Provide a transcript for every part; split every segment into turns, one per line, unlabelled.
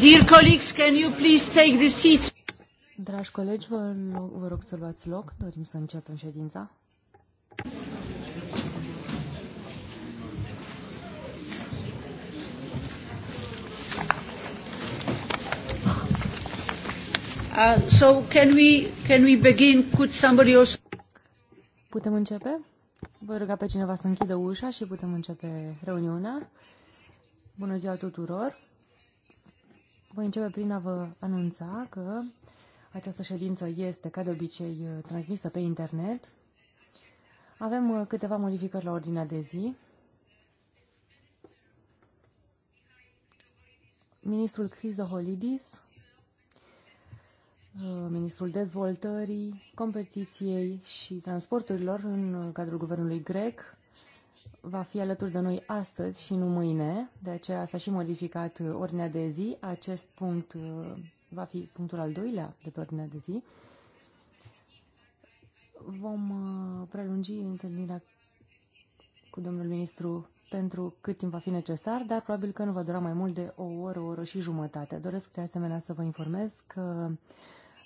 Dear colleagues, can you please take the
seats? Dragi colegi, vă, vă rog să luați loc. Dorim să începem ședința. Uh, so can we can we begin? Could somebody else? Putem începe? Voi ruga pe cineva să închidă ușa și putem începe reuniunea. Bună ziua tuturor! Voi începe prin a vă anunța că această ședință este, ca de obicei, uh, transmisă pe internet. Avem uh, câteva modificări la ordinea de zi. Ministrul Holidis, uh, ministrul dezvoltării, competiției și transporturilor în cadrul guvernului grec, va fi alături de noi astăzi și nu mâine, de aceea s-a și modificat uh, ordinea de zi. Acest punct uh, va fi punctul al doilea de pe ordinea de zi. Vom uh, prelungi întâlnirea cu domnul ministru pentru cât timp va fi necesar, dar probabil că nu va dura mai mult de o oră, o oră și jumătate. Doresc de asemenea să vă informez că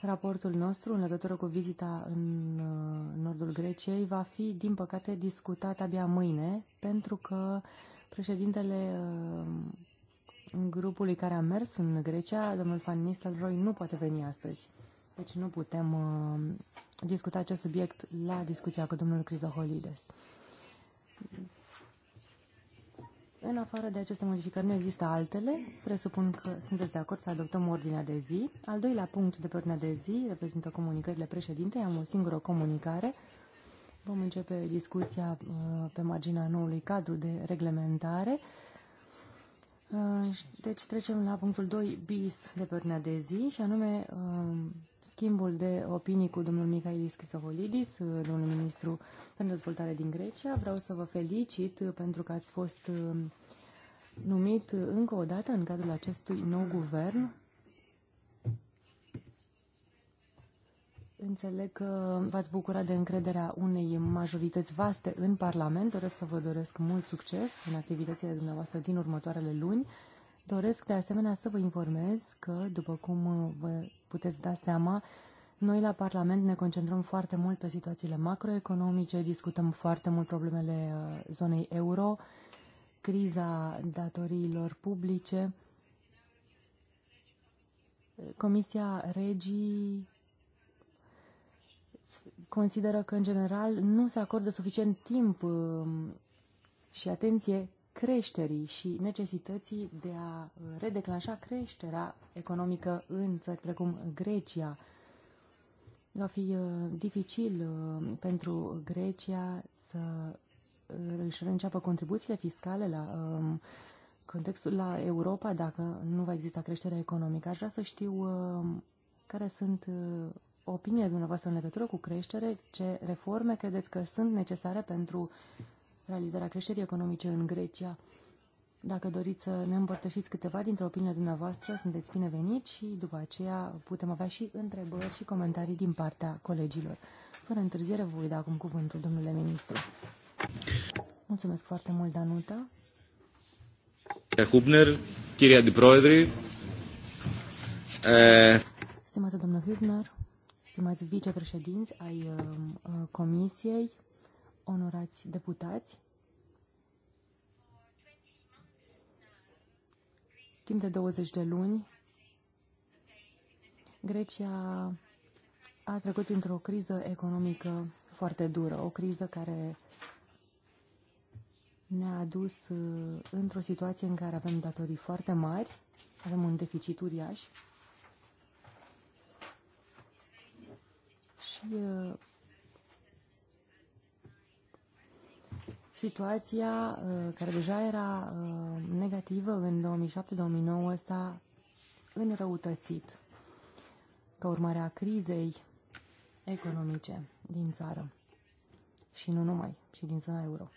Raportul nostru în legătură cu vizita în uh, nordul Greciei va fi, din păcate, discutat abia mâine, pentru că președintele uh, grupului care a mers în Grecia, domnul Van Nistelrooy, nu poate veni astăzi. Deci nu putem uh, discuta acest subiect la discuția cu domnul Crizoholides. În afară de aceste modificări nu există altele. Presupun că sunteți de acord să adoptăm ordinea de zi. Al doilea punct de pe ordinea de zi reprezintă comunicările președintei. Am o singură comunicare. Vom începe discuția uh, pe marginea noului cadru de reglementare. Uh, deci trecem la punctul 2 bis de pe ordinea de zi și anume uh, schimbul de opinii cu domnul Michaelis Chisovolidis, uh, domnul ministru pentru dezvoltare din Grecia. Vreau să vă felicit uh, pentru că ați fost uh, numit încă o dată în cadrul acestui nou guvern. Înțeleg că v-ați bucura de încrederea unei majorități vaste în Parlament. Doresc să vă doresc mult succes în activitățile dumneavoastră din următoarele luni. Doresc de asemenea să vă informez că, după cum vă puteți da seama, noi la Parlament ne concentrăm foarte mult pe situațiile macroeconomice, discutăm foarte mult problemele uh, zonei euro, criza datoriilor publice. Comisia Regii consideră că, în general, nu se acordă suficient timp um, și atenție creșterii și necesității de a redeclanșa creșterea economică în țări precum Grecia. Va fi uh, dificil uh, pentru Grecia să își reînceapă contribuțiile fiscale la um, contextul la Europa dacă nu va exista creștere economică. Aș vrea să știu uh, care sunt opiniile dumneavoastră în legătură cu creștere, ce reforme credeți că sunt necesare pentru realizarea creșterii economice în Grecia. Dacă doriți să ne împărtășiți câteva dintre opiniile dumneavoastră, sunteți bineveniți și după aceea putem avea și întrebări și comentarii din partea colegilor. Fără întârziere, vă voi da acum cuvântul, domnule ministru. Mulțumesc foarte mult, Danuta.
Hubner, Chiria de Proedri.
Stimată domnul Hübner, stimați vicepreședinți ai uh, uh comisiei, onorați deputați, timp de 20 de luni, Grecia a trecut printr-o criză economică foarte dură, o criză care ne-a adus uh, într-o situație în care avem datorii foarte mari, avem un deficit uriaș și uh, Situația uh, care deja era uh, negativă în 2007-2009 s-a înrăutățit ca urmare a crizei economice din țară și nu numai, și din zona euro.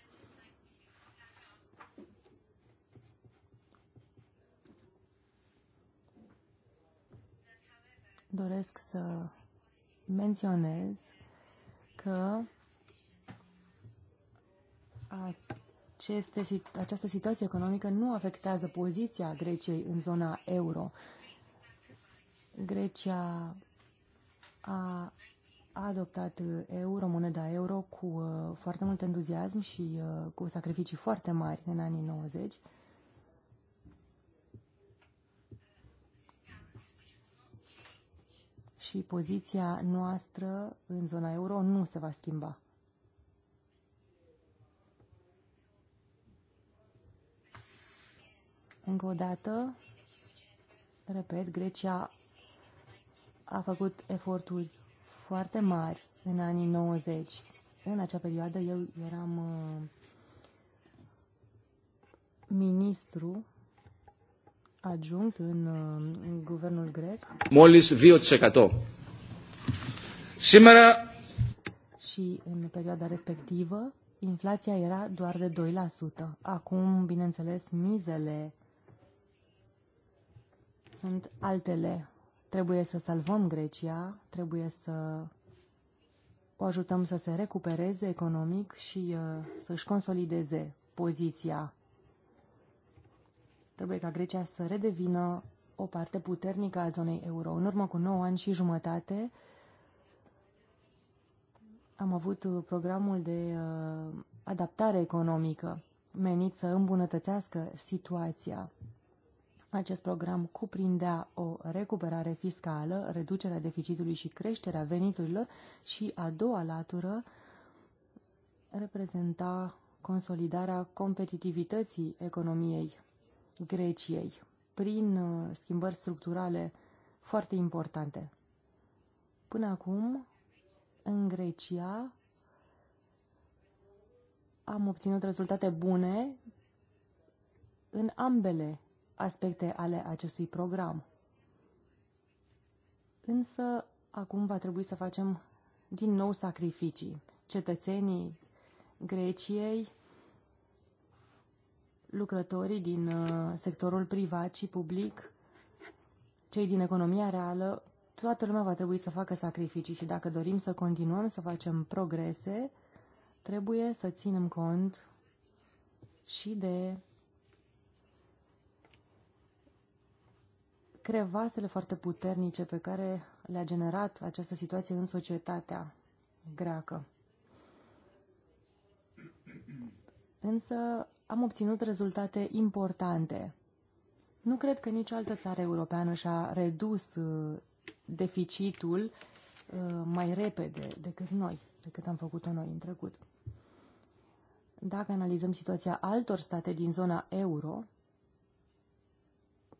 Doresc să menționez că aceste, această situație economică nu afectează poziția Greciei în zona euro. Grecia a adoptat uh, euro, moneda euro, cu uh, foarte mult entuziasm și uh, cu sacrificii foarte mari în anii 90. Și poziția noastră în zona euro nu se va schimba. Încă o dată, repet, Grecia a făcut eforturi foarte mari în anii 90. În acea perioadă eu eram uh, ministru adjunct în, uh, în guvernul grec.
Molis 2%. Simera...
Și în perioada respectivă, inflația era doar de 2%. Acum, bineînțeles, mizele sunt altele. Trebuie să salvăm Grecia, trebuie să o ajutăm să se recupereze economic și uh, să-și consolideze poziția. Trebuie ca Grecia să redevină o parte puternică a zonei euro. În urmă cu 9 ani și jumătate am avut uh, programul de uh, adaptare economică menit să îmbunătățească situația acest program cuprindea o recuperare fiscală, reducerea deficitului și creșterea veniturilor și a doua latură reprezenta consolidarea competitivității economiei Greciei prin uh, schimbări structurale foarte importante. Până acum, în Grecia, am obținut rezultate bune în ambele aspecte ale acestui program. Însă, acum va trebui să facem din nou sacrificii. Cetățenii Greciei, lucrătorii din uh, sectorul privat și public, cei din economia reală, toată lumea va trebui să facă sacrificii și dacă dorim să continuăm să facem progrese, trebuie să ținem cont și de crevasele foarte puternice pe care le-a generat această situație în societatea greacă. Însă am obținut rezultate importante. Nu cred că nicio altă țară europeană și-a redus uh, deficitul uh, mai repede decât noi, decât am făcut-o noi în trecut. Dacă analizăm situația altor state din zona euro,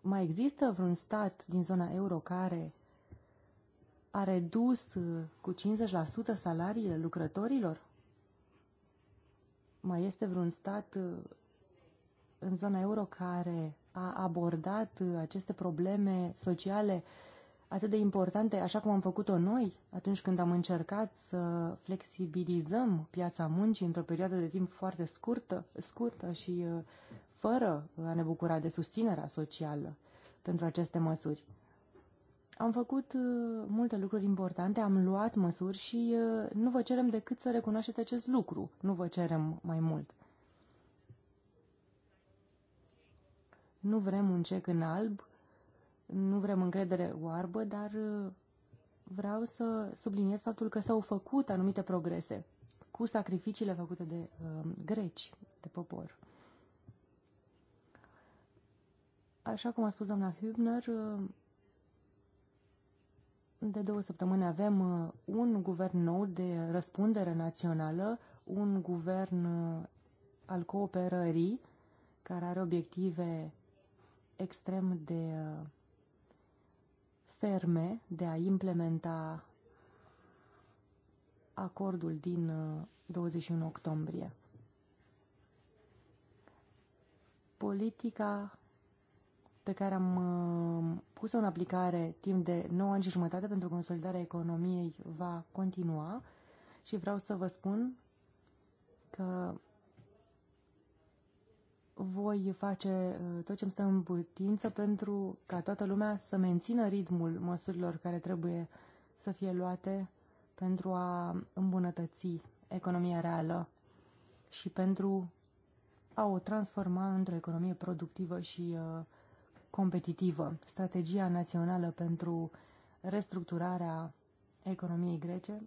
mai există vreun stat din zona euro care a redus uh, cu 50% salariile lucrătorilor? Mai este vreun stat uh, în zona euro care a abordat uh, aceste probleme sociale atât de importante, așa cum am făcut-o noi, atunci când am încercat să flexibilizăm piața muncii într-o perioadă de timp foarte scurtă, scurtă și fără a ne bucura de susținerea socială pentru aceste măsuri. Am făcut uh, multe lucruri importante, am luat măsuri și uh, nu vă cerem decât să recunoașteți acest lucru. Nu vă cerem mai mult. Nu vrem un cec în alb, nu vrem încredere oarbă, dar uh, vreau să subliniez faptul că s-au făcut anumite progrese cu sacrificiile făcute de uh, greci, de popor. Așa cum a spus doamna Hübner, uh, de două săptămâni avem uh, un guvern nou de răspundere națională, un guvern uh, al cooperării, care are obiective extrem de ferme de a implementa acordul din 21 octombrie. Politica pe care am uh, pus-o în aplicare timp de 9 ani și jumătate pentru consolidarea economiei va continua și vreau să vă spun că voi face uh, tot ce îmi stă în putință pentru ca toată lumea să mențină ritmul măsurilor care trebuie să fie luate pentru a îmbunătăți economia reală și pentru a o transforma într-o economie productivă și uh, competitivă, strategia națională pentru restructurarea economiei grece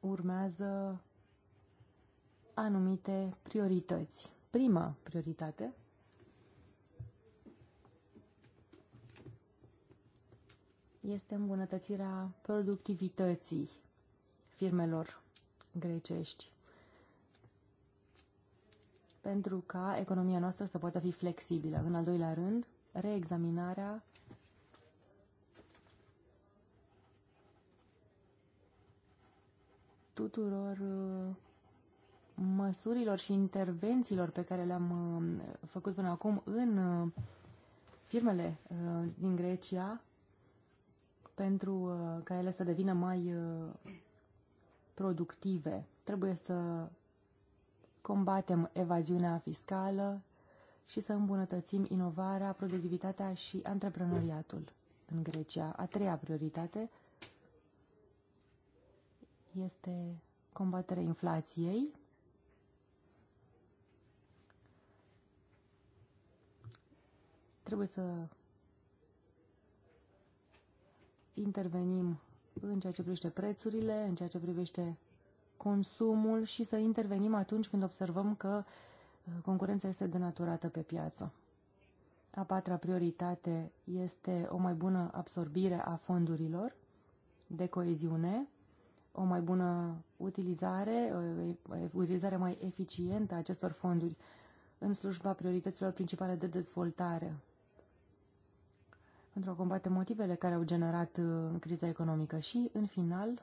urmează anumite priorități. Prima prioritate este îmbunătățirea productivității firmelor grecești pentru ca economia noastră să poată fi flexibilă. În al doilea rând, reexaminarea tuturor uh, măsurilor și intervențiilor pe care le-am uh, făcut până acum în uh, firmele din Grecia pentru ca ele să devină mai productive. Trebuie să combatem evaziunea fiscală și să îmbunătățim inovarea, productivitatea și antreprenoriatul în Grecia. A treia prioritate este combaterea inflației. Trebuie să intervenim în ceea ce privește prețurile, în ceea ce privește consumul și să intervenim atunci când observăm că uh, concurența este denaturată pe piață. A patra prioritate este o mai bună absorbire a fondurilor de coeziune, o mai bună utilizare, o uh, utilizare mai eficientă a acestor fonduri în slujba priorităților principale de dezvoltare pentru a combate motivele care au generat uh, criza economică și, în final,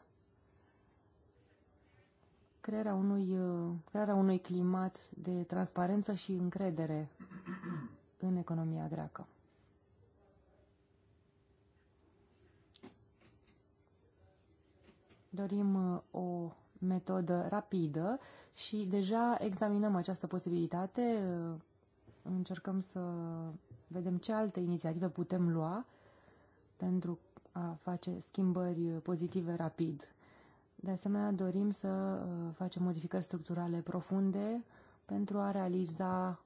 crearea unui, uh, crearea unui climat de transparență și încredere în economia greacă. Dorim uh, o metodă rapidă și deja examinăm această posibilitate. Uh, încercăm să vedem ce alte inițiative putem lua pentru a face schimbări pozitive rapid de asemenea, dorim să uh, facem modificări structurale profunde pentru a realiza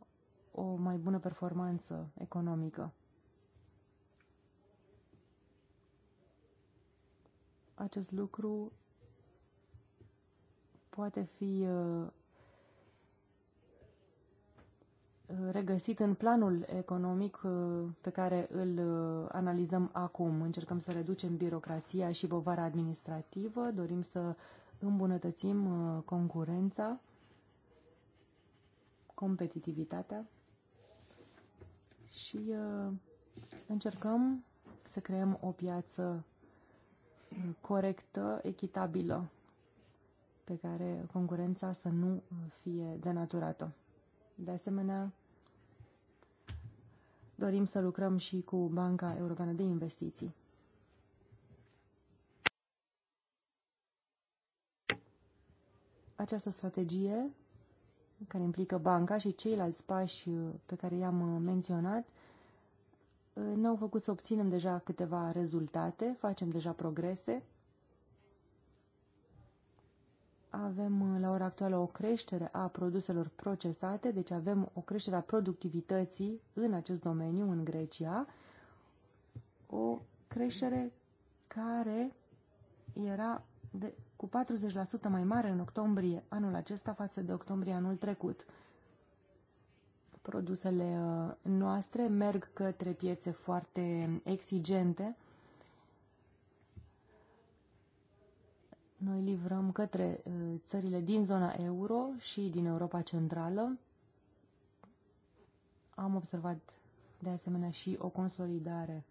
o mai bună performanță economică. Acest lucru poate fi uh, regăsit în planul economic uh, pe care îl uh, analizăm acum. Încercăm să reducem birocrația și povara administrativă, dorim să îmbunătățim uh, concurența, competitivitatea și încercăm să creăm o piață corectă, echitabilă, pe care concurența să nu fie denaturată. De asemenea, dorim să lucrăm și cu Banca Europeană de Investiții. Această strategie care implică banca și ceilalți pași uh, pe care i-am uh, menționat, uh, ne-au făcut să obținem deja câteva rezultate, facem deja progrese avem uh, la ora actuală o creștere a produselor procesate, deci avem o creștere a productivității în acest domeniu, în Grecia, o creștere care era de, cu 40% mai mare în octombrie anul acesta față de octombrie anul trecut. Produsele uh, noastre merg către piețe foarte uh, exigente, Noi livrăm către uh, țările din zona euro și din Europa Centrală. Am observat de asemenea și o consolidare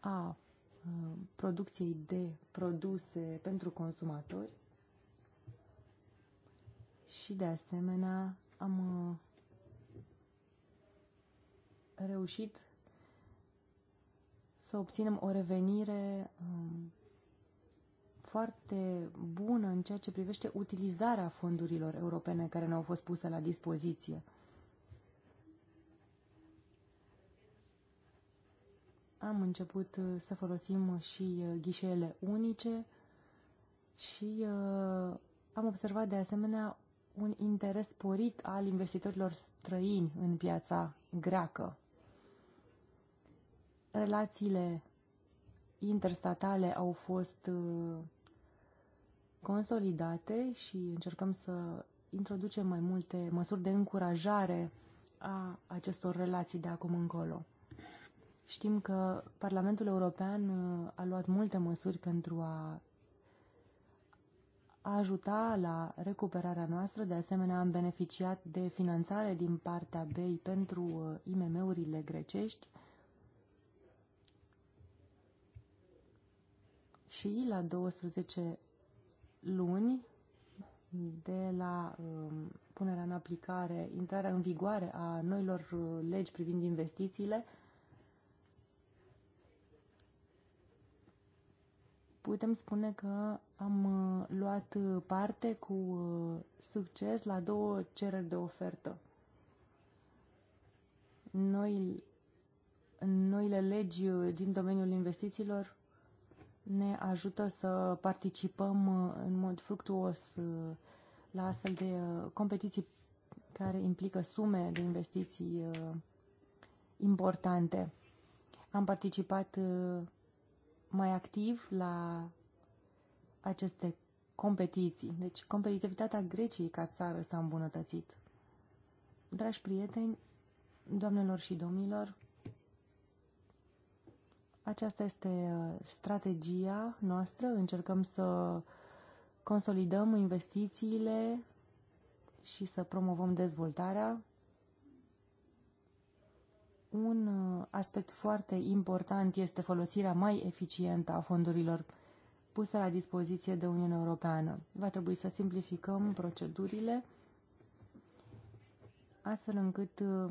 a uh, producției de produse pentru consumatori și de asemenea am uh, reușit să obținem o revenire um, foarte bună în ceea ce privește utilizarea fondurilor europene care ne-au fost puse la dispoziție. Am început uh, să folosim și uh, ghișele unice și uh, am observat de asemenea un interes sporit al investitorilor străini în piața greacă. Relațiile interstatale au fost uh, consolidate și încercăm să introducem mai multe măsuri de încurajare a acestor relații de acum încolo. Știm că Parlamentul European uh, a luat multe măsuri pentru a ajuta la recuperarea noastră. De asemenea, am beneficiat de finanțare din partea BEI pentru uh, IMM-urile grecești și la 12 luni de la um, punerea în aplicare, intrarea în vigoare a noilor uh, legi privind investițiile, putem spune că am uh, luat parte cu uh, succes la două cereri de ofertă. Noi, noile legi din domeniul investițiilor ne ajută să participăm uh, în mod fructuos uh, la astfel de uh, competiții care implică sume de investiții importante. Am participat mai activ la aceste competiții. Deci competitivitatea Greciei ca țară s-a îmbunătățit. Dragi prieteni, doamnelor și domnilor, aceasta este uh, strategia noastră. Încercăm să consolidăm investițiile și să promovăm dezvoltarea. Un uh, aspect foarte important este folosirea mai eficientă a fondurilor puse la dispoziție de Uniunea Europeană. Va trebui să simplificăm procedurile astfel încât uh,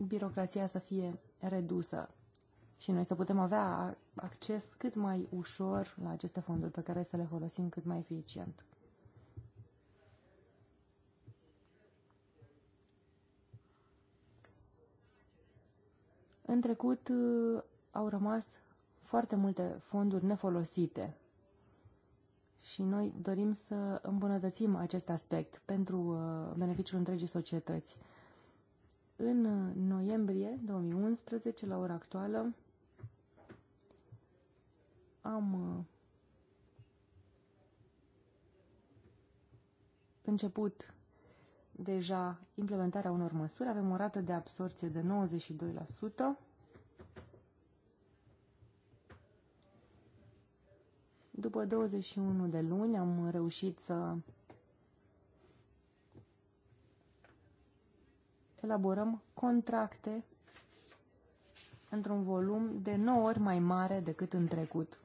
birocrația să fie redusă și noi să putem avea acces cât mai ușor la aceste fonduri pe care să le folosim cât mai eficient. În trecut uh, au rămas foarte multe fonduri nefolosite și noi dorim să îmbunătățim acest aspect pentru uh, beneficiul întregii societăți. În noiembrie 2011, la ora actuală, am uh, început deja implementarea unor măsuri. Avem o rată de absorție de 92%. După 21 de luni am reușit să elaborăm contracte într-un volum de 9 ori mai mare decât în trecut.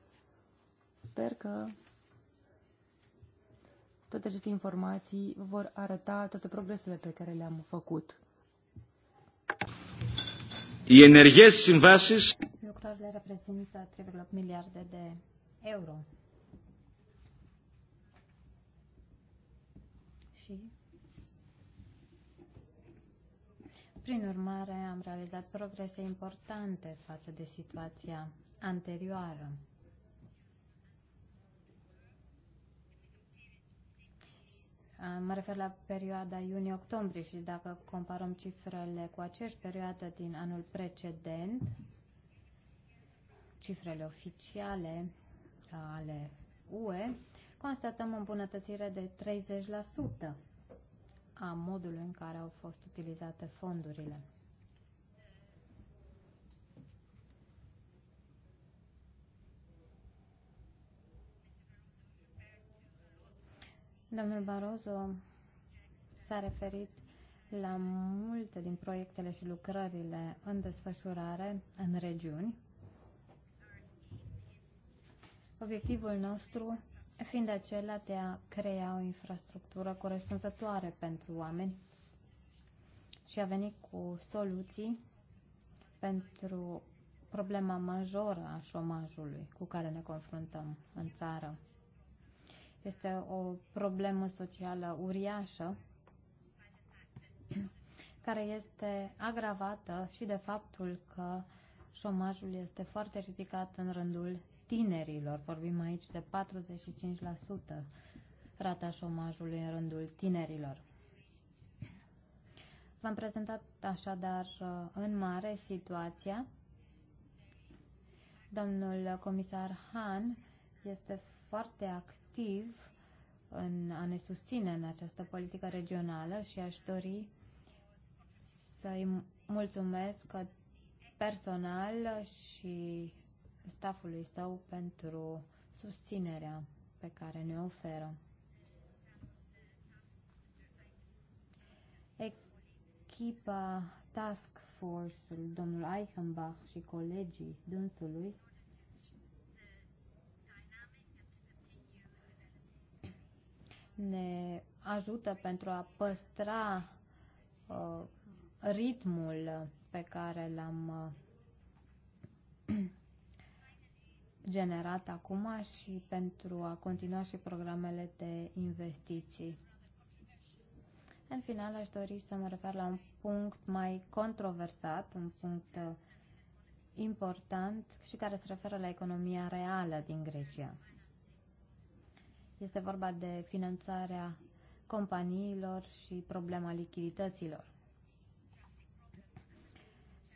Sper că toate aceste informații vor arăta toate progresele pe care le-am făcut.
Lucrările reprezintă 3,8 miliarde de euro. Și Prin urmare, am realizat progrese importante față de situația anterioară. Mă refer la perioada iunie-octombrie și dacă comparăm cifrele cu aceeași perioadă din anul precedent, cifrele oficiale uh, ale UE, constatăm o îmbunătățire de 30% a modului în care au fost utilizate fondurile. Domnul Barroso s-a referit la multe din proiectele și lucrările în desfășurare în regiuni. Obiectivul nostru fiind acela de a crea o infrastructură corespunzătoare pentru oameni și a venit cu soluții pentru problema majoră a șomajului cu care ne confruntăm în țară. Este o problemă socială uriașă care este agravată și de faptul că șomajul este foarte ridicat în rândul tinerilor. Vorbim aici de 45% rata șomajului în rândul tinerilor. V-am prezentat așadar uh, în mare situația. Domnul comisar Han este foarte activ în a ne susține în această politică regională și aș dori să-i mulțumesc personal și stafului său pentru susținerea pe care ne oferă. Echipa Task Force-ul, domnul Eichenbach și colegii dânsului ne ajută pentru a păstra uh, ritmul pe care l-am uh, generat acum și pentru a continua și programele de investiții. În final, aș dori să mă refer la un punct mai controversat, un punct uh, important și care se referă la economia reală din Grecia. Este vorba de finanțarea companiilor și problema lichidităților.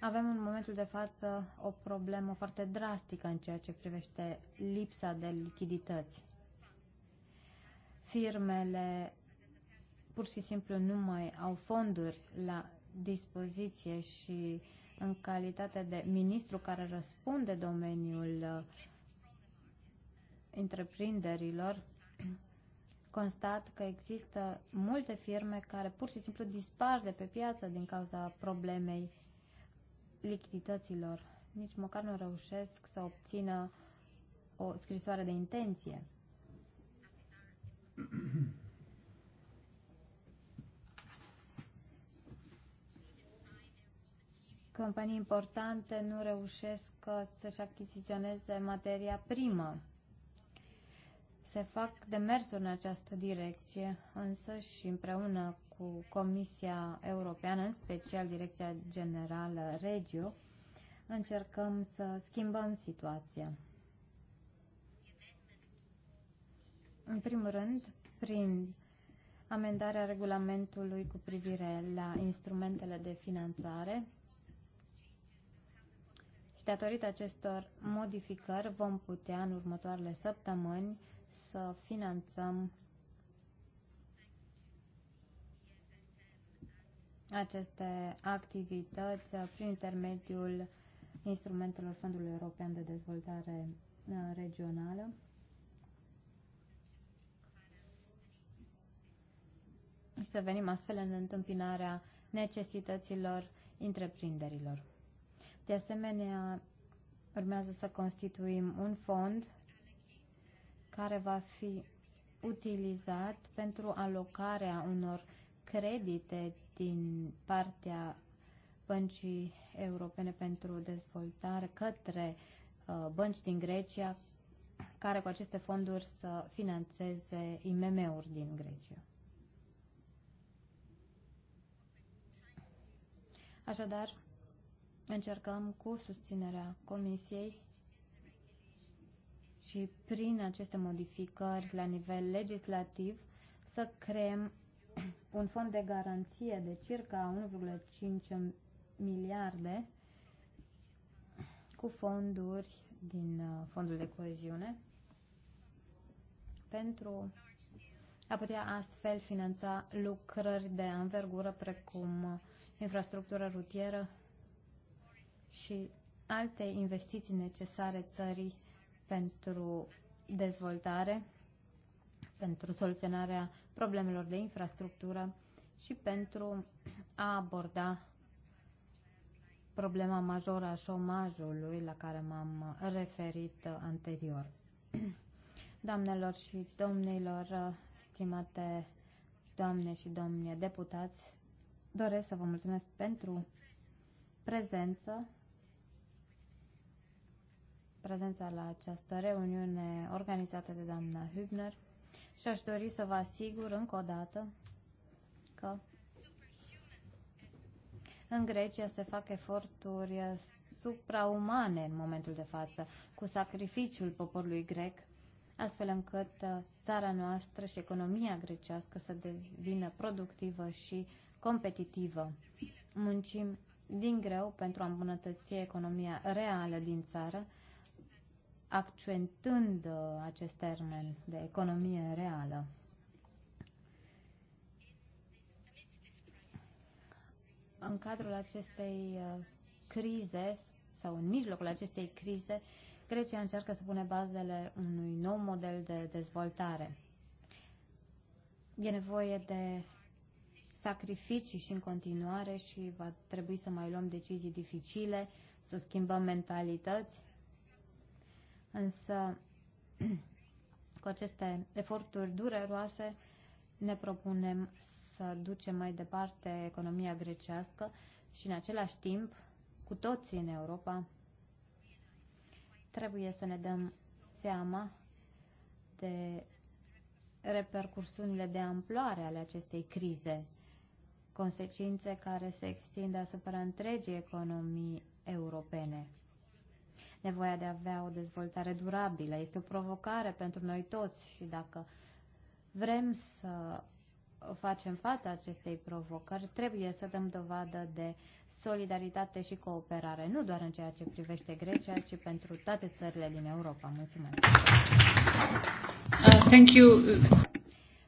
Avem în momentul de față o problemă foarte drastică în ceea ce privește lipsa de lichidități. Firmele pur și simplu nu mai au fonduri la dispoziție și în calitate de ministru care răspunde domeniul uh, întreprinderilor, constat că există multe firme care pur și simplu dispar de pe piață din cauza problemei lichidităților. Nici măcar nu reușesc să obțină o scrisoare de intenție. Companii importante nu reușesc să-și achiziționeze materia primă. Se fac demersuri în această direcție, însă și împreună cu Comisia Europeană, în special Direcția Generală Regio, încercăm să schimbăm situația. În primul rând, prin amendarea regulamentului cu privire la instrumentele de finanțare și datorită acestor modificări vom putea în următoarele săptămâni să finanțăm aceste activități uh, prin intermediul instrumentelor Fondului European de Dezvoltare uh, Regională. Și să venim astfel în întâmpinarea necesităților întreprinderilor. De asemenea, urmează să constituim un fond care va fi utilizat pentru alocarea unor credite din partea Băncii Europene pentru Dezvoltare către uh, bănci din Grecia care cu aceste fonduri să financeze IMM-uri din Grecia. Așadar, încercăm cu susținerea Comisiei și prin aceste modificări la nivel legislativ să creăm un fond de garanție de circa 1,5 miliarde cu fonduri din uh, fondul de coeziune pentru a putea astfel finanța lucrări de anvergură precum uh, infrastructură rutieră și alte investiții necesare țării pentru dezvoltare pentru soluționarea problemelor de infrastructură și pentru a aborda problema majoră a șomajului la care m-am referit uh, anterior. Doamnelor și domnilor, uh, stimate doamne și domni deputați, doresc să vă mulțumesc pentru prezență, prezența la această reuniune organizată de doamna Hübner și aș dori să vă asigur încă o dată că în Grecia se fac eforturi supraumane în momentul de față, cu sacrificiul poporului grec, astfel încât uh, țara noastră și economia grecească să devină productivă și competitivă. Muncim din greu pentru a îmbunătăți economia reală din țară accentând uh, acest termen de economie reală. În cadrul acestei uh, crize sau în mijlocul acestei crize, Grecia încearcă să pune bazele unui nou model de dezvoltare. E nevoie de sacrificii și în continuare și va trebui să mai luăm decizii dificile, să schimbăm mentalități Însă, cu aceste eforturi dureroase, ne propunem să ducem mai departe economia grecească și, în același timp, cu toții în Europa, trebuie să ne dăm seama de repercursiunile de amploare ale acestei crize, consecințe care se extind asupra întregii economii europene. Nevoia de a avea o dezvoltare durabilă este o provocare pentru noi toți și dacă vrem să facem față acestei provocări, trebuie să dăm dovadă de solidaritate și cooperare, nu doar în ceea ce privește Grecia, ci pentru toate țările din Europa. Mulțumesc! Uh, thank you.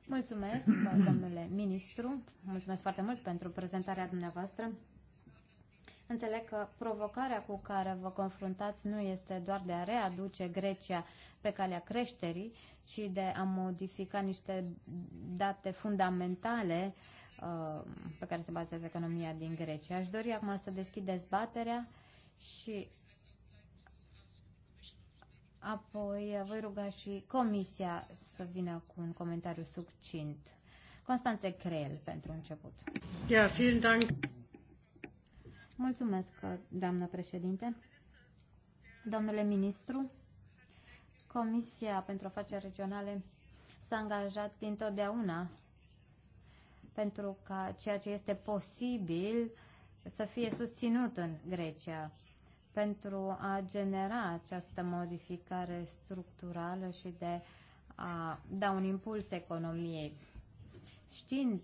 Mulțumesc, domnule ministru, mulțumesc foarte mult pentru prezentarea dumneavoastră. Înțeleg că provocarea cu care vă confruntați nu este doar de a readuce Grecia pe calea creșterii, ci de a modifica niște date fundamentale uh, pe care se bazează economia din Grecia. Aș dori acum să deschid dezbaterea și apoi voi ruga și Comisia să vină cu un comentariu succint. Constanțe Creel, pentru început. Ja, vielen Dank. Mulțumesc, doamnă președinte. Domnule ministru, Comisia pentru Afaceri Regionale s-a angajat dintotdeauna pentru ca ceea ce este posibil să fie susținut în Grecia pentru a genera această modificare structurală și de a da un impuls economiei. Știind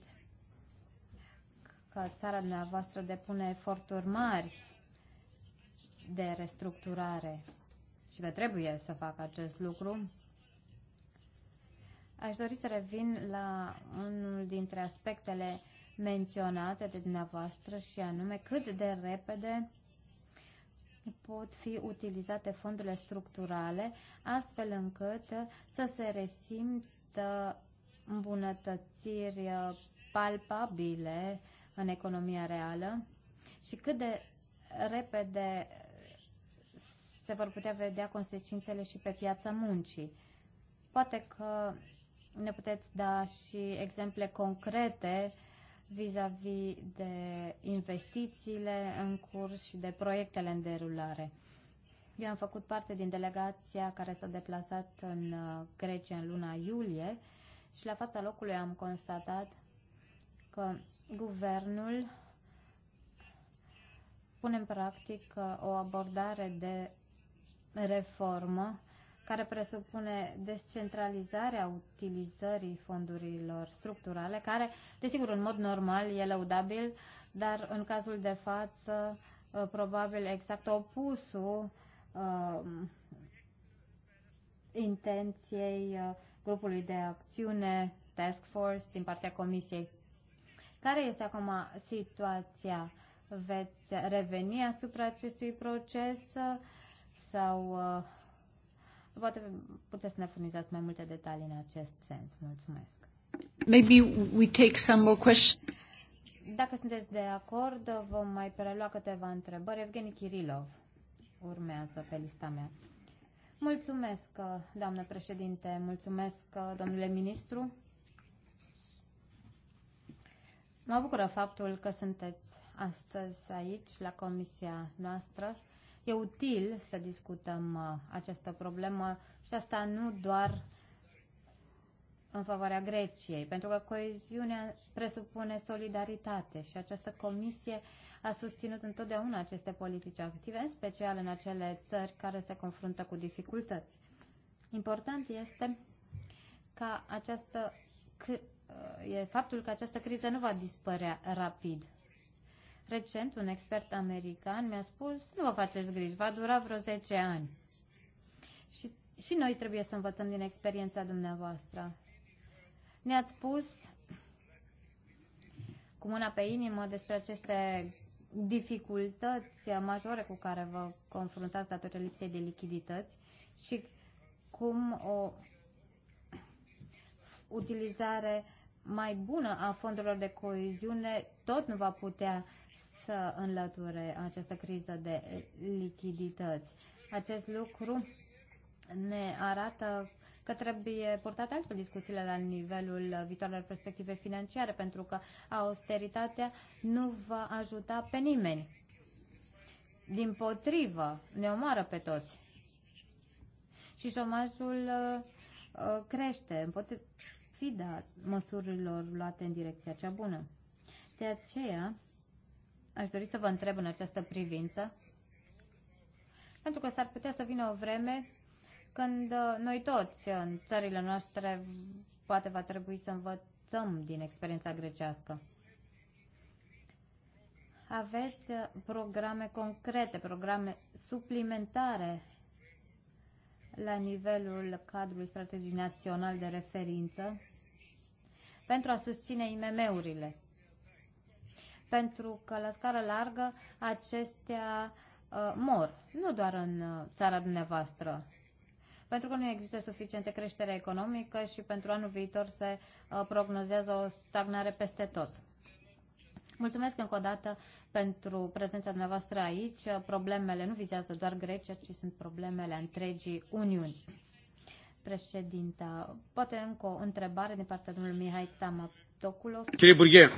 că țara dumneavoastră depune eforturi mari de restructurare și că trebuie să facă acest lucru. Aș dori să revin la unul dintre aspectele menționate de dumneavoastră și anume cât de repede pot fi utilizate fondurile structurale astfel încât să se resimtă îmbunătățiri palpabile în economia reală și cât de repede se vor putea vedea consecințele și pe piața muncii. Poate că ne puteți da și exemple concrete vis-a-vis -vis de investițiile în curs și de proiectele în derulare. Eu am făcut parte din delegația care s-a deplasat în uh, Grecia în luna iulie și la fața locului am constatat că guvernul pune în practică o abordare de reformă care presupune descentralizarea utilizării fondurilor structurale, care, desigur, în mod normal e lăudabil, dar în cazul de față, ă, probabil exact opusul uh, intenției ă, grupului de acțiune Task Force din partea Comisiei care este acum situația? Veți reveni asupra acestui proces sau uh, poate puteți să ne furnizați mai multe detalii în acest sens?
Mulțumesc. Maybe we take some more questions. Dacă
sunteți de acord, vom mai prelua câteva întrebări. Evgeni Kirilov urmează pe lista mea. Mulțumesc, doamnă președinte, mulțumesc, domnule ministru. Mă bucură faptul că sunteți astăzi aici, la comisia noastră. E util să discutăm uh, această problemă și asta nu doar în favoarea Greciei, pentru că coeziunea presupune solidaritate și această comisie a susținut întotdeauna aceste politici active, în special în acele țări care se confruntă cu dificultăți. Important este ca această e faptul că această criză nu va dispărea rapid. Recent, un expert american mi-a spus, nu vă faceți griji, va dura vreo 10 ani. Și, și noi trebuie să învățăm din experiența dumneavoastră. Ne-ați spus cu mâna pe inimă despre aceste dificultăți majore cu care vă confruntați datorită lipsei de lichidități și cum o utilizare mai bună a fondurilor de coeziune tot nu va putea să înlăture această criză de lichidități. Acest lucru ne arată că trebuie purtate altfel discuțiile la nivelul viitoarelor perspective financiare, pentru că austeritatea nu va ajuta pe nimeni. Din potrivă, ne omoară pe toți. Și șomajul uh, crește sfida măsurilor luate în direcția cea bună. De aceea, aș dori să vă întreb în această privință, pentru că s-ar putea să vină o vreme când uh, noi toți, în țările noastre, poate va trebui să învățăm din experiența grecească. Aveți uh, programe concrete, programe suplimentare la nivelul cadrului strategic național de referință pentru a susține IMM-urile. Pentru că la scară largă acestea uh, mor, nu doar în uh, țara dumneavoastră, pentru că nu există suficientă creștere economică și pentru anul viitor se uh, prognozează o stagnare peste tot. Mulțumesc încă o dată pentru prezența dumneavoastră aici. Problemele nu vizează doar Grecia, ci sunt problemele întregii Uniuni. Președinta, poate încă o întrebare din partea domnului Mihai Tamatoculos.
Cine Burghe?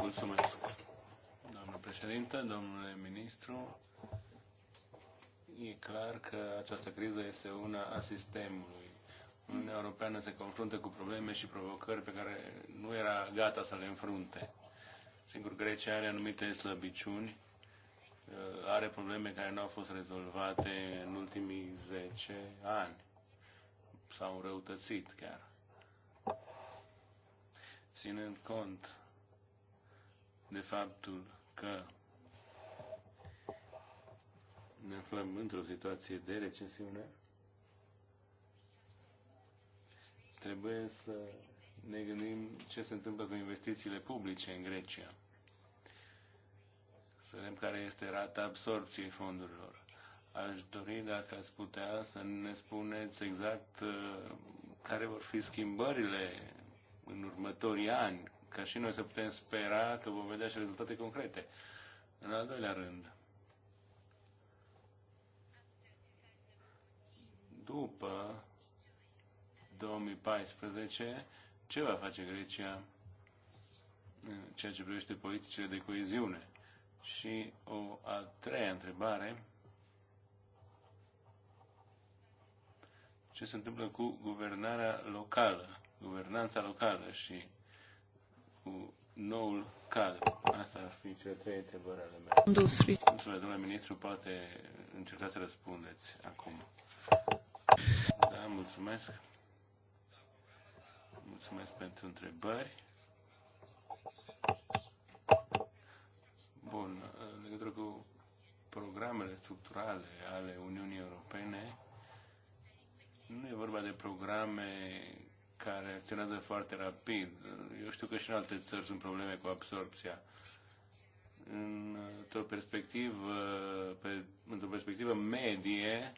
Mulțumesc, domnul președintă, domnule ministru. E clar că această criză este una a sistemului Uniunea Europeană se confruntă cu probleme și provocări pe care nu era gata să le înfrunte. Singur, Grecia are anumite slăbiciuni, uh, are probleme care nu au fost rezolvate în ultimii 10 ani. S-au răutățit chiar. Ținând cont de faptul că ne aflăm într-o situație de recesiune, trebuie să ne gândim ce se întâmplă cu investițiile publice în Grecia. Să vedem care este rata absorpției fondurilor. Aș dori dacă ați putea să ne spuneți exact uh, care vor fi schimbările în următorii ani, ca și noi să putem spera că vom vedea și rezultate concrete. În al doilea rând, după 2014, ce va face Grecia în ceea ce privește politicile de coeziune? Și o a treia întrebare, ce se întâmplă cu guvernarea locală, guvernanța locală și cu noul cadru. Asta ar fi cele trei întrebări ale mele. Mulțumesc, domnule ministru, poate încercați să răspundeți acum. Da, mulțumesc. Mulțumesc pentru întrebări. Bun, în legătură cu programele structurale ale Uniunii Europene, nu e vorba de programe care acționează foarte rapid. Eu știu că și în alte țări sunt probleme cu absorpția. Într-o perspectivă, pe, într-o perspectivă medie,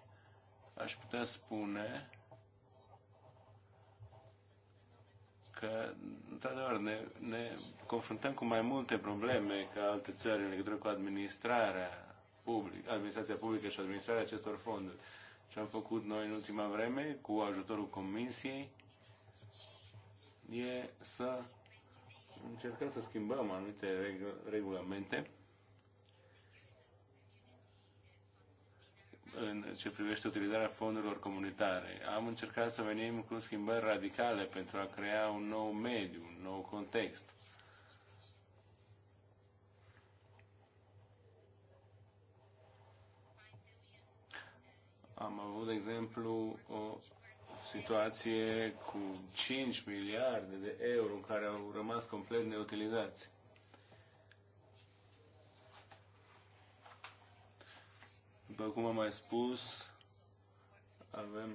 aș putea spune că, într-adevăr, ne, ne confruntăm cu mai multe probleme ca alte țări în legătură cu administrarea publică, administrația publică și administrarea acestor fonduri. Ce am făcut noi în ultima vreme cu ajutorul Comisiei e să încercăm să schimbăm anumite regulamente în ce privește utilizarea fondurilor comunitare. Am încercat să venim cu schimbări radicale pentru a crea un nou mediu, un nou context. Am avut, de exemplu, o situație cu 5 miliarde de euro care au rămas complet neutilizați. După cum am mai spus, avem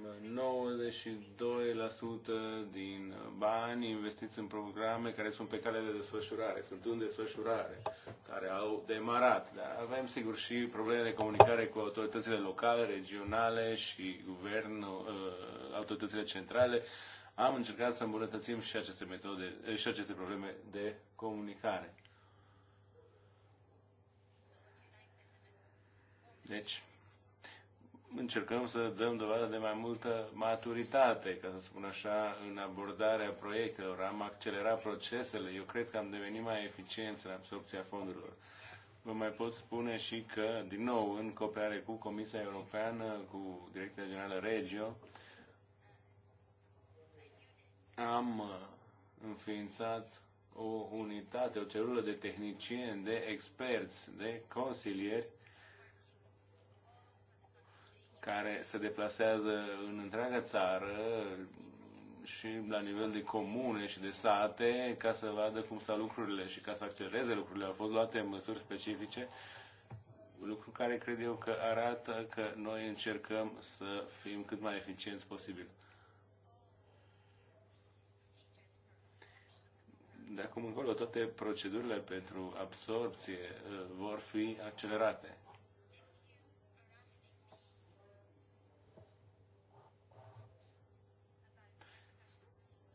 92% din bani investiți în programe care sunt pe cale de desfășurare, sunt în desfășurare, care au demarat. Dar avem, sigur, și probleme de comunicare cu autoritățile locale, regionale și guvernul, uh, autoritățile centrale. Am încercat să îmbunătățim și aceste metode uh, și aceste probleme de comunicare. Deci, încercăm să dăm dovadă de mai multă maturitate, ca să spun așa, în abordarea proiectelor. Am accelerat procesele, eu cred că am devenit mai eficienți în absorpția fondurilor. Vă mai pot spune și că, din nou, în cooperare cu Comisia Europeană, cu Direcția Generală Regio, am uh, înființat o unitate, o celulă de tehnicieni, de experți, de consilieri, care se deplasează în întreaga țară și la nivel de comune și de sate ca să vadă cum stau lucrurile și ca să accelereze lucrurile. Au fost luate măsuri specifice, lucru care cred eu că arată că noi încercăm să fim cât mai eficienți posibil. De acum încolo toate procedurile pentru absorpție uh, vor fi accelerate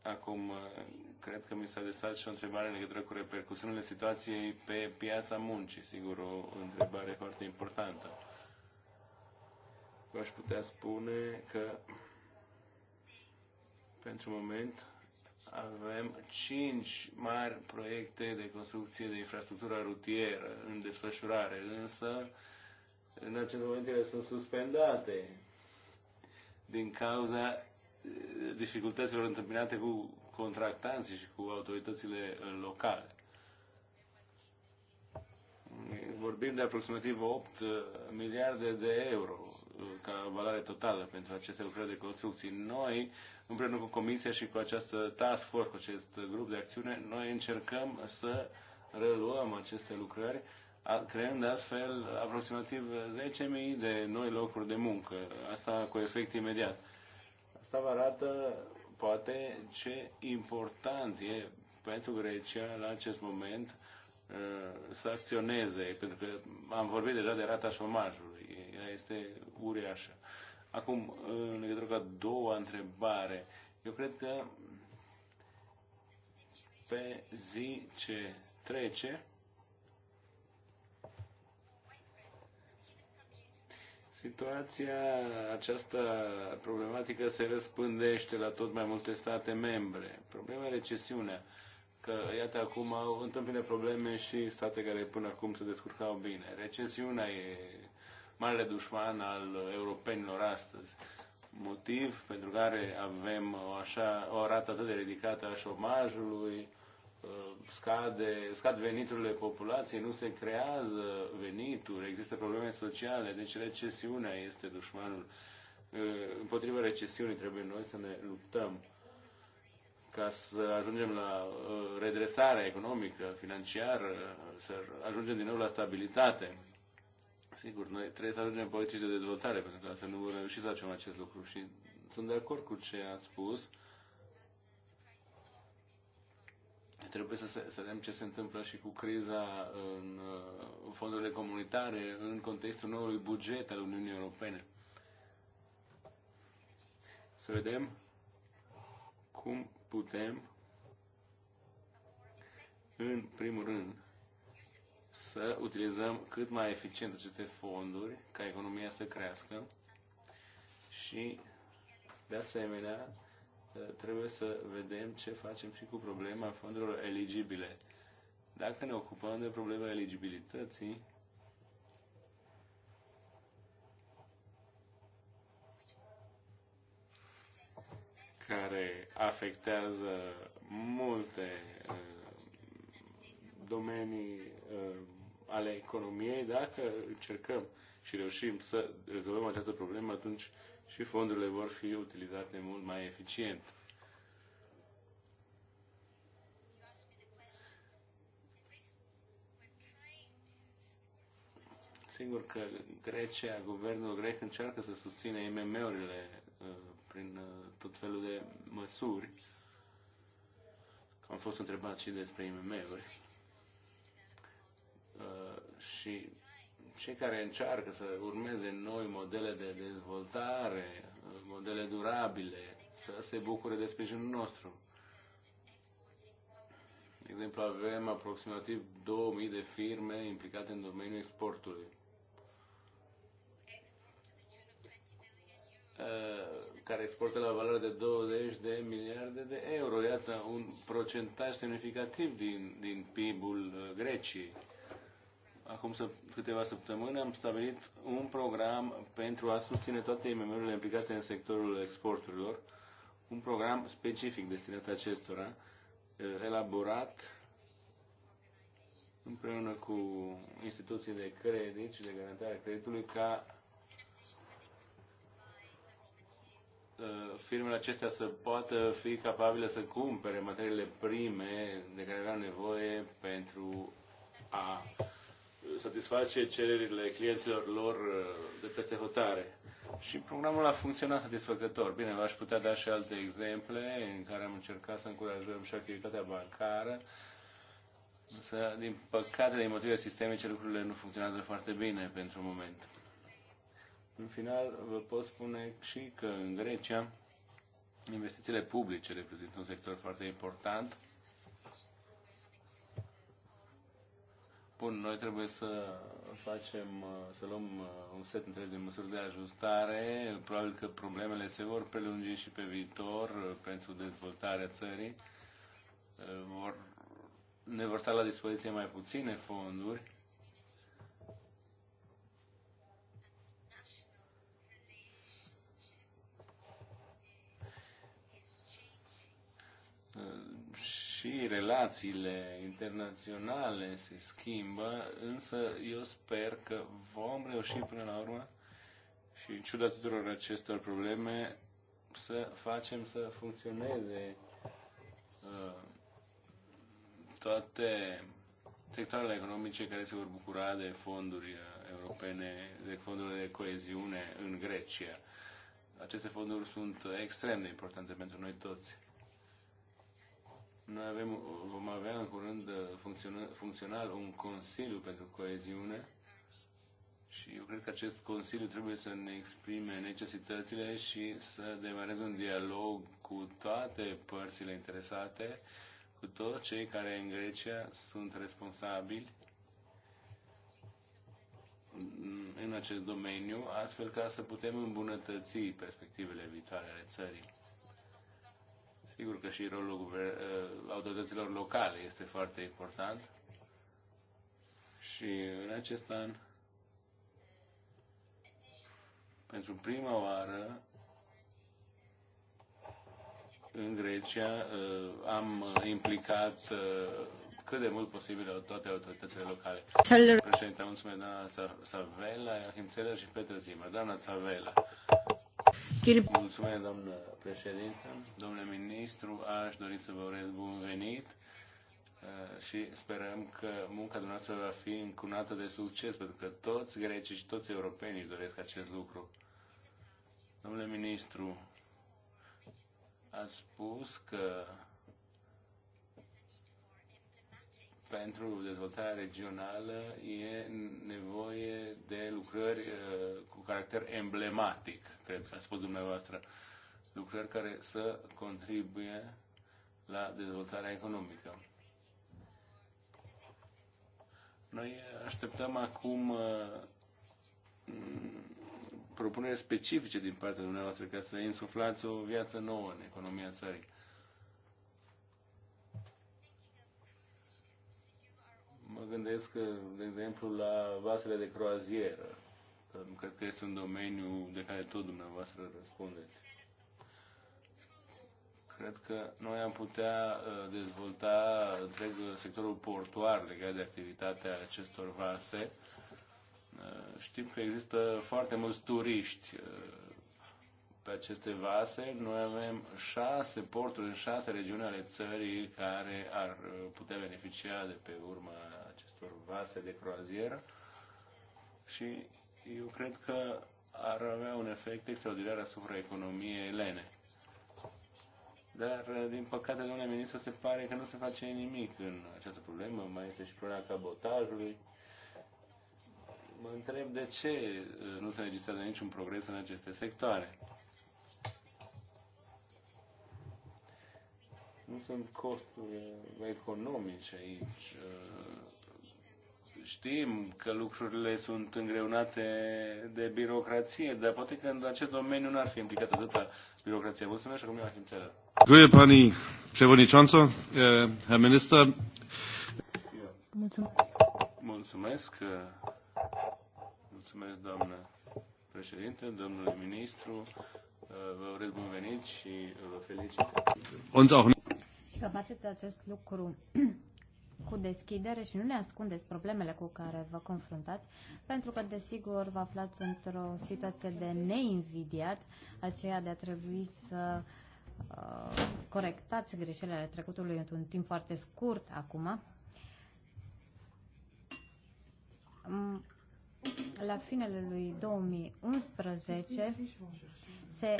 Acum, uh, cred că mi s-a adresat și o întrebare în legătură cu repercusiunile situației pe piața muncii. Sigur, o întrebare foarte importantă. V-aș putea spune că, pentru moment, avem cinci mari proiecte de construcție de infrastructură rutieră în desfășurare, însă în acest moment ele sunt suspendate din cauza dificultăților întâmpinate cu contractanții și cu autoritățile uh, locale. Vorbim de aproximativ 8 uh, miliarde de euro uh, ca valoare totală pentru aceste lucrări de construcții. Noi, împreună cu Comisia și cu această task force, cu acest grup de acțiune, noi încercăm să reluăm aceste lucrări, creând astfel aproximativ 10.000 de noi locuri de muncă. Asta cu efect imediat. Asta vă arată, poate, ce important e pentru Grecia la acest moment uh, să acționeze, pentru că am vorbit deja de rata șomajului, ea este uriașă. Acum, în legătură cu a doua întrebare, eu cred că pe zi ce trece, Situația această problematică se răspândește la tot mai multe state membre. Problema recesiunea, că iată acum au, întâmplat probleme și state care până acum se descurcau bine. Recesiunea e marele dușman al europenilor astăzi. Motiv pentru care avem o, așa, o rată atât de ridicată a șomajului, Uh, scade, scad veniturile populației, nu se creează venituri, există probleme sociale, deci recesiunea este dușmanul. Uh, împotriva recesiunii trebuie noi să ne luptăm ca să ajungem la uh, redresarea economică, financiară, să ajungem din nou la stabilitate. Sigur, noi trebuie să ajungem politici de dezvoltare, pentru că altfel nu vom reuși să facem acest lucru. Și sunt de acord cu ce a spus Trebuie să, să vedem ce se întâmplă și cu criza în, în uh, fondurile comunitare, în contextul noului buget al Uniunii Europene. Să vedem cum putem, în primul rând, să utilizăm cât mai eficient aceste fonduri ca economia să crească și, de asemenea, trebuie să vedem ce facem și cu problema fondurilor eligibile. Dacă ne ocupăm de problema eligibilității, care afectează multe uh, domenii uh, ale economiei, dacă încercăm și reușim să rezolvăm această problemă, atunci și fondurile vor fi utilizate mult mai eficient. Sigur că Grecia, guvernul grec încearcă să susține IMM-urile uh, prin uh, tot felul de măsuri. Am fost întrebat și despre IMM-uri. Uh, și cei care încearcă să urmeze noi modele de dezvoltare, modele durabile, să se bucure de sprijinul nostru. De exemplu, avem aproximativ 2000 de firme implicate în domeniul exportului. Uh, care exportă la valoare de 20 de miliarde de euro. Iată, un procentaj semnificativ din, din PIB-ul uh, Greciei acum câteva săptămâni am stabilit un program pentru a susține toate IMM-urile implicate în sectorul exporturilor, un program specific destinat acestora, eh, elaborat împreună cu instituții de credit și de garantare a creditului ca eh, firmele acestea să poată fi capabile să cumpere materiile prime de care era nevoie pentru a uh, satisface cererile clienților lor uh, de peste hotare. Și programul a funcționat satisfăcător. Bine, v-aș putea da și alte exemple în care am încercat să încurajăm și activitatea bancară, însă, din păcate, din motive sistemice, lucrurile nu funcționează foarte bine pentru moment. În final, vă pot spune și că în Grecia investițiile publice reprezintă un sector foarte important Bun, noi trebuie să facem, uh, să luăm uh, un set întreg de măsuri de ajustare. Probabil că problemele se vor prelungi și pe viitor uh, pentru dezvoltarea țării. Vor, ne vor sta la dispoziție mai puține fonduri și relațiile internaționale se schimbă, însă eu sper că vom reuși până la urmă și în ciuda tuturor acestor probleme să facem să funcționeze uh, toate sectoarele economice care se vor bucura de fonduri uh, europene, de fondurile de coeziune în Grecia. Aceste fonduri sunt extrem de importante pentru noi toți. Noi avem, vom avea în curând funcțional, uh, funcțional un Consiliu pentru Coeziune și eu cred că acest Consiliu trebuie să ne exprime necesitățile și să demareze un dialog cu toate părțile interesate, cu toți cei care în Grecia sunt responsabili în acest domeniu, astfel ca să putem îmbunătăți perspectivele viitoare ale țării. Sigur că și rolul uh, autorităților locale este foarte important. Și în acest an, pentru prima oară, în Grecia uh, am implicat uh, cât de mult posibil toate autoritățile locale. Președinte, mulțumesc doamna Savela, Iachim Țeler și Petre Zimă. Doamna Savela, Mulțumesc, doamnă președinte, Domnule ministru, aș dori să vă urez bun venit uh, și sperăm că munca dumneavoastră va fi încunată de succes, pentru că toți grecii și toți europenii își doresc acest lucru. Domnule ministru, ați spus că pentru dezvoltarea regională e nevoie de lucrări uh, cu caracter emblematic, cred că a spus dumneavoastră. Lucrări care să contribuie la dezvoltarea economică. Noi așteptăm acum uh, propuneri specifice din partea dumneavoastră ca să insuflați o viață nouă în economia țării. gândesc, uh, de exemplu, la vasele de croazieră. Că cred că este un domeniu de care tot dumneavoastră răspundeți. Cred că noi am putea uh, dezvolta întreg sectorul portuar legat de activitatea acestor vase. Uh, știm că există foarte mulți turiști pe aceste vase. Noi avem șase porturi în șase regiuni ale țării care ar putea beneficia de pe urma acestor vase de croazieră și eu cred că ar avea un efect extraordinar asupra economiei elene. Dar, din păcate, domnule ministru, se pare că nu se face nimic în această problemă. Mai este și problema cabotajului. Mă întreb de ce uh, nu se înregistrează niciun progres în aceste sectoare. Nu sunt costuri economice aici uh, Știm că lucrurile sunt îngreunate de birocrație, dar poate că în acest domeniu n-ar fi implicată atâta birocrație. Mulțumesc și acum Joachim Țelă.
Dziękuję pani przewodnicząca, herr minister.
Mulțumesc. Mulțumesc. doamnă președinte, domnule ministru. Vă urez bun venit și vă felicit.
Uns
Și acest lucru cu deschidere și nu ne ascundeți problemele cu care vă confruntați, pentru că, desigur, vă aflați într-o situație de neinvidiat, aceea de a trebui să uh, corectați greșelile trecutului într-un timp foarte scurt acum. Mm, la finele lui 2011 se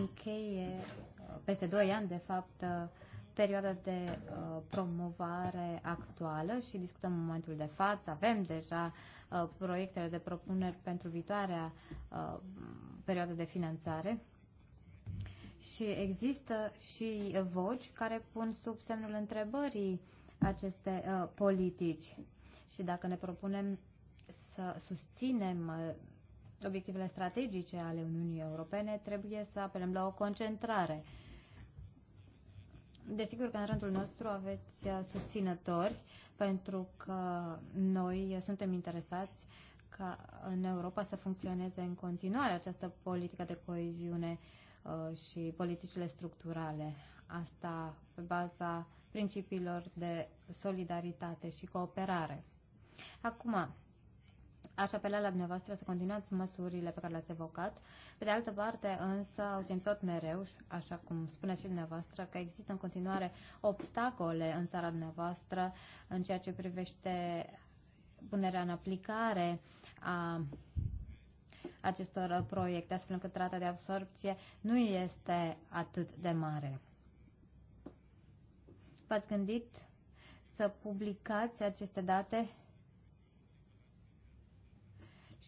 încheie, uh, peste 2 ani de fapt, uh, perioada de uh, promovare actuală și discutăm în momentul de față. Avem deja uh, proiectele de propuneri pentru viitoarea uh, perioadă de finanțare. Și există și voci care pun sub semnul întrebării aceste uh, politici. Și dacă ne propunem să susținem uh, obiectivele strategice ale Uniunii Europene, trebuie să apelăm la o concentrare uh, Desigur că în rândul nostru aveți uh, susținători pentru că noi uh, suntem interesați ca în Europa să funcționeze în continuare această politică de coeziune uh, și politicile structurale. Asta pe baza principiilor de solidaritate și cooperare. Acum, Aș apela la dumneavoastră să continuați măsurile pe care le-ați evocat. Pe de altă parte, însă, auzim tot mereu, așa cum spuneți și dumneavoastră, că există în continuare obstacole în țara dumneavoastră în ceea ce privește punerea în aplicare a acestor proiecte, astfel încât rata de absorpție nu este atât de mare. V-ați gândit să publicați aceste date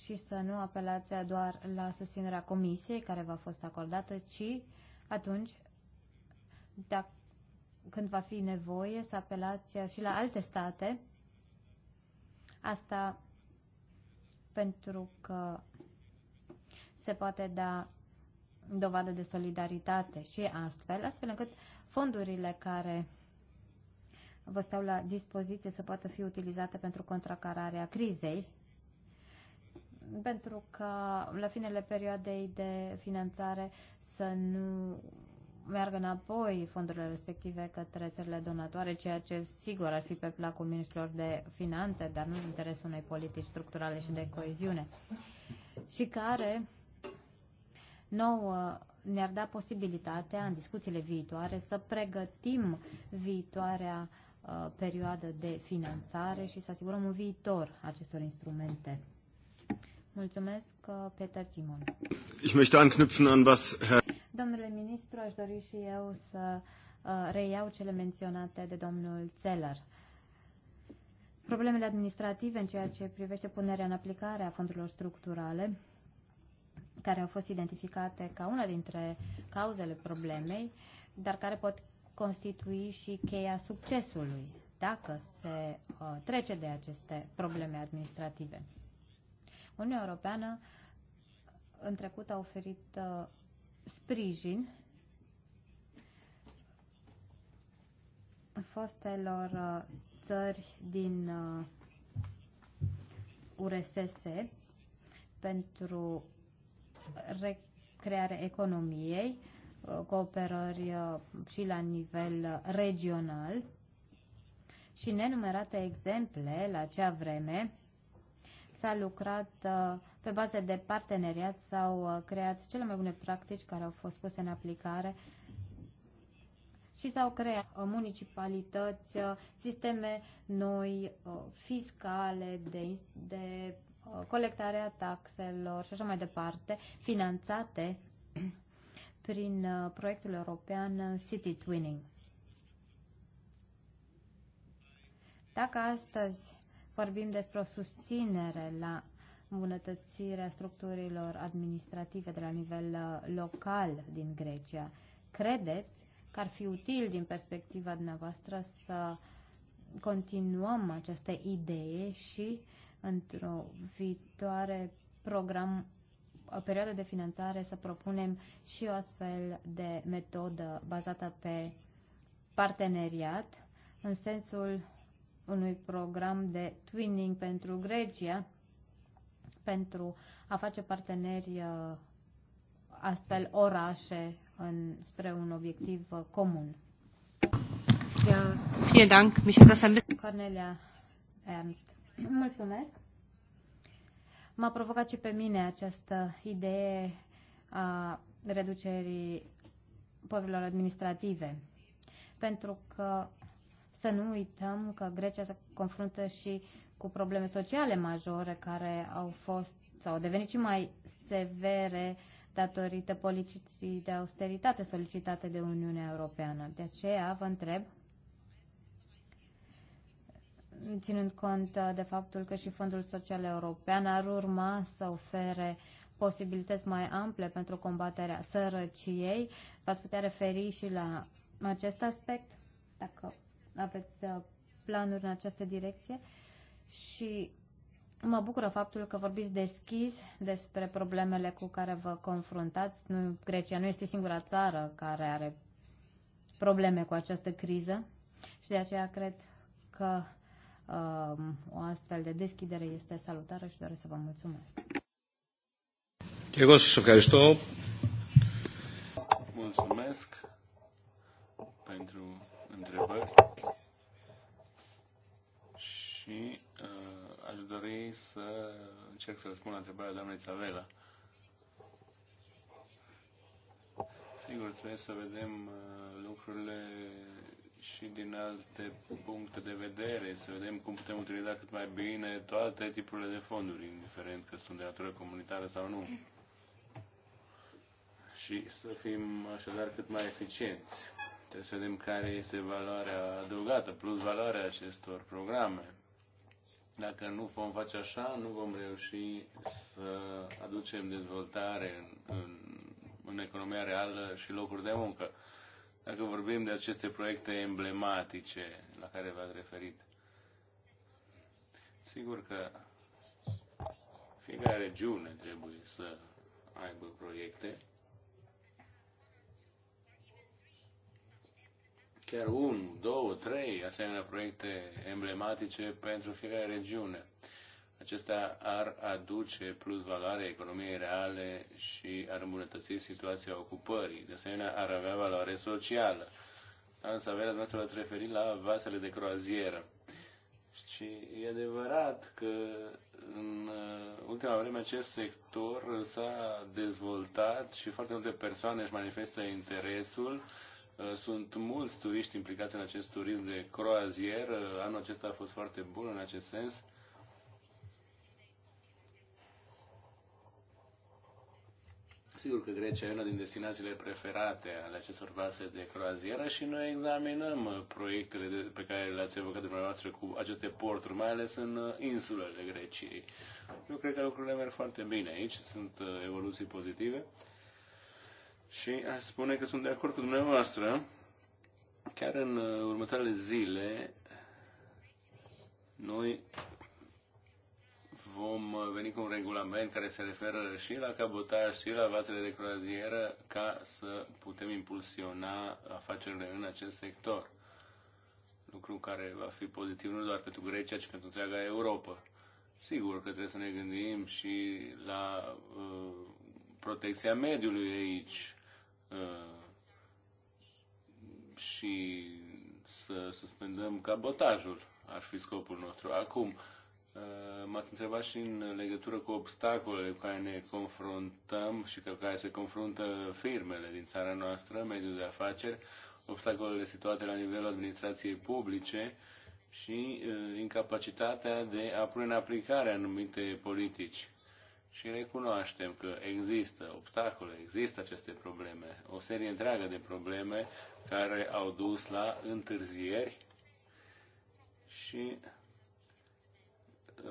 și să nu apelați doar la susținerea comisiei care v-a fost acordată, ci atunci, dacă, când va fi nevoie, să apelați și la alte state. Asta pentru că se poate da dovadă de solidaritate și astfel, astfel încât fondurile care vă stau la dispoziție să poată fi utilizate pentru contracararea crizei pentru ca la finele perioadei de finanțare să nu meargă înapoi fondurile respective către țările donatoare, ceea ce sigur ar fi pe placul ministrilor de finanțe, dar nu în interesul unei politici structurale și de coeziune, și care nouă ne-ar da posibilitatea, în discuțiile viitoare, să pregătim viitoarea uh, perioadă de finanțare și să asigurăm un viitor acestor instrumente. Mulțumesc, uh, Peter Simon. Ich möchte anknüpfen an was Herr... Domnule ministru, aș dori și eu să uh, reiau cele menționate de domnul Zeller. Problemele administrative în ceea ce privește punerea în aplicare a fondurilor structurale, care au fost identificate ca una dintre cauzele problemei, dar care pot constitui și cheia succesului dacă se uh, trece de aceste probleme administrative. Uniunea Europeană în trecut a oferit uh, sprijin fostelor uh, țări din uh, URSS pentru recrearea economiei, uh, cooperări uh, și la nivel uh, regional și nenumerate exemple la acea vreme s-a lucrat uh, pe bază de parteneriat, s-au uh, creat cele mai bune practici care au fost puse în aplicare și s-au creat uh, municipalități, sisteme noi, fiscale, de, de colectarea taxelor și așa mai departe, finanțate prin proiectul european City Twinning. Dacă astăzi vorbim despre o susținere la îmbunătățirea structurilor administrative de la nivel uh, local din Grecia. Credeți că ar fi util din perspectiva dumneavoastră să continuăm această idee și într-o viitoare program, o perioadă de finanțare să propunem și o astfel de metodă bazată pe parteneriat în sensul unui program de twinning pentru Grecia, pentru a face parteneri uh, astfel orașe în, spre un obiectiv uh, comun. Vielen Dank. Mich Cornelia Ernst. Mulțumesc. M-a provocat și pe mine această idee a reducerii poverilor administrative. Pentru că să nu uităm că Grecia se confruntă și cu probleme sociale majore care au fost sau au devenit și mai severe datorită politicii de austeritate solicitate de Uniunea Europeană. De aceea vă întreb, ținând cont uh, de faptul că și Fondul Social European ar urma să ofere posibilități mai ample pentru combaterea sărăciei, v-ați putea referi și la acest aspect? Dacă aveți uh, planuri în această direcție și mă bucură faptul că vorbiți deschis despre problemele cu care vă confruntați. Nu, Grecia nu este singura țară care are probleme cu această criză și de aceea cred că um, o astfel de deschidere este salutară și doresc să vă mulțumesc.
Εγώ σας
Mulțumesc pentru întrebări și uh, aș dori să încerc să răspund la întrebarea doamnei Țavela. Sigur, trebuie să vedem uh, lucrurile și din alte puncte de vedere, să vedem cum putem utiliza cât mai bine toate tipurile de fonduri, indiferent că sunt de natură comunitară sau nu. Și să fim așadar cât mai eficienți. Trebuie să vedem care este valoarea adăugată, plus valoarea acestor programe. Dacă nu vom face așa, nu vom reuși să aducem dezvoltare în, în, în economia reală și locuri de muncă. Dacă vorbim de aceste proiecte emblematice la care v-ați referit, sigur că fiecare regiune trebuie să aibă proiecte chiar un, două, trei asemenea proiecte emblematice pentru fiecare regiune. Acestea ar aduce plus valoare economiei reale și ar îmbunătăți situația ocupării. De asemenea, ar avea valoare socială. Să noastră v-ați referit la vasele de croazieră. Și e adevărat că în uh, ultima vreme acest sector s-a dezvoltat și foarte multe persoane își manifestă interesul Uh, sunt mulți turiști implicați în acest turism de croazier. Uh, anul acesta a fost foarte bun în acest sens. Sigur că Grecia e una din destinațiile preferate ale acestor vase de croazieră și noi examinăm uh, proiectele de, pe care le-ați evocat dumneavoastră cu aceste porturi, mai ales în insulele Greciei. Eu cred că lucrurile merg foarte bine aici, sunt evoluții pozitive. Și aș spune că sunt de acord cu dumneavoastră. Chiar în uh, următoarele zile, noi vom uh, veni cu un regulament care se referă și la cabotaj și la vasele de croazieră ca să putem impulsiona afacerile în acest sector. Lucru care va fi pozitiv nu doar pentru Grecia, ci pentru întreaga Europa. Sigur că trebuie să ne gândim și la uh, protecția mediului aici Uh, și să suspendăm cabotajul, ar fi scopul nostru. Acum, uh, m-ați întrebat și în legătură cu obstacolele cu care ne confruntăm și cu care se confruntă firmele din țara noastră, mediul de afaceri, obstacolele situate la nivelul administrației publice și uh, incapacitatea de a pune în aplicare anumite politici și recunoaștem că există obstacole, există aceste probleme, o serie întreagă de probleme care au dus la întârzieri și ă,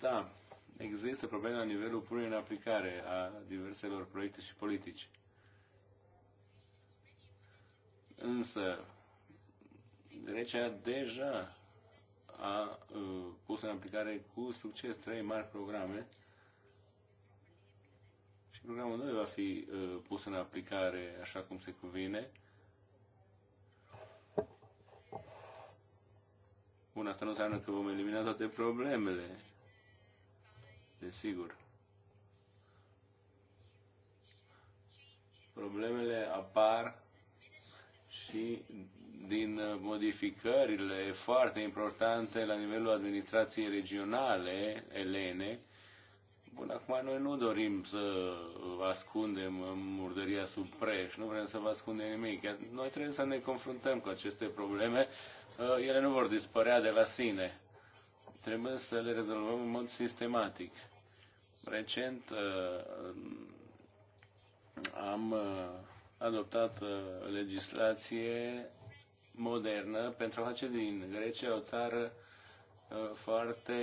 da, există probleme la nivelul punerii în aplicare a diverselor proiecte și politici. Însă, Grecia deja a ă, pus în aplicare cu succes trei mari programe programul 2 va fi uh, pus în aplicare așa cum se cuvine. Bun, asta nu înseamnă că vom elimina toate problemele. Desigur. Problemele apar și din modificările foarte importante la nivelul administrației regionale elene, Bun, acum noi nu dorim să ascundem murdăria sub preș, nu vrem să vă ascundem nimic. Noi trebuie să ne confruntăm cu aceste probleme. Uh, ele nu vor dispărea de la sine. Trebuie să le rezolvăm în mod sistematic. Recent uh, am uh, adoptat legislație modernă pentru a face din Grecia o țară Uh, foarte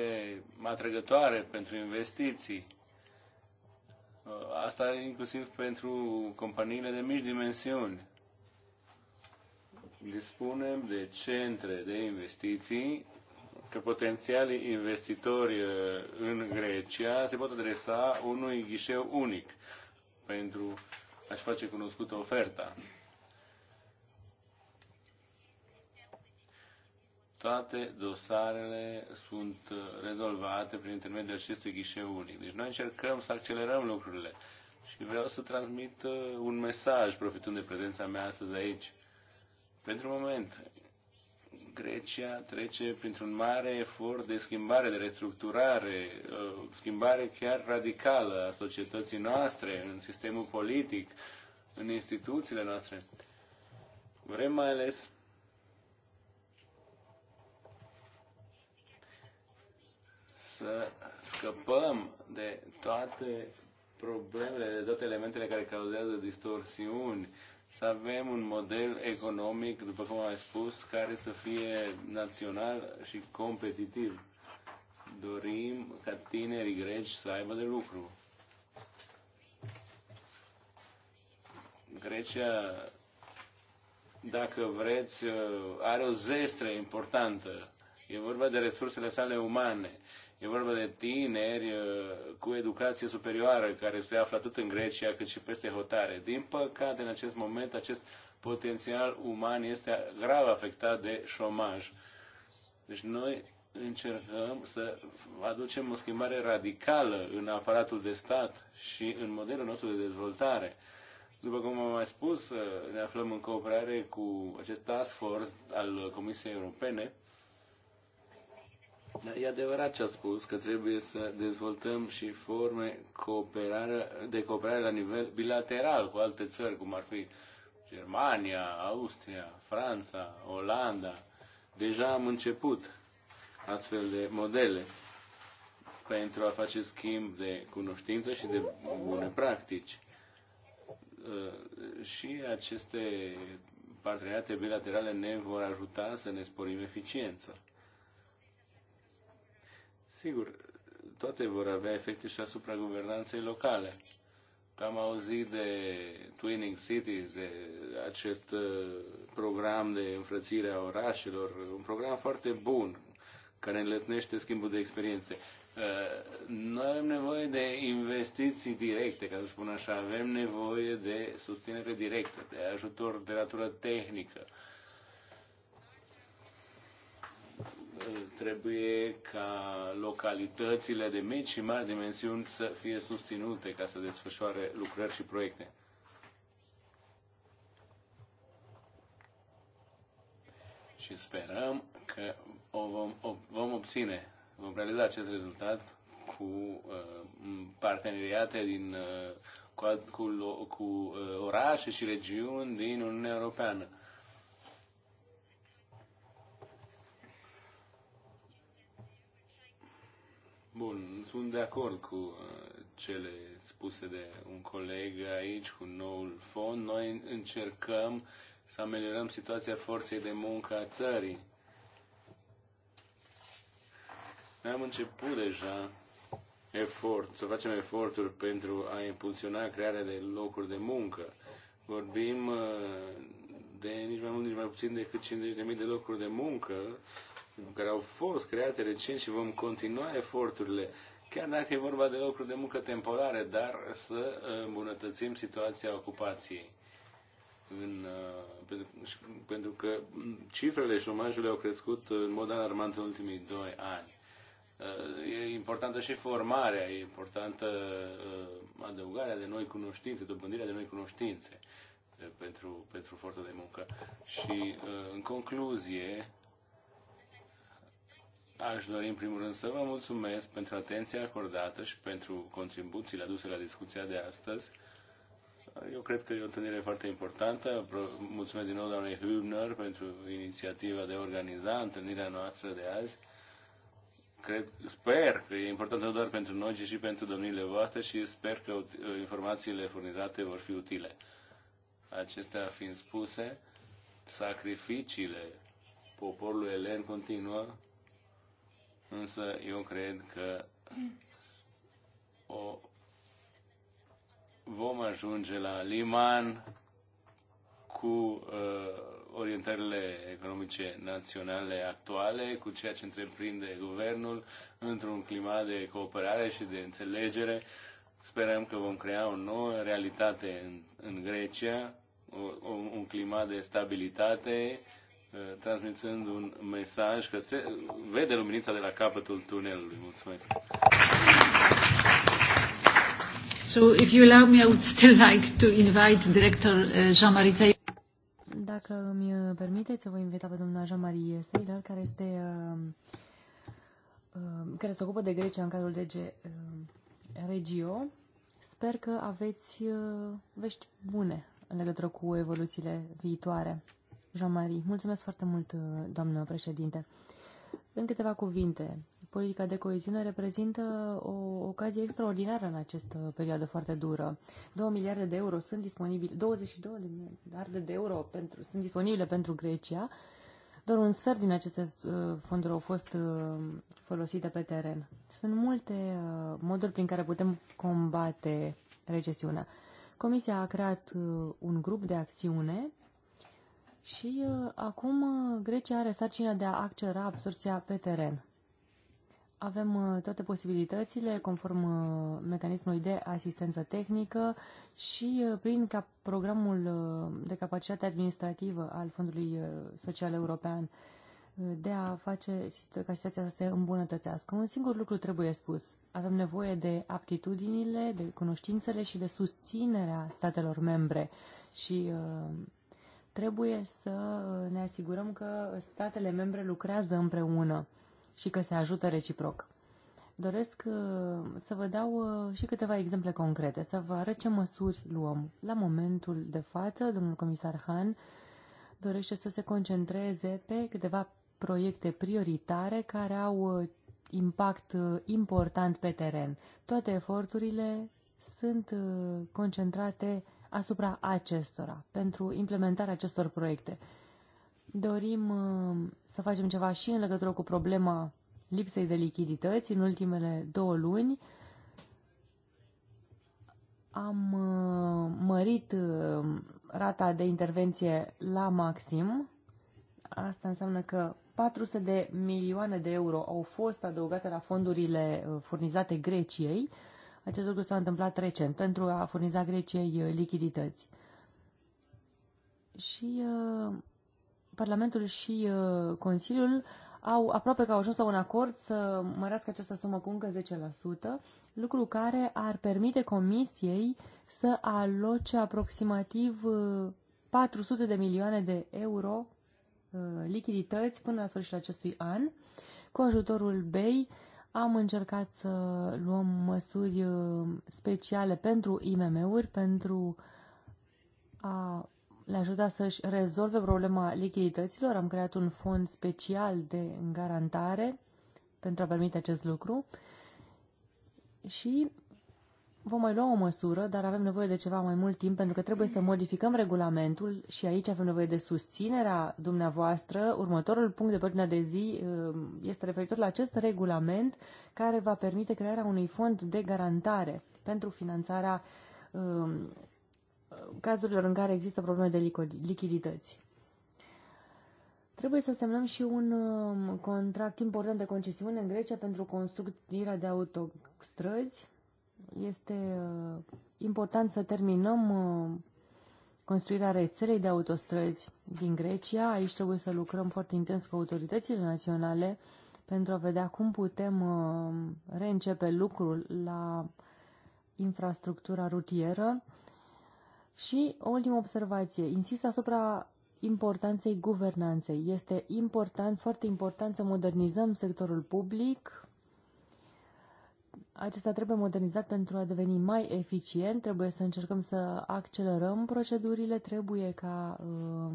atrăgătoare pentru investiții. Uh, asta inclusiv pentru companiile de mici dimensiuni. Dispunem de centre de investiții că potențialii investitori uh, în Grecia se pot adresa unui ghișeu unic pentru a-și face cunoscută oferta. toate dosarele sunt uh, rezolvate prin intermediul acestui ghișeu unic. Deci noi încercăm să accelerăm lucrurile și vreau să transmit uh, un mesaj profitând de prezența mea astăzi aici. Pentru moment, Grecia trece printr-un mare efort de schimbare, de restructurare, uh, schimbare chiar radicală a societății noastre, în sistemul politic, în instituțiile noastre. Vrem mai ales să scăpăm de toate problemele, de toate elementele care cauzează distorsiuni, să avem un model economic, după cum am spus, care să fie național și competitiv. Dorim ca tinerii greci să aibă de lucru. Grecia, dacă vreți, uh, are o zestre importantă. E vorba de resursele sale umane E vorba de tineri uh, cu educație superioară care se află atât în Grecia cât și peste hotare. Din păcate, în acest moment, acest potențial uman este grav afectat de șomaj. Deci noi încercăm să aducem o schimbare radicală în aparatul de stat și în modelul nostru de dezvoltare. După cum am mai spus, uh, ne aflăm în cooperare cu acest task force al Comisiei Europene dar e adevărat ce a spus, că trebuie să dezvoltăm și forme de cooperare la nivel bilateral cu alte țări, cum ar fi Germania, Austria, Franța, Olanda. Deja am început astfel de modele pentru a face schimb de cunoștință și de bune practici. Uh, și aceste parteneriate bilaterale ne vor ajuta să ne sporim eficiența. Sigur, toate vor avea efecte și asupra guvernanței locale. Am auzit de Twinning Cities, de acest uh, program de înfrățire a orașelor, un program foarte bun care înlătnește schimbul de experiențe. Uh, noi avem nevoie de investiții directe, ca să spun așa, avem nevoie de susținere directă, de ajutor de natură tehnică. Uh, trebuie ca localitățile de mici și mari dimensiuni să fie susținute ca să desfășoare lucrări și proiecte. Și sperăm că o vom, o, vom obține, vom realiza acest rezultat cu uh, parteneriate din, uh, cu, cu, cu uh, orașe și regiuni din Uniunea Europeană Bun, sunt de acord cu uh, cele spuse de un coleg aici, cu noul fond. Noi încercăm să ameliorăm situația forței de muncă a țării. Noi am început deja efort, să facem eforturi pentru a impulsiona crearea de locuri de muncă. Vorbim uh, de nici mai mult, nici mai puțin decât 50.000 de locuri de muncă care au fost create recent și vom continua eforturile, chiar dacă e vorba de locuri de muncă temporare, dar să îmbunătățim situația ocupației. În, uh, pentru, pentru că cifrele șomajului au crescut în mod alarmant în ultimii doi ani. Uh, e importantă și formarea, e importantă uh, adăugarea de noi cunoștințe, dobândirea de noi cunoștințe pentru, pentru forța de muncă. Și, în concluzie, Aș dori în primul rând să vă mulțumesc pentru atenția acordată și pentru contribuțiile aduse la discuția de astăzi. Eu cred că e o întâlnire foarte importantă. Mulțumesc din nou doamnei Hübner pentru inițiativa de a organiza întâlnirea noastră de azi. Cred, sper că e important nu doar pentru noi, ci și pentru domniile voastre și sper că informațiile furnizate vor fi utile. Acestea fiind spuse, sacrificiile poporului elen continuă Însă eu cred că o vom ajunge la liman cu uh, orientările economice naționale actuale, cu ceea ce întreprinde guvernul, într-un climat de cooperare și de înțelegere. Sperăm că vom crea o nouă realitate în, în Grecia, o, o, un climat de stabilitate Eh, transmițând un mesaj că se vede luminița de la capătul tunelului. Mulțumesc!
So, if you allow me, I would still like to invite director eh, Jean-Marie Zay. Dacă îmi eh, permiteți, o voi invita pe domnul Jean-Marie Steidar, care este care se ocupă de Grecia în cadrul DG Regio. Sper că aveți vești bune în legătură cu evoluțiile viitoare. Jean-Marie. Mulțumesc foarte mult, uh, doamnă președinte. În câteva cuvinte, politica de coeziune reprezintă uh, o ocazie extraordinară în această uh, perioadă foarte dură. 2 miliarde de euro sunt disponibile, 22 de miliarde de euro pentru, sunt disponibile pentru Grecia. Doar un sfert din aceste fonduri au fost folosite pe teren. Sunt multe moduri prin care putem combate recesiunea. Comisia a creat un grup de acțiune și uh, acum uh, Grecia are sarcina de a accelera absorția pe teren. Avem uh, toate posibilitățile conform mecanismului de asistență tehnică și prin cap programul de capacitate administrativă al Fondului Social European de a face ca situația să se îmbunătățească. Un singur lucru trebuie spus. Avem nevoie de aptitudinile, de cunoștințele și de susținerea statelor membre și uh, Trebuie să ne asigurăm că statele membre lucrează împreună și că se ajută reciproc. Doresc uh, să vă dau uh, și câteva exemple concrete, să vă arăt ce măsuri luăm. La momentul de față, domnul comisar Han dorește să se concentreze pe câteva proiecte prioritare care au uh, impact important pe teren. Toate eforturile sunt concentrate asupra acestora, pentru implementarea acestor proiecte. Dorim uh, să facem ceva și în legătură cu problema lipsei de lichidități. În ultimele două luni am uh, mărit uh, rata de intervenție la maxim. Asta înseamnă că 400 de milioane de euro au fost adăugate la fondurile furnizate Greciei acest lucru s-a întâmplat recent pentru a furniza Greciei uh, lichidități. Și uh, Parlamentul și uh, Consiliul au aproape că au ajuns la un acord să mărească această sumă cu încă 10%, lucru care ar permite Comisiei să aloce aproximativ 400 uh, de milioane de euro uh, lichidități până la sfârșitul acestui an, cu ajutorul BEI am încercat să luăm măsuri uh, speciale pentru IMM-uri, pentru a le ajuta să-și rezolve problema lichidităților. Am creat un fond special de garantare pentru a permite acest lucru și vom mai lua o măsură, dar avem nevoie de ceva mai mult timp pentru că trebuie să modificăm regulamentul și aici avem nevoie de susținerea dumneavoastră. Următorul punct de pagina de zi um, este referitor la acest regulament care va permite crearea unui fond de garantare pentru finanțarea um, cazurilor în care există probleme de lichidități. Trebuie să semnăm și un um, contract important de concesiune în Grecia pentru construirea de autostrăzi este uh, important să terminăm uh, construirea rețelei de autostrăzi din Grecia. Aici trebuie să lucrăm foarte intens cu autoritățile naționale pentru a vedea cum putem uh, reîncepe lucrul la infrastructura rutieră. Și o ultimă observație. Insist asupra importanței guvernanței. Este important, foarte important să modernizăm sectorul public, acesta trebuie modernizat pentru a deveni mai eficient, trebuie să încercăm să accelerăm procedurile, trebuie ca uh,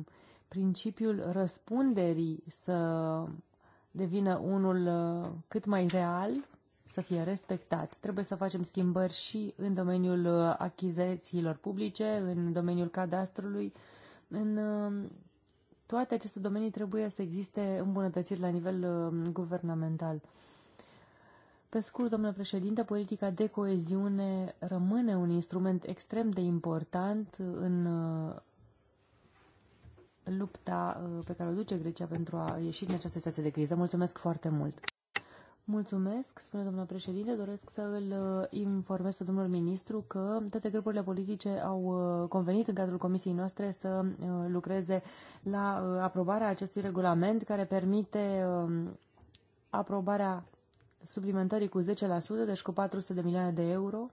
principiul răspunderii să devină unul uh, cât mai real, să fie respectat. Trebuie să facem schimbări și în domeniul uh, achizițiilor publice, în domeniul cadastrului, în uh, toate aceste domenii trebuie să existe îmbunătățiri la nivel uh, guvernamental. Pe scurt, domnule președinte, politica de coeziune rămâne un instrument extrem de important în uh, lupta uh, pe care o duce Grecia pentru a ieși din această situație de criză. Mulțumesc foarte mult! Mulțumesc, spune domnul președinte. Doresc să îl uh, informez pe domnul ministru că toate grupurile politice au convenit în cadrul comisiei noastre să lucreze la aprobarea acestui regulament care permite aprobarea suplimentării cu 10%, deci cu 400 de milioane de euro.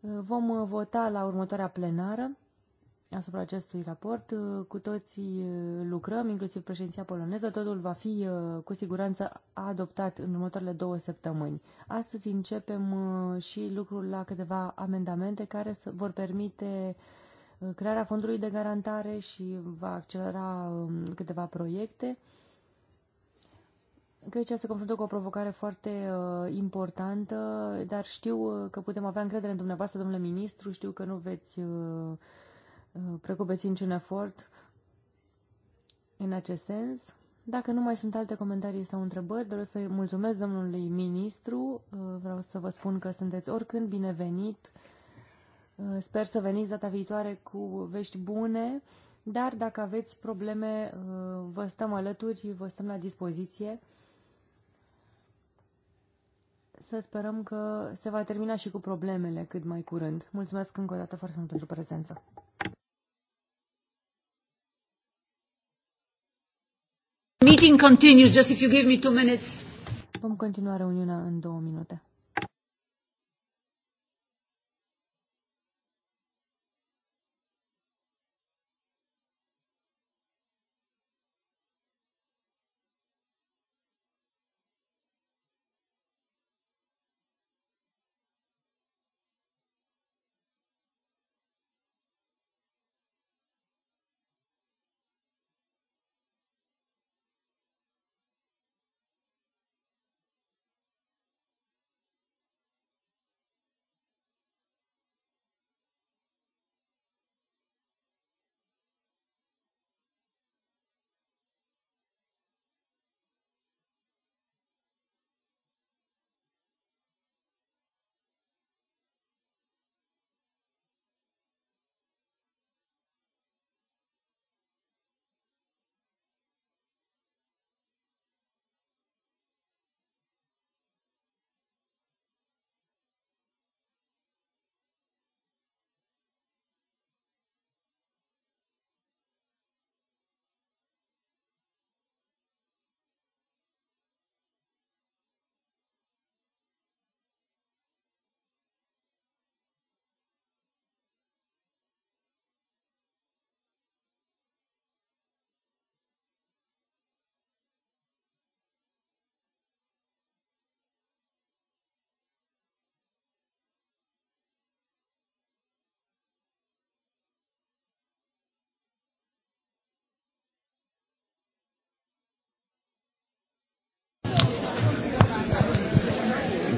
Vom uh, vota la următoarea plenară asupra acestui raport. Uh, cu toții uh, lucrăm, inclusiv președinția poloneză. Totul va fi cu siguranță adoptat în următoarele două săptămâni. Astăzi începem și lucrul la câteva amendamente care vor permite crearea fondului de garantare și va accelera um, câteva proiecte. Grecia se confruntă cu o provocare foarte uh, importantă, dar știu uh, că putem avea încredere în dumneavoastră, domnule ministru, știu că nu veți uh, uh precupeți niciun efort în acest sens. Dacă nu mai sunt alte comentarii sau întrebări, doresc să mulțumesc domnului ministru. Uh, vreau să vă spun că sunteți oricând binevenit. Sper să veniți data viitoare cu vești bune, dar dacă aveți probleme, vă stăm alături, vă stăm la dispoziție să sperăm că se va termina și cu problemele cât mai curând. Mulțumesc încă o dată foarte mult pentru prezență. Meeting continues, just if you give me two minutes. Vom continua reuniunea în două minute.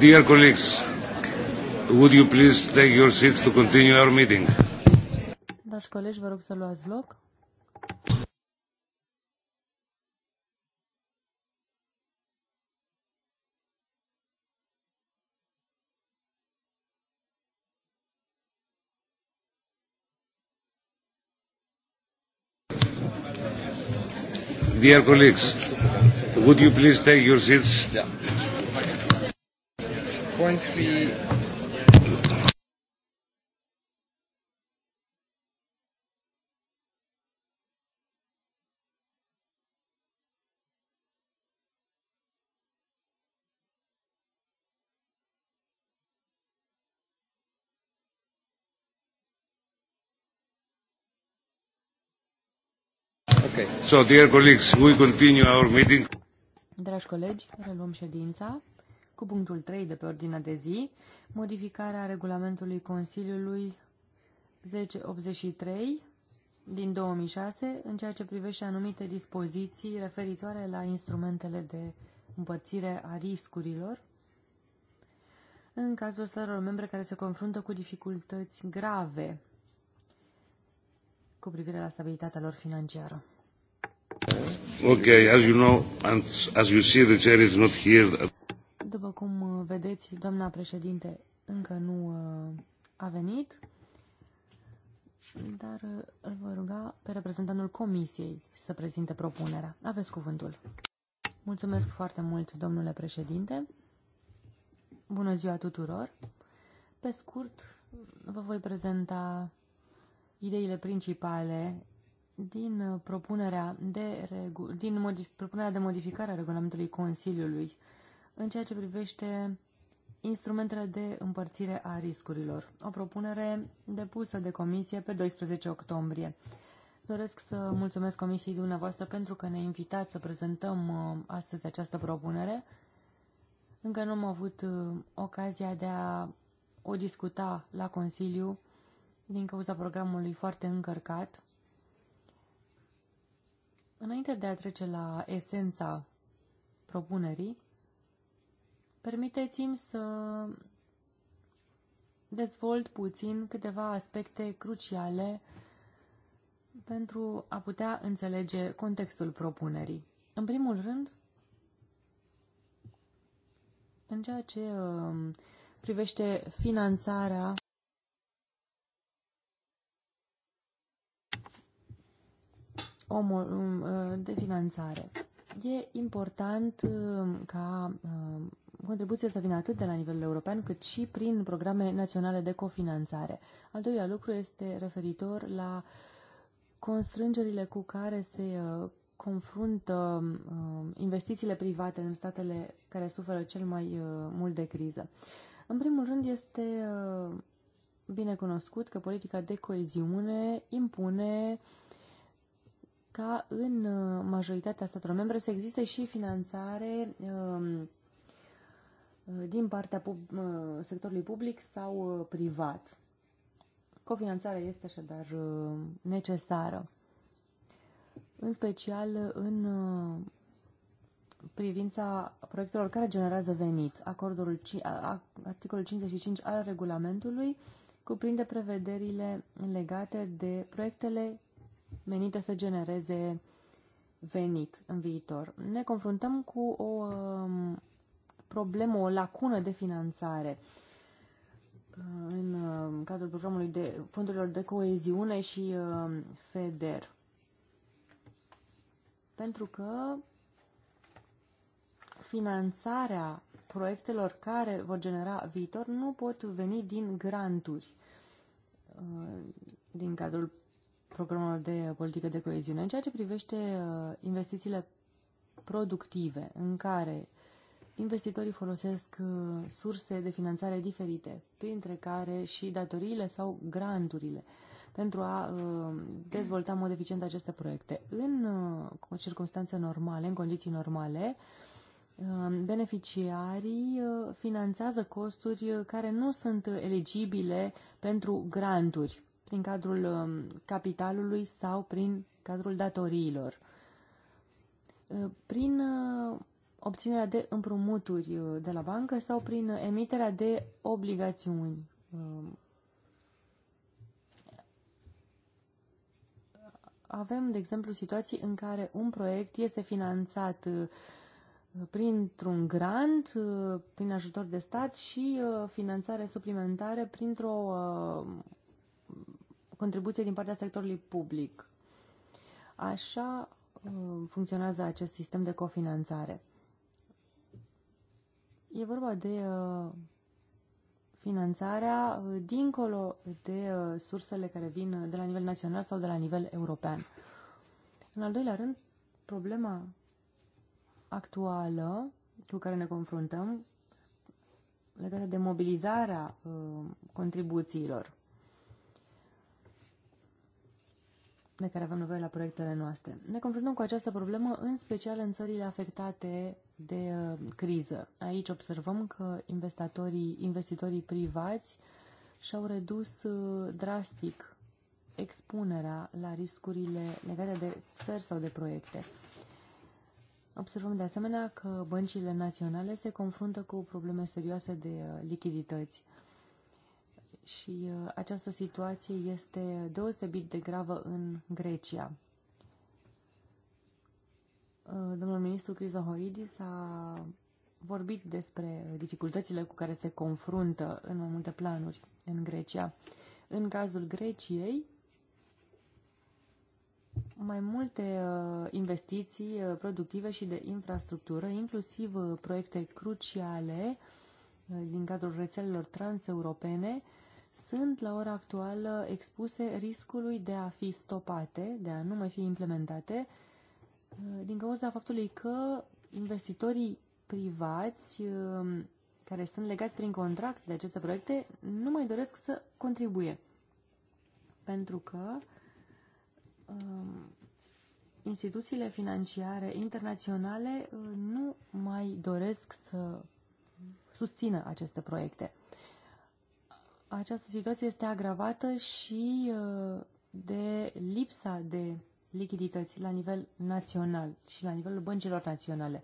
Dear colleagues, would you please take your seats to continue our meeting?
Dragi colegi, vă rog să luați loc.
Dear colleagues, would you please take your seats? Yeah. Da to be Okay. So, dear colleagues, we continue our meeting.
Dragi colegi, reluăm ședința cu punctul 3 de pe ordinea de zi, modificarea regulamentului Consiliului 1083 din 2006 în ceea ce privește anumite dispoziții referitoare la instrumentele de împărțire a riscurilor în cazul statelor membre care se confruntă cu dificultăți grave cu privire la stabilitatea lor financiară.
Okay, as you know, and as you see, the chair is not here.
După cum uh, vedeți, doamna președinte încă nu uh, a venit, dar uh, îl voi ruga pe reprezentantul comisiei să prezinte propunerea. Aveți cuvântul. Mulțumesc foarte mult, domnule președinte. Bună ziua tuturor. Pe scurt, vă voi prezenta ideile principale din propunerea de, din propunerea de modificare a regulamentului Consiliului în ceea ce privește instrumentele de împărțire a riscurilor, o propunere depusă de comisie pe 12 octombrie. Doresc să mulțumesc comisiei dumneavoastră pentru că ne invitați să prezentăm uh, astăzi această propunere. Încă nu am avut uh, ocazia de a o discuta la Consiliu din cauza programului foarte încărcat. Înainte de a trece la esența propunerii, Permiteți-mi să dezvolt puțin câteva aspecte cruciale pentru a putea înțelege contextul propunerii. În primul rând, în ceea ce um, privește finanțarea um, uh, de finanțare. E important um, ca contribuție să vină atât de la nivel european, cât și prin programe naționale de cofinanțare. Al doilea lucru este referitor la constrângerile cu care se uh, confruntă uh, investițiile private în statele care suferă cel mai uh, mult de criză. În primul rând este bine cunoscut că politica de coeziune impune ca în majoritatea statelor membre să existe și finanțare Uh, din partea pub- uh, sectorului public sau uh, privat. Cofinanțarea este așadar necesară, în special în privința proiectelor care generează venit. Acordul, articolul 55 al regulamentului cuprinde prevederile legate de proiectele menite să genereze venit în viitor. Ne confruntăm cu o um, problemă, o lacună de finanțare uh, în uh, cadrul programului de fondurilor de coeziune și uh, FEDER. Pentru că finanțarea proiectelor care vor genera viitor nu pot veni din granturi din cadrul programelor de politică de coeziune. În ceea ce privește investițiile productive, în care investitorii folosesc uh, surse de finanțare diferite, printre care și datoriile sau granturile, pentru a uh, dezvolta în mod eficient aceste proiecte. În uh, circunstanțe normale, în condiții normale, beneficiarii finanțează costuri care nu sunt eligibile pentru granturi prin cadrul capitalului sau prin cadrul datoriilor. Prin obținerea de împrumuturi uh, de la bancă sau prin emiterea de obligațiuni. Um. Avem, de exemplu, situații în care un proiect este finanțat uh, printr-un grant, uh, prin ajutor de stat și finanțare suplimentare printr-o contribuție din partea sectorului public. Așa funcționează acest sistem de cofinanțare. E vorba de uh, finanțarea uh, dincolo de uh, sursele care vin de la nivel național sau de la nivel european. În al doilea rând, problema actuală cu care ne confruntăm legată de mobilizarea contribuțiilor de care avem nevoie la proiectele noastre. Ne confruntăm cu această problemă în special în țările afectate de uh, criză. Aici observăm că investitorii, investitorii privați și-au redus uh, drastic expunerea la riscurile legate de țări sau de proiecte. Observăm de asemenea că băncile naționale se confruntă cu probleme serioase de uh, lichidități și această situație este deosebit de gravă în Grecia. Uh, domnul ministru Crisohoidis a vorbit despre dificultățile cu care se confruntă în mai multe planuri în Grecia. În cazul Greciei, mai multe uh, investiții uh, productive și de infrastructură, inclusiv proiecte cruciale din cadrul rețelelor transeuropene, sunt la ora actuală expuse riscului de a fi stopate, de a nu mai fi implementate, Uh, din cauza faptului că investitorii privați um, care sunt legați prin contract de aceste proiecte nu mai doresc să contribuie. Pentru că um, instituțiile financiare internaționale uh, nu mai doresc să susțină aceste proiecte. Această situație este agravată și uh, de lipsa de lichidități la nivel național și la nivelul băncilor naționale.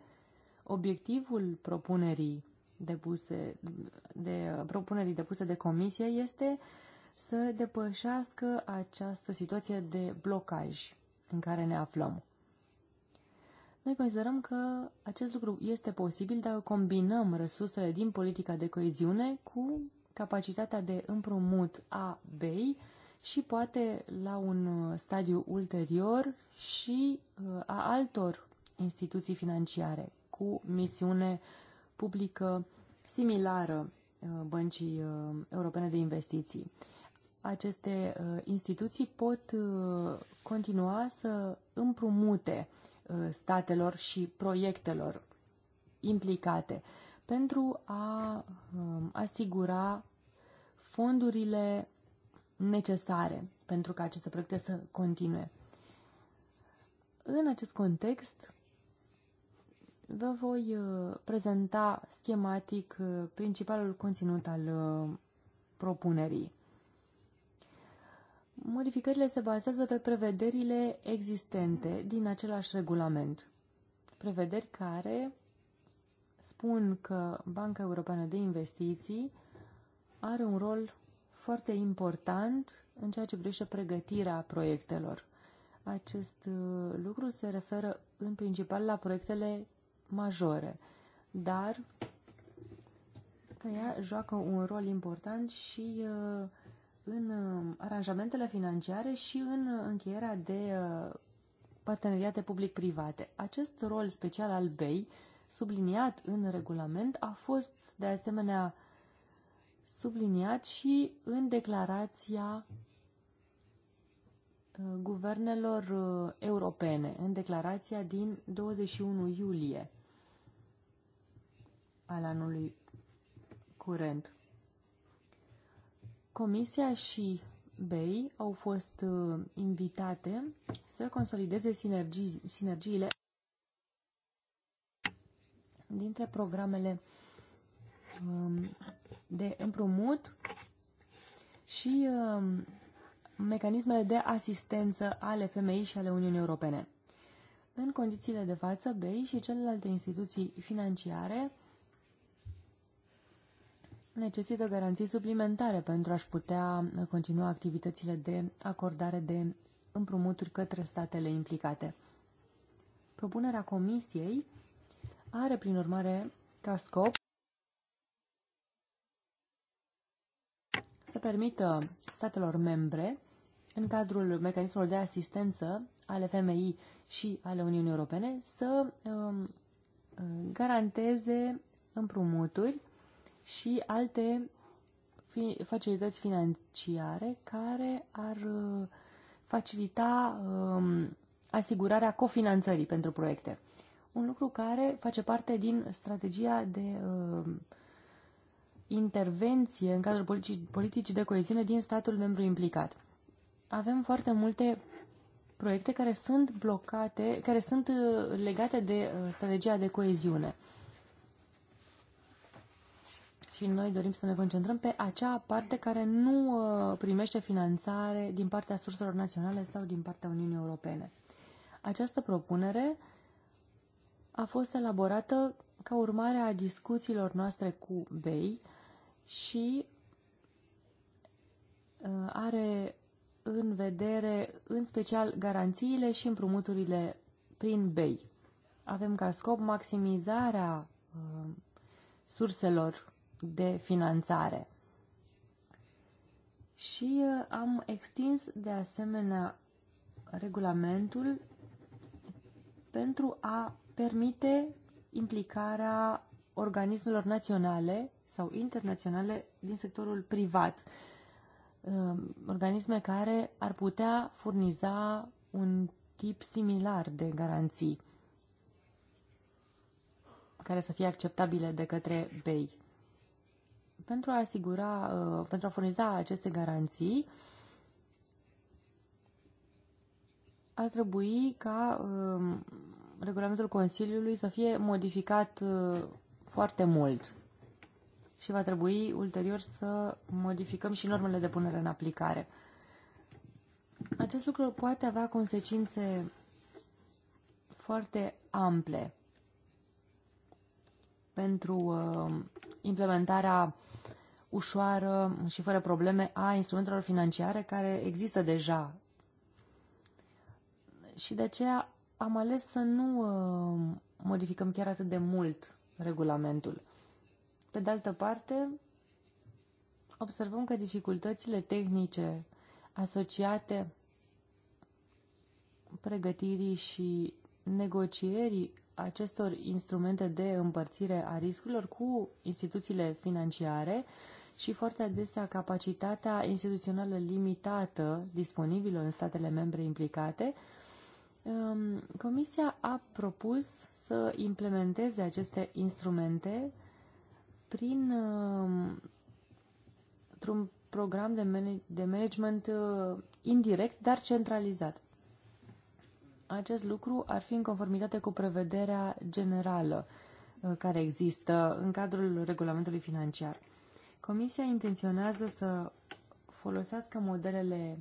Obiectivul propunerii depuse de, propunerii depuse de comisie este să depășească această situație de blocaj în care ne aflăm. Noi considerăm că acest lucru este posibil dacă combinăm resursele din politica de coeziune cu capacitatea de împrumut a BEI și poate la un uh, stadiu ulterior și uh, a altor instituții financiare cu misiune publică similară uh, Băncii Europene de Investiții. Aceste instituții pot continua să împrumute statelor și proiectelor implicate pentru a um, asigura fondurile necesare pentru ca aceste proiecte să continue. În acest context, vă voi uh, prezenta schematic uh, principalul conținut al uh, propunerii. Modificările se bazează pe prevederile existente din același regulament. Prevederi care spun că Banca Europeană de Investiții are un rol foarte important în ceea ce privește pregătirea proiectelor. Acest uh, lucru se referă în principal la proiectele majore, dar că ea joacă un rol important și uh, în uh, aranjamentele financiare și în încheierea de parteneriate public-private. Acest rol special al BEI, subliniat în regulament, a fost de asemenea subliniat și în declarația uh, guvernelor uh, europene, în declarația din 21 iulie al anului curent. Comisia și BEI au fost uh, invitate să consolideze sinergii, sinergiile dintre programele um, de împrumut și uh, mecanismele de asistență ale FMI și ale Uniunii Europene. În condițiile de față, BEI și celelalte instituții financiare necesită garanții suplimentare pentru a-și putea uh, continua activitățile de acordare de împrumuturi către statele implicate. Propunerea Comisiei are, prin urmare, ca scop să permită statelor membre, în cadrul mecanismelor de asistență ale FMI și ale Uniunii Europene, să um, garanteze împrumuturi și alte facilități financiare care ar uh, facilita um, asigurarea cofinanțării pentru proiecte. Un lucru care face parte din strategia de uh, intervenție în cadrul politicii de coeziune din statul membru implicat. Avem foarte multe proiecte care sunt blocate, care sunt uh, legate de uh, strategia de coeziune. Și noi dorim să ne concentrăm pe acea parte care nu uh, primește finanțare din partea surselor naționale sau din partea Uniunii Europene. Această propunere a fost elaborată ca urmare a discuțiilor noastre cu BEI și uh, are în vedere în special garanțiile și împrumuturile prin BEI. Avem ca scop maximizarea uh, surselor de finanțare. Și uh, am extins de asemenea regulamentul pentru a permite implicarea organismelor naționale sau internaționale din sectorul privat, um, organisme care ar putea furniza un tip similar de garanții care să fie acceptabile de către BEI. Pentru a asigura, uh, pentru a furniza aceste garanții, ar trebui ca um, regulamentul Consiliului să fie modificat uh, foarte mult și va trebui ulterior să modificăm și normele de punere în aplicare. Acest lucru poate avea consecințe foarte ample pentru uh, implementarea ușoară și fără probleme a instrumentelor financiare care există deja. Și de aceea am ales să nu uh, modificăm chiar atât de mult regulamentul. Pe de altă parte, observăm că dificultățile tehnice asociate pregătirii și negocierii acestor instrumente de împărțire a riscurilor cu instituțiile financiare și foarte adesea capacitatea instituțională limitată disponibilă în statele membre implicate, um, Comisia a propus să implementeze aceste instrumente prin uh, un program de, manage, de management uh, indirect, dar centralizat. Acest lucru ar fi în conformitate cu prevederea generală uh, care există în cadrul regulamentului financiar. Comisia intenționează să folosească modelele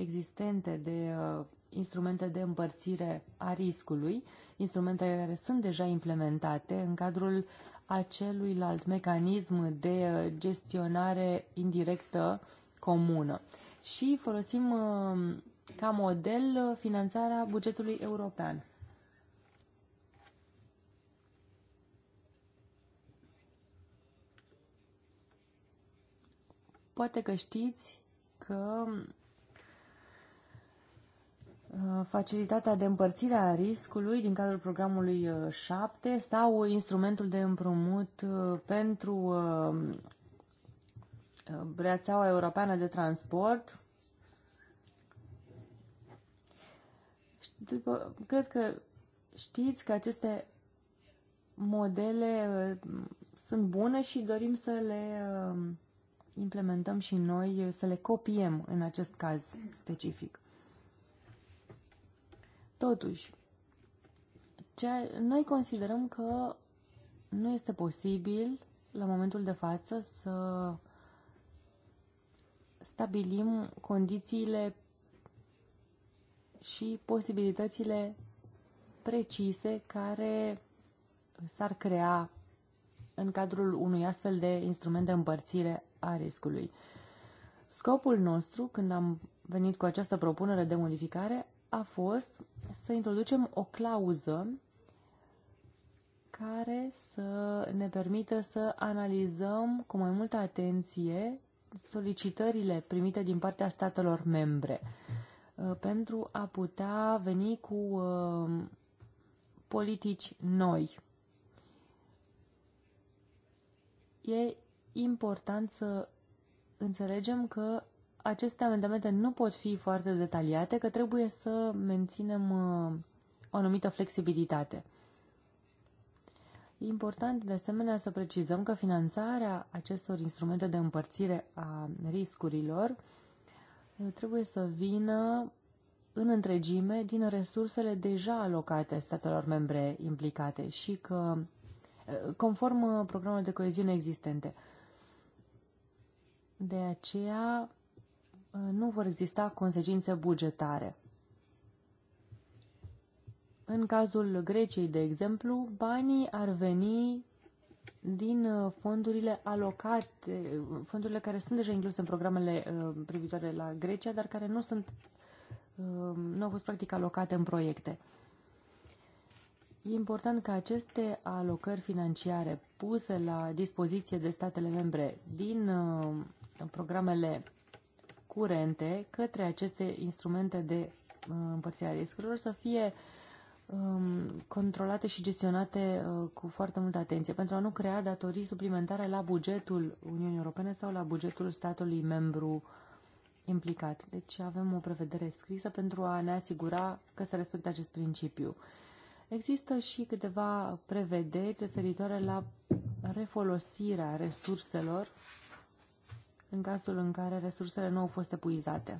existente de uh, instrumente de împărțire a riscului, instrumente care sunt deja implementate în cadrul acelui alt mecanism de uh, gestionare indirectă comună. Și folosim uh, ca model finanțarea bugetului european. Poate că știți că Uh, facilitatea de împărțire a riscului din cadrul programului 7 uh, sau instrumentul de împrumut uh, pentru rețeaua europeană de transport. După, cred că știți că aceste modele sunt bune și dorim să le implementăm și noi, să le copiem în acest caz specific. Totuși, ce, noi considerăm că nu este posibil la momentul de față să stabilim condițiile și posibilitățile precise care s-ar crea în cadrul unui astfel de instrument de împărțire a riscului. Scopul nostru, când am venit cu această propunere de modificare, a fost să introducem o clauză care să ne permită să analizăm cu mai multă atenție solicitările primite din partea statelor membre uh, pentru a putea veni cu uh, politici noi. E important să înțelegem că aceste amendamente nu pot fi foarte detaliate, că trebuie să menținem uh, o anumită flexibilitate. E important, de asemenea, să precizăm că finanțarea acestor instrumente de împărțire a riscurilor uh, trebuie să vină în întregime din resursele deja alocate statelor membre implicate și că uh, conform programelor de coeziune existente. De aceea Uh, nu vor exista consecințe bugetare. În cazul Greciei, de exemplu, banii ar veni din uh, fondurile alocate, fondurile care sunt deja incluse în programele uh, privitoare la Grecia, dar care nu sunt nu au fost practic alocate în proiecte. E important ca aceste alocări financiare puse la dispoziție de statele membre din programele curente către aceste instrumente de uh, împărțire a riscurilor să fie um, controlate și gestionate uh, cu foarte multă atenție pentru a nu crea datorii suplimentare la bugetul Uniunii Europene sau la bugetul statului membru implicat. Deci avem o prevedere scrisă pentru a ne asigura că se respectă acest principiu. Există și câteva prevederi referitoare la refolosirea resurselor în cazul în care resursele nu au fost epuizate.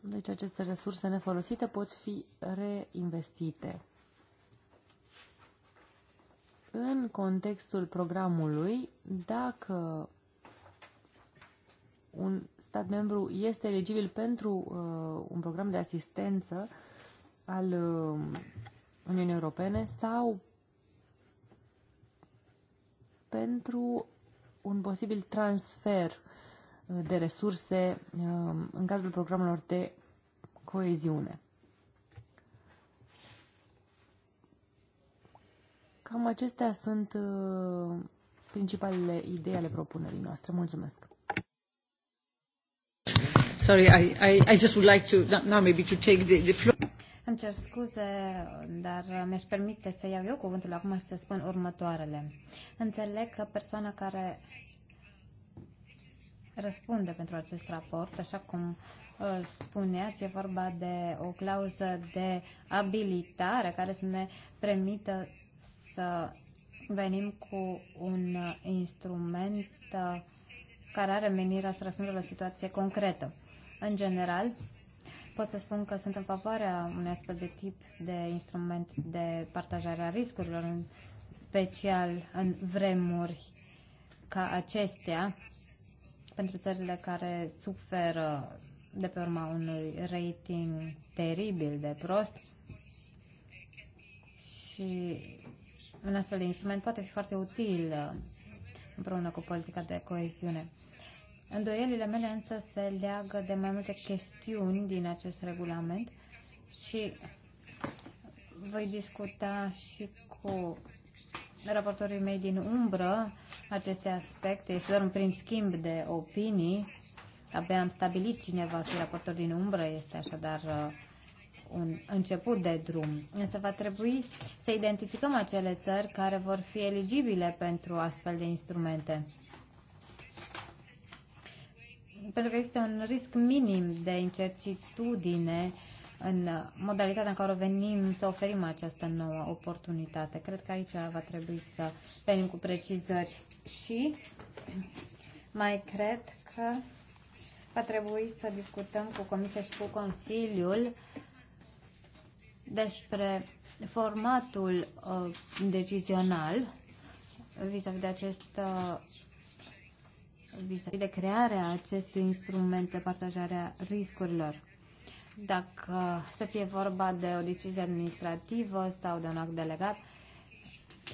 Deci aceste resurse nefolosite pot fi reinvestite. În contextul programului, dacă un stat membru este eligibil pentru uh, un program de asistență al uh, Uniunii Europene sau pentru un posibil transfer uh, de resurse um, în cadrul programelor de coeziune. Cam acestea sunt uh, principalele idei ale propunerii noastre. Mulțumesc! Sorry, I, I, I just would like to now maybe to take the, the floor. Îmi
cer scuze, dar mi-aș permite să iau eu cuvântul acum și să spun următoarele. Înțeleg că persoana care răspunde pentru acest raport, așa cum uh, spuneați, e vorba de o clauză de abilitare care să ne permită să venim cu un instrument uh, care are menirea să răspundă la situație concretă. În general, pot să spun că sunt în favoarea unui astfel de tip de instrument de partajare a riscurilor, în special în vremuri ca acestea, pentru țările care suferă de pe urma unui rating teribil de prost și un astfel de instrument poate fi foarte util împreună cu politica de coeziune. Îndoielile mele însă se leagă de mai multe chestiuni din acest regulament și voi discuta și cu raportorii mei din umbră aceste aspecte. Este doar un prim schimb de opinii. Abia am stabilit cine va fi raportor din umbră. Este așadar uh, un început de drum. Însă va trebui să identificăm acele țări care vor fi eligibile pentru astfel de instrumente pentru că există un risc minim de incertitudine în modalitatea în care venim să oferim această nouă oportunitate. Cred că aici va trebui să venim cu precizări și mai cred că va trebui să discutăm cu Comisia și cu Consiliul despre formatul uh, decizional vis-a-vis -vis de acest uh, vis-a-vis de crearea acestui instrument de partajare a riscurilor. Dacă să fie vorba de o decizie administrativă sau de un act delegat,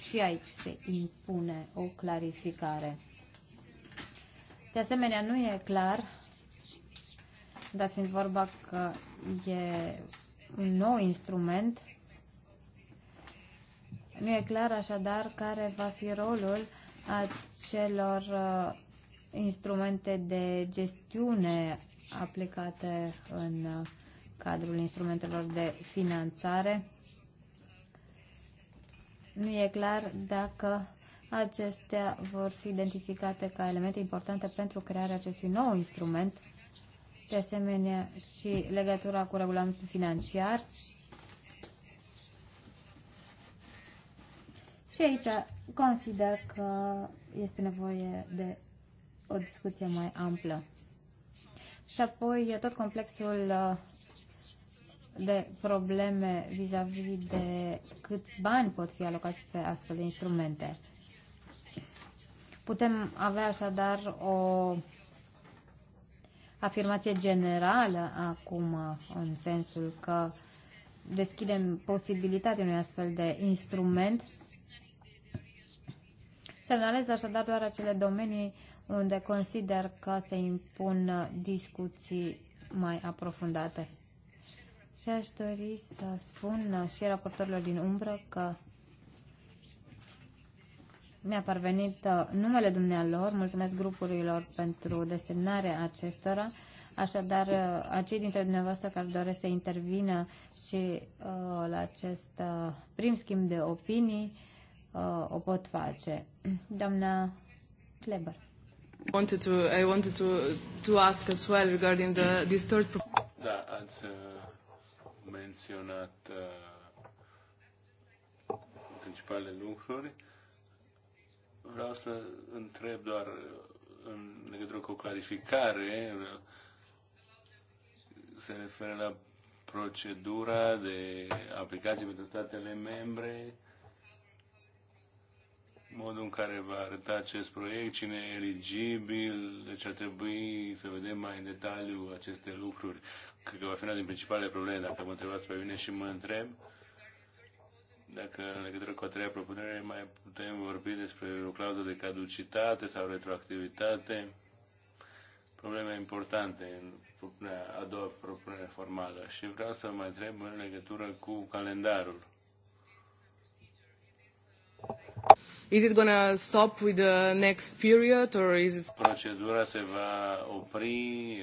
și aici se impune o clarificare. De asemenea, nu e clar, dar fiind vorba că e un nou instrument, nu e clar așadar care va fi rolul acelor uh, instrumente de gestiune aplicate în cadrul instrumentelor de finanțare. Nu e clar dacă acestea vor fi identificate ca elemente importante pentru crearea acestui nou instrument, de asemenea și legătura cu regulamentul financiar. Și aici consider că este nevoie de o discuție mai amplă. Și apoi tot complexul uh, de probleme vis-a-vis -vis de câți bani pot fi alocați pe astfel de instrumente. Putem avea așadar o afirmație generală acum uh, în sensul că deschidem posibilitatea unui astfel de instrument. Semnalez așadar doar acele domenii unde consider că se impun discuții mai aprofundate. Și aș dori să spun și raportorilor din umbră că mi-a parvenit uh, numele dumnealor, mulțumesc grupurilor pentru desemnarea acestora, așadar uh, acei dintre dumneavoastră care doresc să intervină și
uh,
la acest uh, prim schimb de opinii uh, o pot face. Doamna Kleber.
Wanted to, I wanted to, to ask
as well regarding the, this third Da, ați uh, menționat uh, principalele lucruri. Vreau să întreb doar uh, în legătură cu o clarificare se referă la procedura de aplicație pentru statele membre modul în care va arăta acest proiect, cine e eligibil, deci ar trebui să vedem mai în detaliu aceste lucruri. Cred că va fi una din principalele probleme, dacă mă întrebați pe mine și mă întreb dacă în legătură cu a treia propunere mai putem vorbi despre o clauză de caducitate sau retroactivitate, probleme importante în propunerea, a doua propunere formală. Și vreau să mă întreb în legătură cu calendarul.
Is it gonna stop with the next period or is
it... Procedura se va opri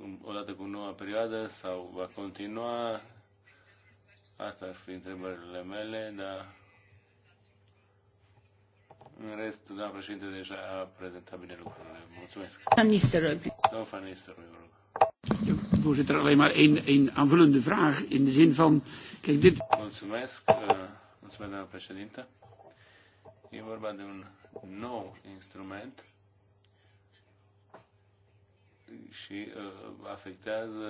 uh, odată cu noua perioadă sau va continua? Asta ar fi întrebările mele, dar în rest, doamna președinte deja a prezentat bine lucrurile. Mulțumesc. Domnul Fanister, vă rog.
Voorzitter, alleen maar één, één aanvullende vraag in de zin van... Kijk, dit...
Mulțumesc, uh, mulțumesc, doamna președinte. E vorba de un nou instrument și uh, afectează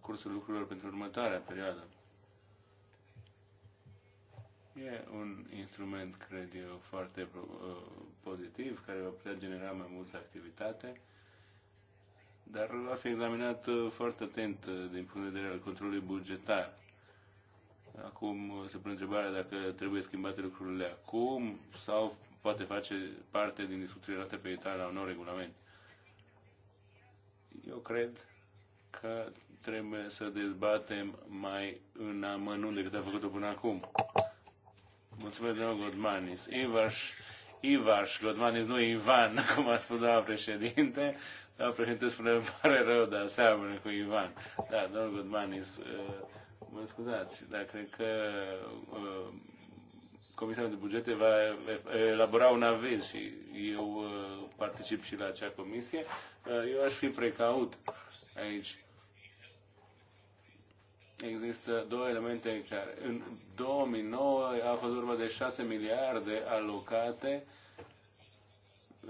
cursul lucrurilor pentru următoarea perioadă. E un instrument, cred eu, foarte uh, pozitiv, care va putea genera mai multă activitate, dar va fi examinat uh, foarte atent uh, din punct de vedere al controlului bugetar. Acum se pune întrebarea dacă trebuie schimbate lucrurile acum sau poate face parte din discuțiile noastre pe la un nou regulament. Eu cred că trebuie să dezbatem mai în amănunt decât a făcut-o până acum. Mulțumesc, domnul Godmanis. Ivaș, Ivaș, Godmanis, nu Ivan, cum a spus doamna președinte. Doamna președinte spune, îmi pare rău, dar seamănă cu Ivan. Da, domnul Godmanis, uh, Mă scuzați, dar cred că uh, Comisia de Bugete va elabora un aviz și eu uh, particip și la acea comisie. Uh, eu aș fi precaut aici. Există două elemente în care. În 2009 a fost vorba de 6 miliarde alocate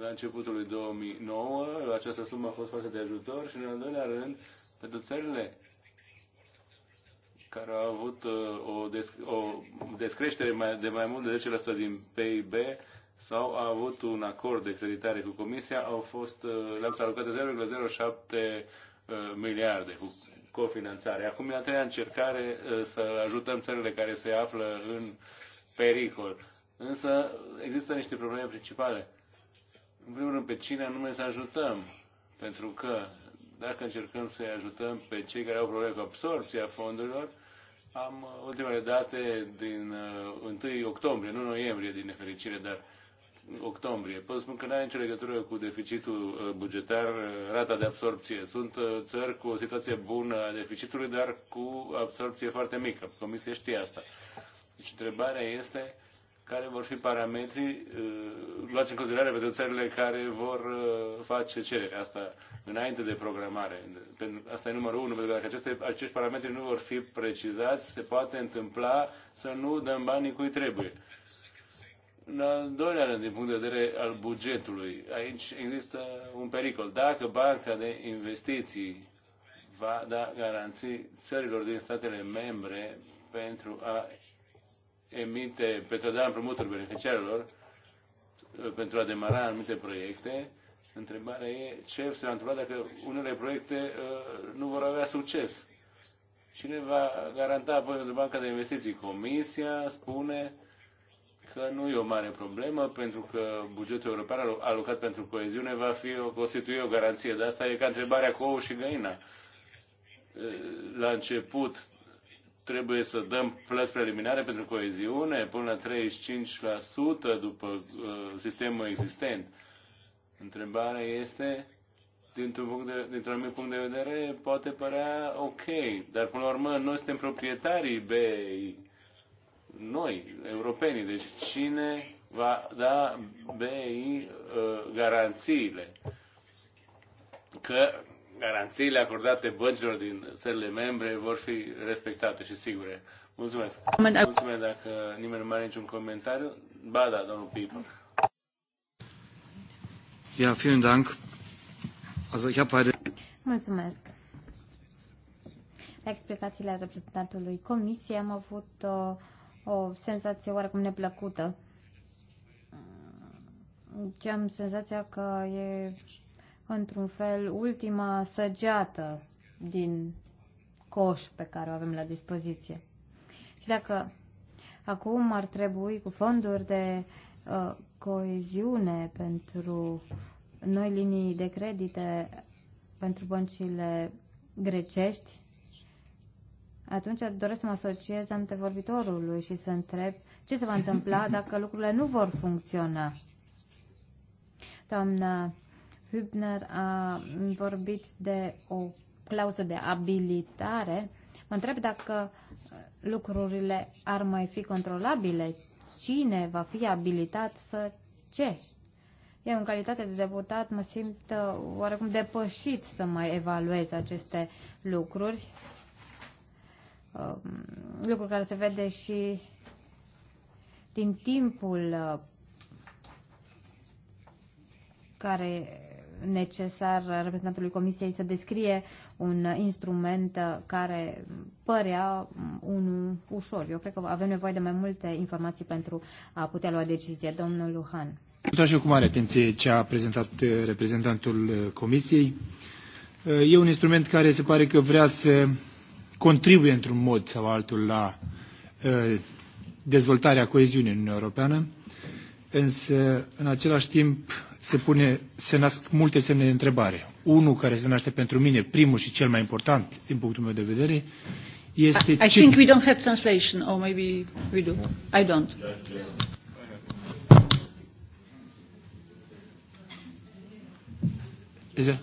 la începutul lui 2009. Această sumă a fost față de ajutor și, în al doilea rând, pentru țările care au avut uh, o, desc- o descreștere mai, de mai mult de 10% din PIB sau au avut un acord de creditare cu Comisia, au fost, le-au alocat 0,07 miliarde cu cofinanțare. Acum e a treia încercare uh, să ajutăm țările care se află în pericol. Însă există niște probleme principale. În primul rând, pe cine anume să ajutăm? Pentru că dacă încercăm să-i ajutăm pe cei care au probleme cu absorpția fondurilor, am ultimele date din 1 uh, octombrie, nu noiembrie din nefericire, dar octombrie. Pot spun că nu are nicio legătură cu deficitul uh, bugetar, uh, rata de absorpție. Sunt țări cu o situație bună a deficitului, dar cu absorpție foarte mică. Comisia știe asta. Deci întrebarea este care vor fi parametrii uh, luați în considerare pentru țările care vor uh, face cererea asta înainte de programare. Asta e numărul unu, pentru că dacă aceste, acești parametri nu vor fi precizați, se poate întâmpla să nu dăm banii cui trebuie. În al doilea rând, din punct de vedere al bugetului, aici există un pericol. Dacă banca de investiții va da garanții țărilor din statele membre pentru a emite, pentru a da împrumuturi beneficiarilor, uh, pentru a demara anumite proiecte, întrebarea e ce se va întâmpla dacă unele proiecte uh, nu vor avea succes. Cine va garanta apoi pentru Banca de Investiții? Comisia spune că nu e o mare problemă, pentru că bugetul european alocat pentru coeziune va fi o, constituie o garanție. Dar asta e ca întrebarea cu ou și găina. Uh, la început trebuie să dăm plăs preliminare pentru coeziune până la 35% după uh, sistemul existent. Întrebarea este, dintr-un, punct de, dintr-un anumit punct de vedere, poate părea ok, dar până la urmă noi suntem proprietarii BEI, noi, europenii, deci cine va da BEI uh, garanțiile? că garanțiile acordate băncilor din țările membre vor fi respectate și sigure. Mulțumesc. Mulțumesc dacă nimeni nu mai are niciun comentariu. Ba da, domnul Pipă.
Ja, vielen Dank. Also ich habe heute...
Mulțumesc. La explicațiile reprezentantului Comisiei am avut o, uh, o senzație oarecum neplăcută. Ce am senzația că e într-un fel, ultima săgeată din coș pe care o avem la dispoziție. Și dacă acum ar trebui cu fonduri de uh, coeziune pentru noi linii de credite pentru băncile grecești, atunci doresc să mă asociez antevorbitorului și să întreb ce se va întâmpla dacă lucrurile nu vor funcționa. Doamna Hübner a vorbit de o clauză de abilitare. Mă întreb dacă lucrurile ar mai fi controlabile. Cine va fi abilitat să ce? Eu, în calitate de deputat, mă simt uh, oarecum depășit să mai evaluez aceste lucruri. Uh, lucruri care se vede și din timpul uh, care necesar reprezentantului Comisiei să descrie un instrument uh, care părea mm, unul ușor. Eu cred că avem nevoie de mai multe informații pentru a putea lua decizie. Domnul Luhan.
Ascultat și eu cu mare atenție ce a prezentat uh, reprezentantul uh, Comisiei. E un instrument care se pare că vrea să contribuie într-un mod sau altul la dezvoltarea coeziunii în Uniunea Europeană, însă în același timp se, pune, se nasc multe semne de întrebare. Unul care se naște pentru mine, primul și cel mai important, din punctul meu de vedere, este... I, I think we
don't have translation,
or maybe we do. I don't. Exact.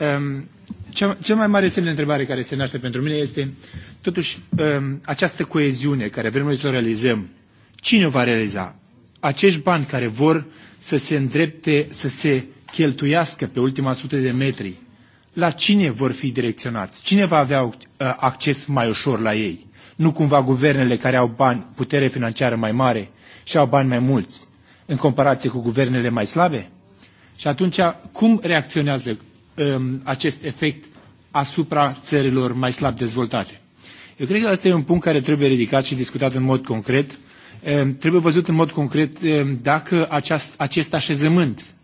Um, cea, cea mai mare semn de întrebare care se naște pentru mine este, totuși, um, această coeziune care vrem noi să o realizăm, cine o va realiza? Acești bani care vor uh, să se îndrepte, să se cheltuiască pe ultima sută de metri, la cine vor fi direcționați? Cine va avea uh, acces mai ușor la ei? Nu cumva guvernele care au bani, putere financiară mai mare și au bani mai mulți, în comparație cu guvernele mai slabe? Și atunci, cum reacționează um, acest efect asupra țărilor mai slab dezvoltate? Eu cred că ăsta e un punct care trebuie ridicat și discutat în mod concret Trebuie văzut în mod concret dacă aceast, acest așezământ,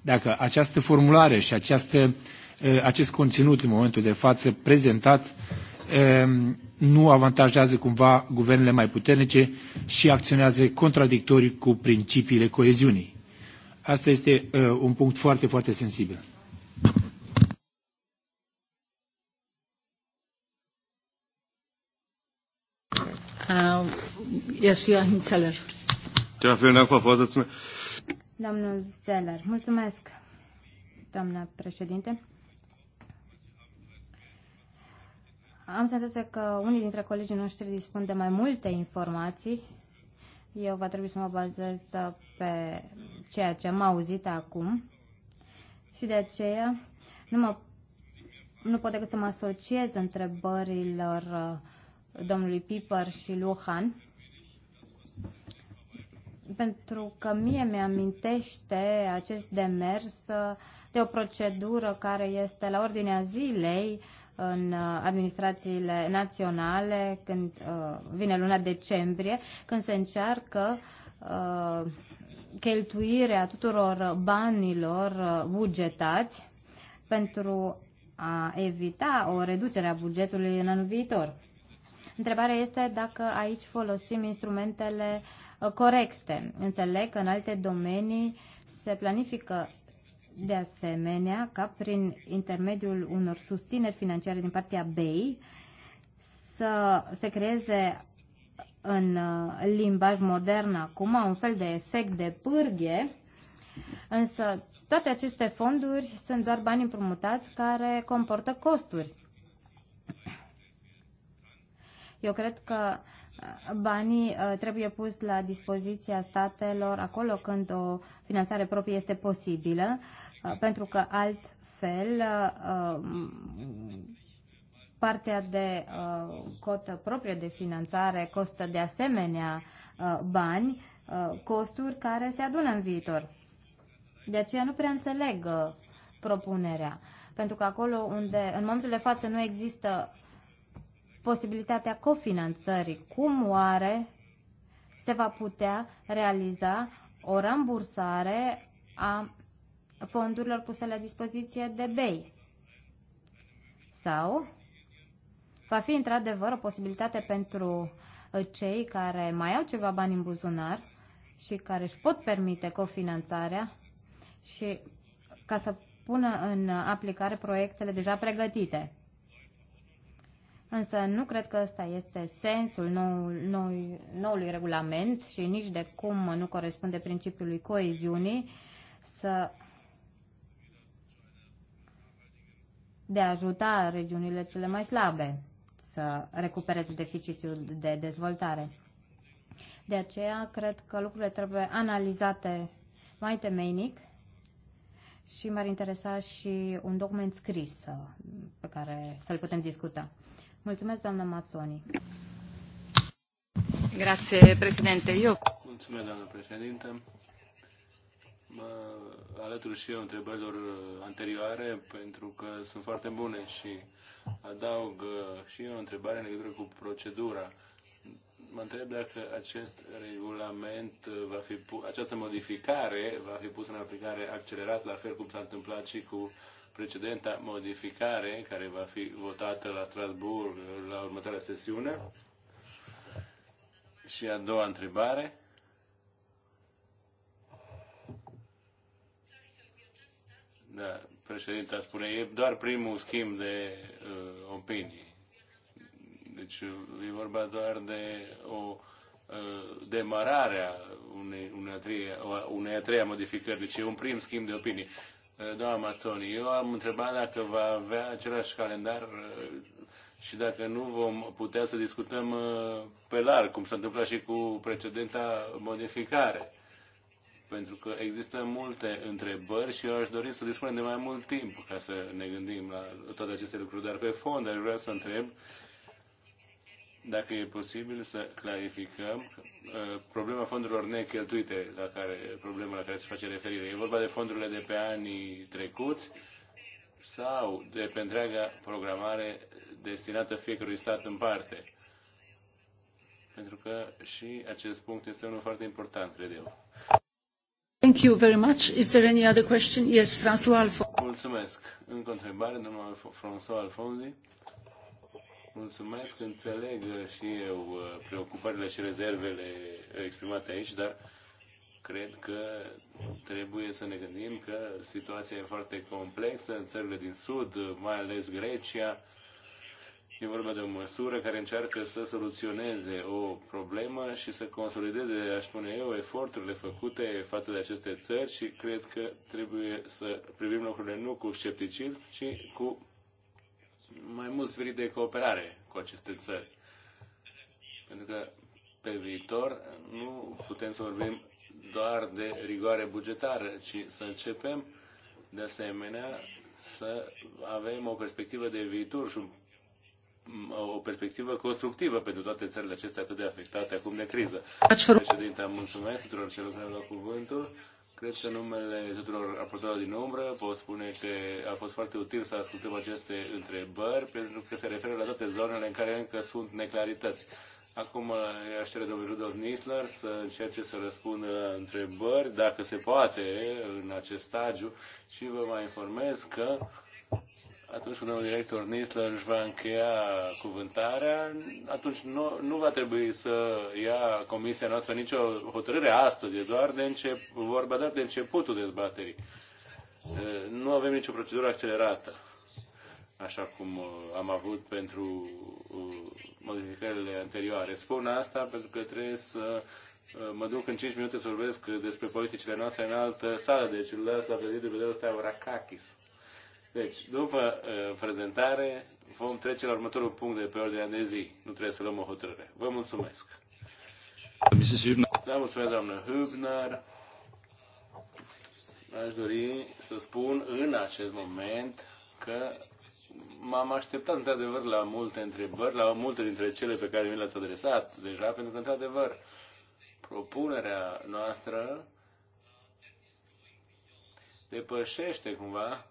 dacă această formulare și această, acest conținut în momentul de față prezentat nu avantajează cumva guvernele mai puternice și acționează contradictorii cu principiile coeziunii. Asta este un punct foarte, foarte sensibil.
Uh, Yes, Joachim Zeller.
Ja, vielen Dank, Frau Vorsitzende.
Domnul Zeller, mulțumesc, doamna președinte. Am senzația că unii dintre colegii noștri dispun de mai multe informații. Eu va trebui să mă bazez pe ceea ce am auzit acum și de aceea nu, mă, nu pot decât să mă asociez întrebărilor uh, domnului Piper și Luhan pentru că mie mi-amintește acest demers uh, de o procedură care este la ordinea zilei în uh, administrațiile naționale când uh, vine luna decembrie, când se încearcă cheltuirea tuturor banilor bugetați pentru a evita o reducere a bugetului în anul viitor. Întrebarea este dacă aici folosim instrumentele uh, corecte. Înțeleg că în alte domenii se planifică de asemenea ca prin intermediul unor susțineri financiare din partea BEI să se creeze în uh, limbaj modern acum un fel de efect de pârghie, însă toate aceste fonduri sunt doar bani împrumutați care comportă costuri. Eu cred că uh, banii uh, trebuie pus la dispoziția statelor acolo când o finanțare proprie este posibilă, uh, pentru că altfel um, partea de cotă proprie de finanțare costă de asemenea bani, costuri care se adună în viitor. De aceea nu prea înțeleg propunerea. Pentru că acolo unde, în momentul de față, nu există posibilitatea cofinanțării. Cum oare se va putea realiza o rambursare a fondurilor puse la dispoziție de BEI? Sau va fi într-adevăr o posibilitate pentru cei care mai au ceva bani în buzunar și care își pot permite cofinanțarea și ca să pună în aplicare proiectele deja pregătite însă nu cred că ăsta este sensul nou, nou, noului regulament și nici de cum nu corespunde principiului coeziunii să de a ajuta regiunile cele mai slabe să recupereze deficitul de dezvoltare. De aceea, cred că lucrurile trebuie analizate mai temeinic și m-ar interesa și un document scris uh, pe care să-l putem discuta. Mulțumesc, doamna Mazzoni. Grazie, președinte. Eu...
Mulțumesc, doamnă președintă. Mă alătur și eu întrebărilor uh, anterioare pentru că sunt foarte bune și adaug uh, și eu o întrebare în legătură cu procedura. Mă întreb dacă acest regulament uh, va fi, această modificare va fi pusă în aplicare accelerat, la fel cum s-a întâmplat și cu precedenta modificare care va fi votată la Strasburg la următoarea sesiune. Și a doua întrebare. Da, președinta spune, e doar primul schimb de uh, opinii. Deci e vorba doar de o uh, demarare a unei, unei, a treia, unei a treia modificări. Deci e un prim schimb de opinii. Doamna Mazzoni, eu am întrebat dacă va avea același calendar uh, și dacă nu vom putea să discutăm uh, pe larg, cum s-a întâmplat și cu precedenta modificare. Pentru că există multe întrebări și eu aș dori să dispunem de mai mult timp ca să ne gândim la toate aceste lucruri. Dar pe fond aș vrea să întreb uh, dacă e posibil să clarificăm uh, problema fondurilor necheltuite, la care, problema la care se face referire. E vorba de fondurile de pe anii trecuți sau de pe întreaga programare destinată fiecărui stat în parte. Pentru că și acest punct este unul foarte important, cred eu.
Thank you very much. Is there any other question? Yes, François Alfonsi.
Mulțumesc. Încă o întrebare, domnul François Alfonsi. Mulțumesc, înțeleg și eu uh, preocupările și rezervele exprimate aici, dar cred că trebuie să ne gândim că situația e foarte complexă în țările din Sud, mai ales Grecia. E vorba de o măsură care încearcă să soluționeze o problemă și să consolideze, aș spune eu, eforturile făcute față de aceste țări și cred că trebuie să privim lucrurile nu cu scepticism, ci cu mai mult spirit de cooperare cu aceste țări. Pentru că pe viitor nu putem să vorbim doar de rigoare bugetară, ci să începem de asemenea să avem o perspectivă de viitor și o perspectivă constructivă pentru toate țările acestea atât de afectate acum de criză. Președinte, am mulțumesc tuturor celor care au luat cuvântul. Cred că numele tuturor raportorilor din umbră pot spune că a fost foarte util să ascultăm aceste întrebări, pentru că se referă la toate zonele în care încă sunt neclarități. Acum aș cere domnul Rudolf Nisler să încerce să răspundă la întrebări, dacă se poate, în acest stagiu, și vă mai informez că atunci când un director Nisler își va încheia cuvântarea, atunci nu, nu va trebui să ia comisia noastră nicio hotărâre astăzi, e doar de încep, vorba doar de începutul dezbaterii. Nu avem nicio procedură accelerată, așa cum am avut pentru modificările anterioare. Spun asta pentru că trebuie să mă duc în 5 minute să vorbesc despre politicile noastre în altă sală, deci îl las la prezidiu pe Steaua Rakakis. Deci, după uh, prezentare, vom trece la următorul punct de pe ordinea de zi. Nu trebuie să luăm o hotărâre. Vă mulțumesc. Mrs. Hübner. Da, mulțumesc, doamnă Hübner. Aș dori să spun în acest moment că m-am așteptat într-adevăr la multe întrebări, la multe dintre cele pe care mi le-ați adresat deja, pentru că într-adevăr propunerea noastră depășește cumva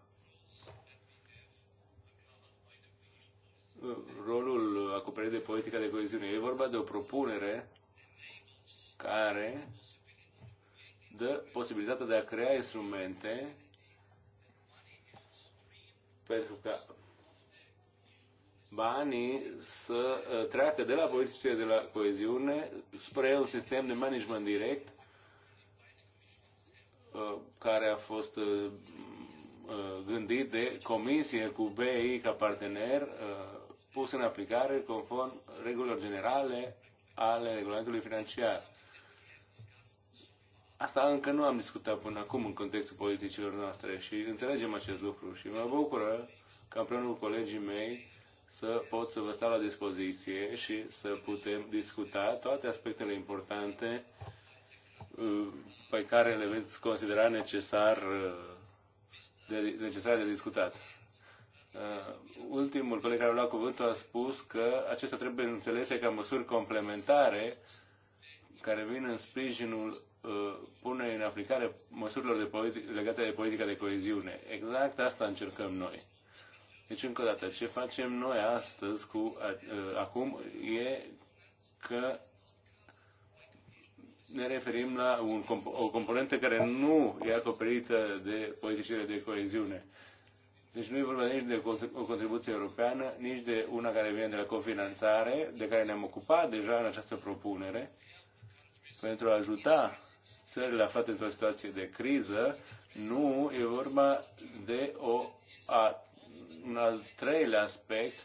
rolul acoperit de politica de coeziune. E vorba de o propunere care dă posibilitatea de a crea instrumente pentru ca banii să uh, treacă de la politicile de la coeziune spre un sistem de management direct uh, care a fost uh, gândit de comisie cu BI ca partener pus în aplicare conform regulilor generale ale regulamentului financiar. Asta încă nu am discutat până acum în contextul politicilor noastre și înțelegem acest lucru și mă bucură că împreună cu colegii mei să pot să vă stau la dispoziție și să putem discuta toate aspectele importante uh, pe care le veți considera necesar uh, de, necesar de discutat. Uh, ultimul coleg care a luat cuvântul a spus că acestea trebuie înțelese ca măsuri complementare care vin în sprijinul uh, pune în aplicare măsurilor de politi- legate de politica de coeziune. Exact asta încercăm noi. Deci, încă o dată, ce facem noi astăzi cu uh, acum e că ne referim la un, o componentă care nu e acoperită de politicile de coeziune. Uh, deci nu e vorba nici de o contribuție europeană, nici de una care vine de la cofinanțare, de care ne-am ocupat deja în această propunere, pentru a ajuta țările aflate într-o situație de criză. Nu, e vorba de o, a, un al treilea aspect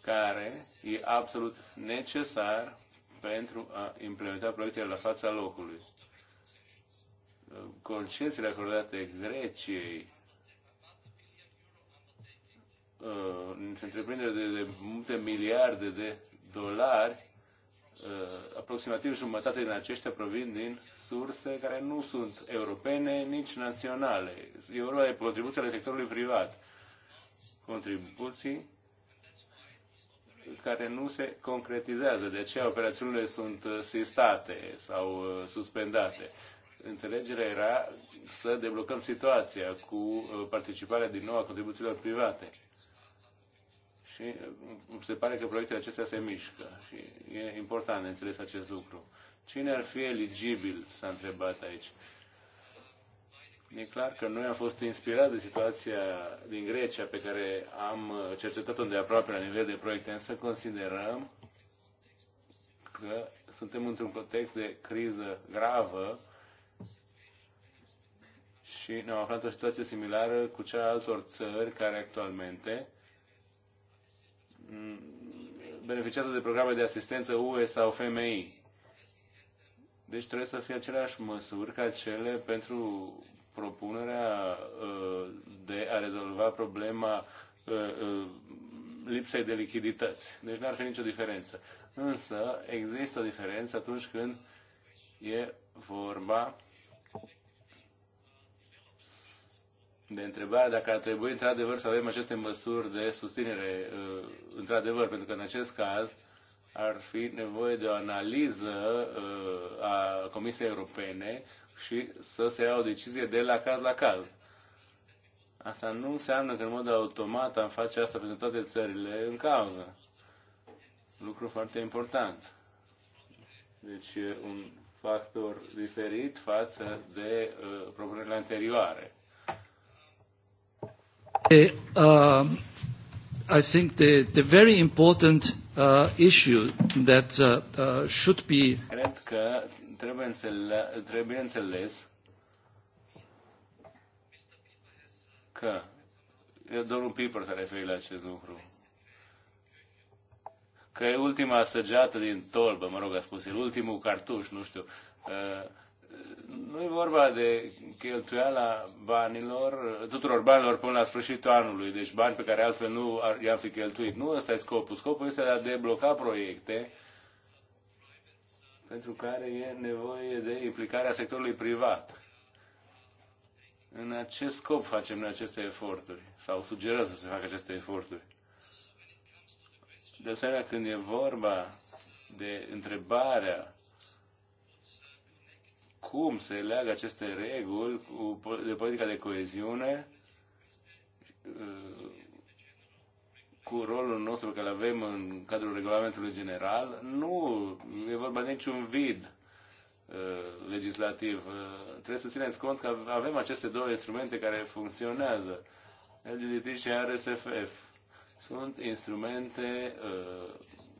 care e absolut necesar pentru a implementa proiectele la fața locului concesiile acordate Greciei niște uh, întreprindere de, de multe miliarde de dolari, uh, aproximativ jumătate din aceștia provin din surse care nu sunt europene, nici naționale. E vorba de contribuții ale sectorului privat. Contribuții care nu se concretizează. De aceea operațiunile sunt uh, sistate sau suspendate înțelegerea era să deblocăm situația cu uh, participarea din nou a contribuțiilor private. Și uh, se pare că proiectele acestea se mișcă și e important de înțeles acest lucru. Cine ar fi eligibil, s-a întrebat aici. E clar că noi am fost inspirați de situația din Grecia pe care am uh, cercetat-o de aproape la nivel de proiecte, însă considerăm că suntem într-un context de criză gravă și ne-am aflat o situație similară cu cea altor țări care actualmente mm, beneficiază de programe de asistență UE sau FMI. Deci trebuie să fie aceleași măsuri ca cele pentru propunerea ă, de a rezolva problema ă, ă, lipsei de lichidități. Deci n-ar fi nicio diferență. Însă există o diferență atunci când e vorba de întrebare dacă ar trebui într-adevăr să avem aceste măsuri de susținere uh, într-adevăr, pentru că în acest caz ar fi nevoie de o analiză uh, a Comisiei Europene și să se ia o decizie de la caz la caz. Asta nu înseamnă că în mod automat am face asta pentru toate țările în cauză. Lucru foarte important. Deci un factor diferit față de uh, propunerile anterioare.
Uh, I think the, the very important uh, issue that uh, uh, should be
Cred că trebuie, înțele trebuie înțeles că domnul Piper s-a referit la acest lucru. Că e ultima săgeată din tolbă, mă rog, a spus el, ultimul cartuș, nu știu. Uh, nu e vorba de cheltuiala banilor, tuturor banilor până la sfârșitul anului, deci bani pe care altfel nu i-am fi cheltuit. Nu ăsta e scopul. Scopul este de a debloca proiecte pentru care e nevoie de implicarea sectorului privat. În acest scop facem noi aceste eforturi, sau sugerăm să se facă aceste eforturi. De asemenea, când e vorba de întrebarea cum se leagă aceste reguli de politica de coeziune uh, cu rolul nostru pe care îl avem în cadrul regulamentului general, nu e vorba de niciun vid uh, legislativ. Uh, trebuie să țineți cont că avem aceste două instrumente care funcționează, LGDT și RSFF sunt instrumente uh,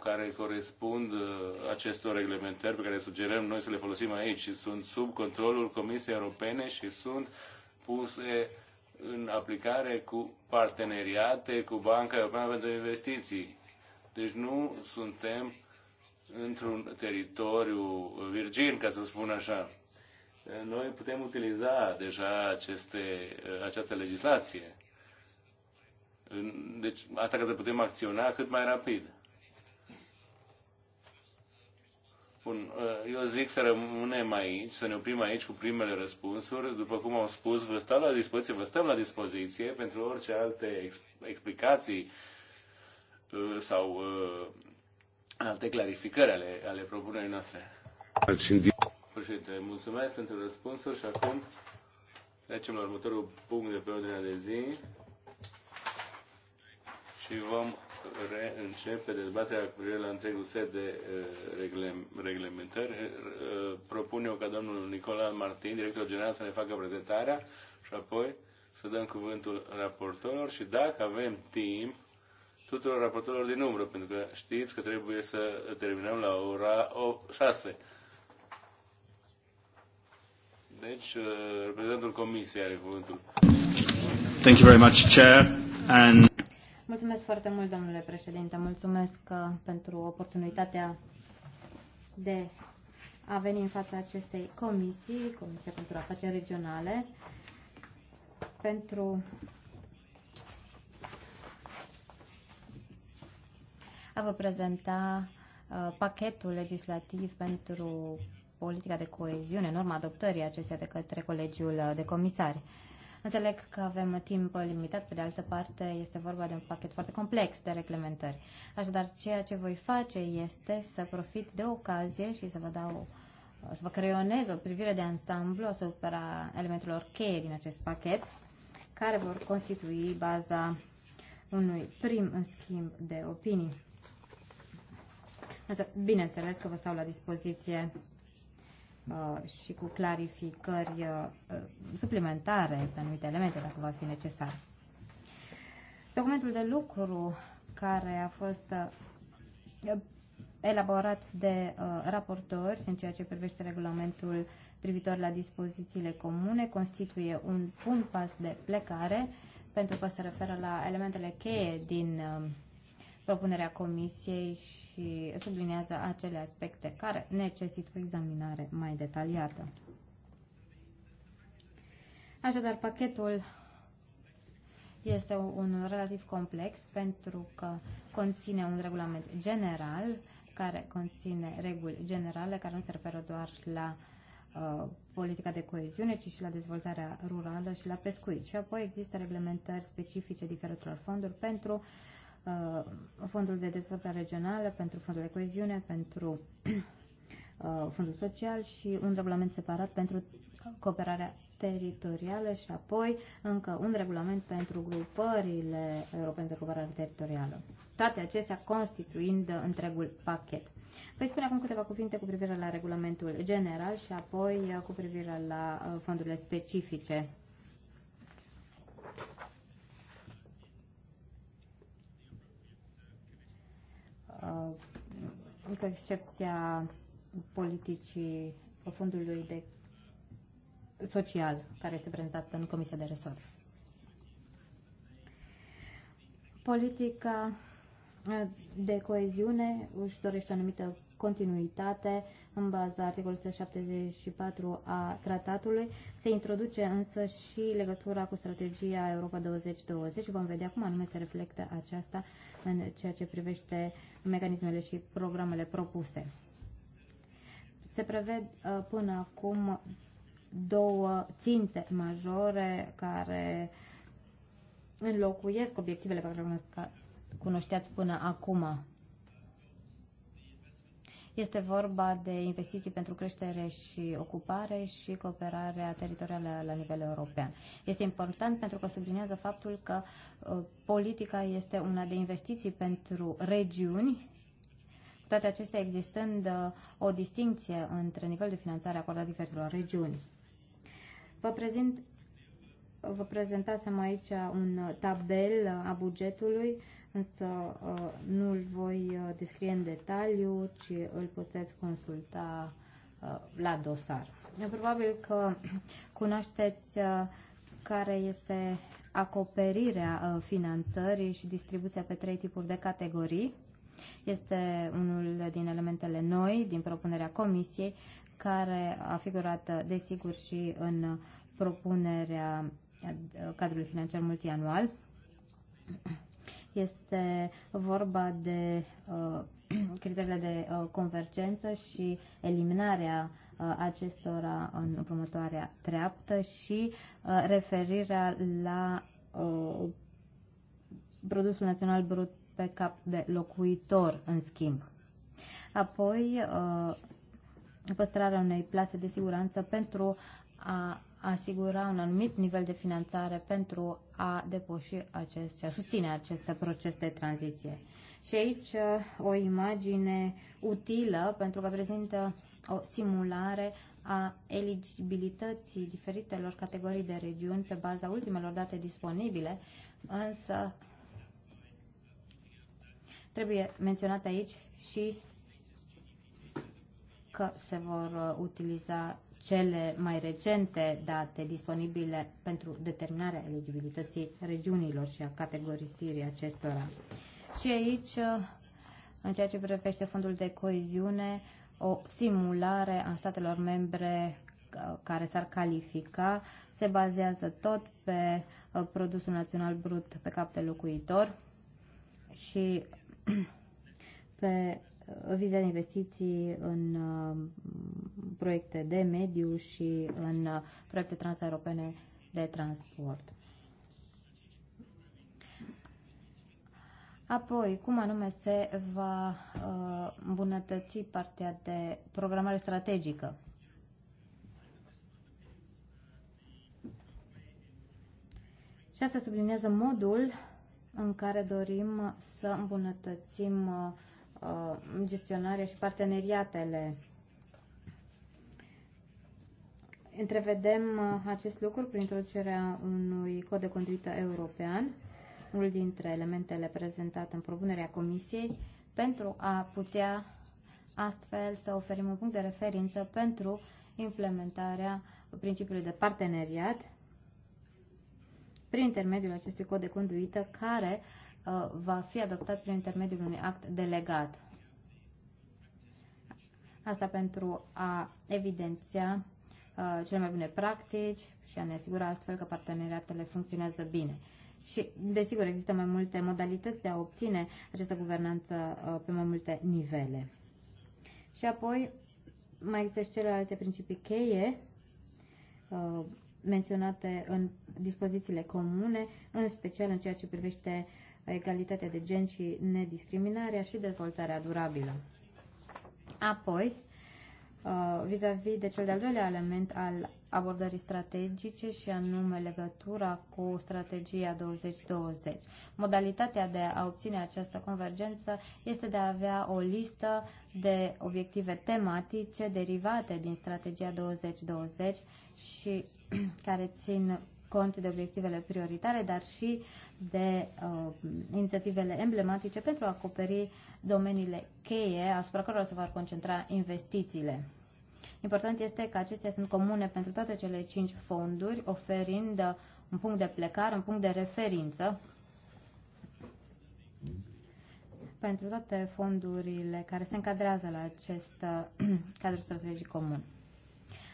care corespund uh, acestor reglementări pe care sugerăm noi să le folosim aici și sunt sub controlul Comisiei Europene și sunt puse în aplicare cu parteneriate cu Banca Europeană pentru Investiții. Deci nu suntem într-un teritoriu virgin, ca să spun așa. Noi putem utiliza deja aceste, uh, această legislație deci asta ca să putem acționa cât mai rapid. Bun, uh, eu zic să rămânem aici, să ne oprim aici cu primele răspunsuri. După cum am spus, vă stau la dispoziție, vă stăm la dispoziție pentru orice alte explicații uh, sau uh, alte clarificări ale, ale propunerii noastre. Președinte, mulțumesc pentru răspunsuri și acum trecem la următorul punct de pe ordinea de zi și vom reîncepe dezbaterea cu privire la întregul set de eh, reglementări. Eh, propun eu ca domnul Nicola Martin, director general, să ne facă prezentarea și apoi să dăm cuvântul raportorilor și dacă avem timp, tuturor raportorilor din umbră, pentru că știți că trebuie să terminăm la ora 6. Deci, eh, reprezentantul Comisiei are cuvântul. Thank you very much, Chair. And...
Mulțumesc foarte mult, domnule președinte. Mulțumesc uh, pentru oportunitatea de a veni în fața acestei comisii, Comisia pentru Afaceri Regionale, pentru a vă prezenta uh, pachetul legislativ pentru politica de coeziune, norma adoptării acesteia de către Colegiul uh, de Comisari. Uh, Înțeleg că avem timp limitat, pe de altă parte este vorba de un pachet foarte complex de reglementări. Așadar, ceea ce voi face este să profit de ocazie și să vă dau să vă creionez o privire de ansamblu asupra elementelor cheie din acest pachet, care vor constitui baza unui prim în schimb de opinii. Însă, bineînțeles că vă stau la dispoziție Uh, și cu clarificări uh, uh, suplimentare pe anumite elemente, dacă va fi necesar. Documentul de lucru care a fost elaborat de raportori în ceea ce privește regulamentul privitor la dispozițiile comune constituie un bun pas de plecare pentru că se referă la elementele cheie din propunerea comisiei și sublinează acele aspecte care necesită o examinare mai detaliată. Așadar, pachetul este un relativ complex pentru că conține un regulament general care conține reguli generale care nu se referă doar la uh, politica de coeziune, ci și la dezvoltarea rurală și la pescuit. Și apoi există reglementări specifice diferitelor fonduri pentru uh, Uh, fondul de dezvoltare regională, pentru fondul de coeziune, pentru uh, fondul social și un regulament separat pentru cooperarea teritorială și apoi încă un regulament pentru grupările europene de cooperare teritorială. Toate acestea constituind întregul pachet. Voi spune acum câteva cuvinte cu privire la regulamentul general și apoi uh, cu privire la fondurile specifice cu uh, excepția politicii fondului de social care este prezentat în Comisia de Resort. Politica uh, de coeziune își dorește o anumită continuitate în baza articolului 174 a tratatului. Se introduce însă și legătura cu strategia Europa 2020 și vom vedea cum anume se reflectă aceasta în ceea ce privește mecanismele și programele propuse. Se preved uh, până acum două ținte majore care înlocuiesc obiectivele pe care cunoșteați până acum. Este vorba de investiții pentru creștere și ocupare și cooperarea teritorială la nivel european. Este important pentru că sublinează faptul că uh, politica este una de investiții pentru regiuni, toate acestea existând uh, o distinție între nivelul de finanțare acordat diferitelor regiuni. Vă prezint Vă prezentasem aici un tabel a bugetului însă uh, nu îl voi uh, descrie în detaliu, ci îl puteți consulta uh, la dosar. Probabil că cunoașteți care este acoperirea finanțării și distribuția pe trei tipuri de categorii. Este unul din elementele noi din propunerea comisiei, care a figurat desigur și în propunerea cadrului financiar multianual. Este vorba de uh, criteriile de uh, convergență și eliminarea uh, acestora în următoarea treaptă și uh, referirea la uh, produsul național brut pe cap de locuitor, în schimb. Apoi, uh, păstrarea unei plase de siguranță pentru a asigura un anumit nivel de finanțare pentru a depăși acest și a susține acest proces de tranziție. Și aici uh, o imagine utilă pentru că prezintă o simulare a eligibilității diferitelor categorii de regiuni pe baza ultimelor date disponibile, însă trebuie menționat aici și că se vor uh, utiliza cele mai recente date disponibile pentru determinarea eligibilității regiunilor și a categorisirii acestora. Și aici, uh, în ceea ce privește fondul de coeziune, o simulare a statelor membre uh, care s-ar califica se bazează tot pe uh, produsul național brut pe cap de locuitor și pe viza de investiții în proiecte de mediu și în uh, proiecte transeuropene de transport. Apoi, cum anume se va uh, îmbunătăți partea de programare strategică? Și asta sublinează modul în care dorim să îmbunătățim uh, uh gestionarea și parteneriatele Întrevedem uh, acest lucru prin introducerea unui cod de conduită european, unul dintre elementele prezentate în propunerea Comisiei, pentru a putea astfel să oferim un punct de referință pentru implementarea principiului de parteneriat prin intermediul acestui cod de conduită care uh, va fi adoptat prin intermediul unui act delegat. Asta pentru a evidenția Uh, cele mai bune practici și a ne asigura astfel că parteneriatele funcționează bine. Și, desigur, există mai multe modalități de a obține această guvernanță uh, pe mai multe nivele. Și apoi mai există și celelalte principii cheie uh, menționate în dispozițiile comune, în special în ceea ce privește egalitatea de gen și nediscriminarea și dezvoltarea durabilă. Apoi, Uh, vis-a-vis -vis de cel de-al doilea element al abordării strategice și anume legătura cu strategia 2020. Modalitatea de a obține această convergență este de a avea o listă de obiective tematice derivate din strategia 2020 și care țin cont de obiectivele prioritare, dar și de uh, inițiativele emblematice pentru a acoperi domeniile cheie asupra cărora se vor concentra investițiile. Important este că acestea sunt comune pentru toate cele cinci fonduri, oferind uh, un punct de plecare, un punct de referință pentru toate fondurile care se încadrează la acest uh, cadru strategic comun.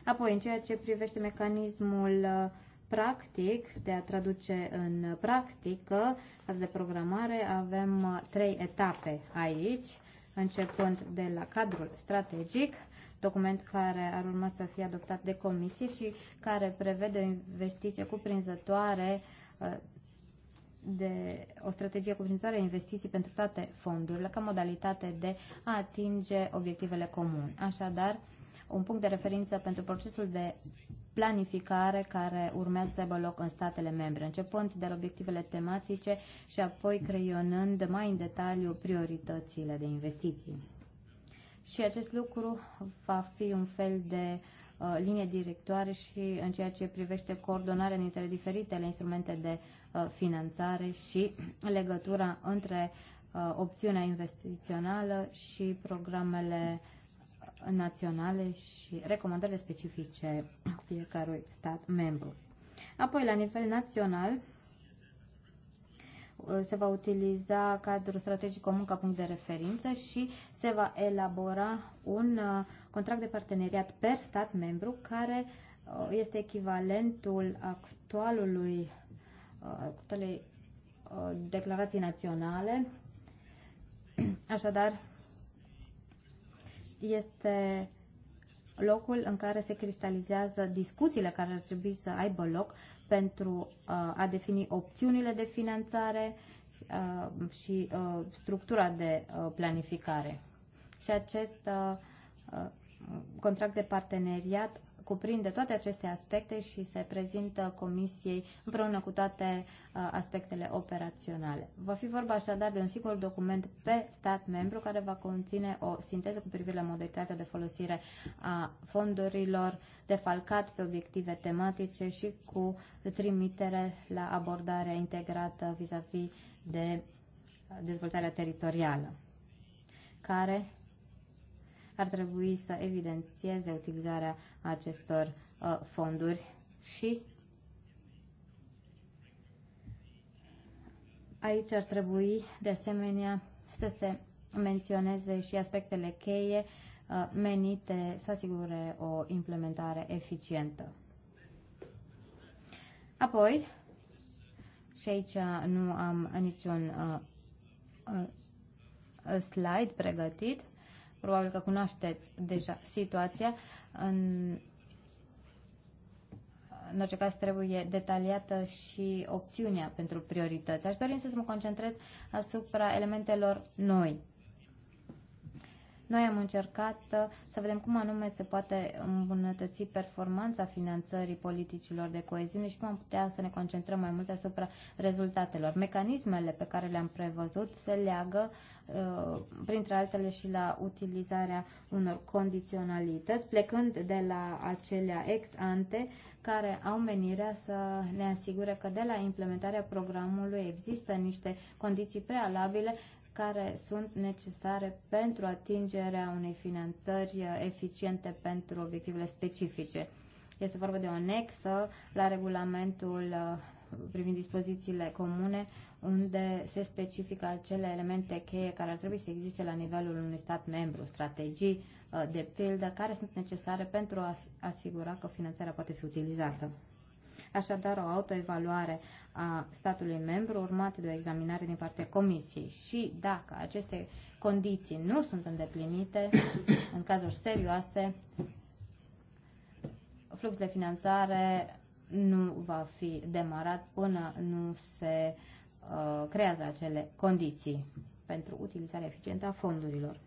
Apoi, în ceea ce privește mecanismul uh, practic, de a traduce în practică, față de programare, avem uh, trei etape aici, începând de la cadrul strategic, document care ar urma să fie adoptat de comisie și care prevede o investiție cuprinzătoare uh, de o strategie cuprinzătoare investiții pentru toate fondurile ca modalitate de a atinge obiectivele comune. Așadar, un punct de referință pentru procesul de planificare care urmează să aibă loc în statele membre, începând de la obiectivele tematice și apoi creionând mai în detaliu prioritățile de investiții. Și acest lucru va fi un fel de uh, linie directoare și în ceea ce privește coordonarea dintre diferitele instrumente de uh, finanțare și legătura între uh, opțiunea investițională și programele uh, naționale și recomandările specifice fiecărui stat membru. Apoi, la nivel național, se va utiliza cadrul strategic comun ca punct de referință și se va elabora un uh, contract de parteneriat per stat membru care uh, este echivalentul actualului uh, actualei declarații naționale. Așadar, este locul în care se cristalizează discuțiile care ar trebui să aibă loc pentru uh, a defini opțiunile de finanțare uh, și uh, structura de planificare. Și acest contract de parteneriat cuprinde toate aceste aspecte și se prezintă Comisiei împreună cu toate uh, aspectele operaționale. Va fi vorba așadar de un singur document pe stat membru care va conține o sinteză cu privire la modalitatea de folosire a fondurilor defalcat pe obiective tematice și cu trimitere la abordarea integrată vis-a-vis -vis de uh, dezvoltarea teritorială care ar trebui să evidențieze utilizarea acestor uh, fonduri și aici ar trebui de asemenea să se menționeze și aspectele cheie uh, menite să asigure o implementare eficientă. Apoi, și aici nu am niciun uh, uh, slide pregătit, Probabil că cunoașteți deja situația. În, în orice caz trebuie detaliată și opțiunea pentru priorități. Aș dori să mă concentrez asupra elementelor noi noi am încercat uh, să vedem cum anume se poate îmbunătăți performanța finanțării politicilor de coeziune și cum am putea să ne concentrăm mai mult asupra rezultatelor. Mecanismele pe care le-am prevăzut se leagă, uh, printre altele, și la utilizarea unor condiționalități, plecând de la acelea ex ante, care au menirea să ne asigure că de la implementarea programului există niște condiții prealabile care sunt necesare pentru atingerea unei finanțări eficiente pentru obiectivele specifice. Este vorba de o anexă la regulamentul uh, privind dispozițiile comune, unde se specifică acele elemente cheie care ar trebui să existe la nivelul unui stat membru, strategii uh, de pildă, care sunt necesare pentru a asigura că finanțarea poate fi utilizată. Așadar, o autoevaluare a statului membru urmată de o examinare din partea Comisiei. Și dacă aceste condiții nu sunt îndeplinite, în cazuri serioase, flux de finanțare nu va fi demarat până nu se uh, creează acele condiții pentru utilizarea eficientă a fondurilor.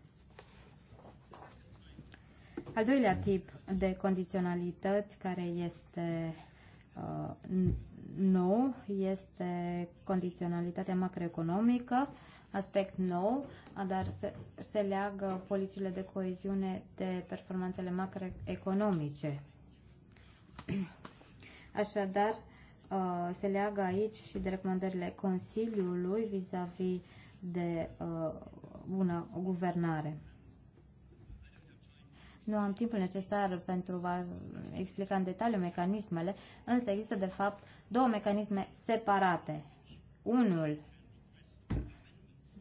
Al doilea tip de condiționalități care este Uh, nou este condiționalitatea macroeconomică, aspect nou, dar se, se leagă politicile de coeziune de performanțele macroeconomice. Așadar, uh, se leagă aici și de recomandările Consiliului vis-a-vis -vis de uh, bună guvernare nu am timpul necesar pentru a explica în detaliu mecanismele, însă există de fapt două mecanisme separate. Unul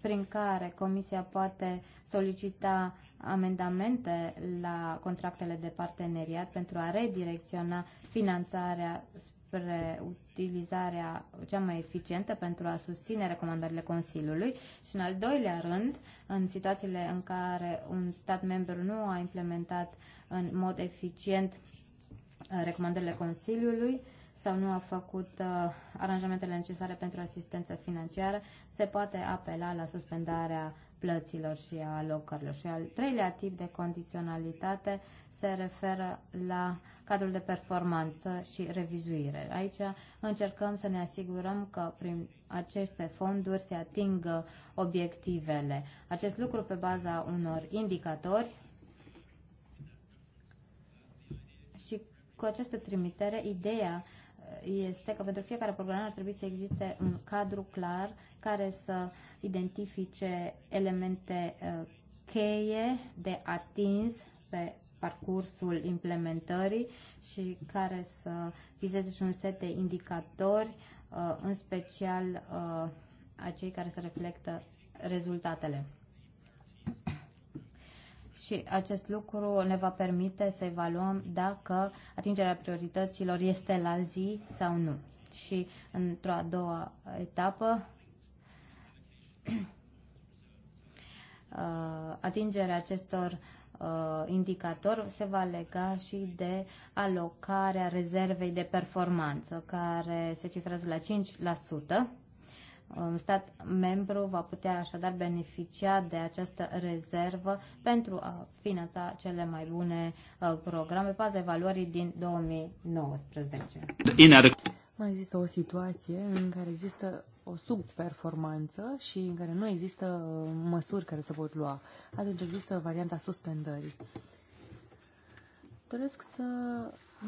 prin care Comisia poate solicita amendamente la contractele de parteneriat pentru a redirecționa finanțarea spre utilizarea cea mai eficientă pentru a susține recomandările Consiliului și, în al doilea rând, în situațiile în care un stat membru nu a implementat în mod eficient uh, recomandările Consiliului sau nu a făcut uh, aranjamentele necesare pentru asistență financiară, se poate apela la suspendarea plăților și a alocărilor. Și al treilea tip de condiționalitate se referă la cadrul de performanță și revizuire. Aici încercăm să ne asigurăm că prin aceste fonduri se atingă obiectivele. Acest lucru pe baza unor indicatori și cu această trimitere, ideea este că pentru fiecare program ar trebui să existe un cadru clar care să identifice elemente uh, cheie de atins pe parcursul implementării și care să vizeze și un set de indicatori, uh, în special uh, acei care să reflectă rezultatele și acest lucru ne va permite să evaluăm dacă atingerea priorităților este la zi sau nu. Și într-o a doua etapă, uh, atingerea acestor uh, indicator se va lega și de alocarea rezervei de performanță, care se cifrează la un stat membru va putea așadar beneficia de această rezervă pentru a finanța cele mai bune uh, programe, baza evaluării din 2019. Mai există o
situație în care există o subperformanță și în care nu există uh, măsuri care se pot lua. Atunci există varianta suspendării. Doresc să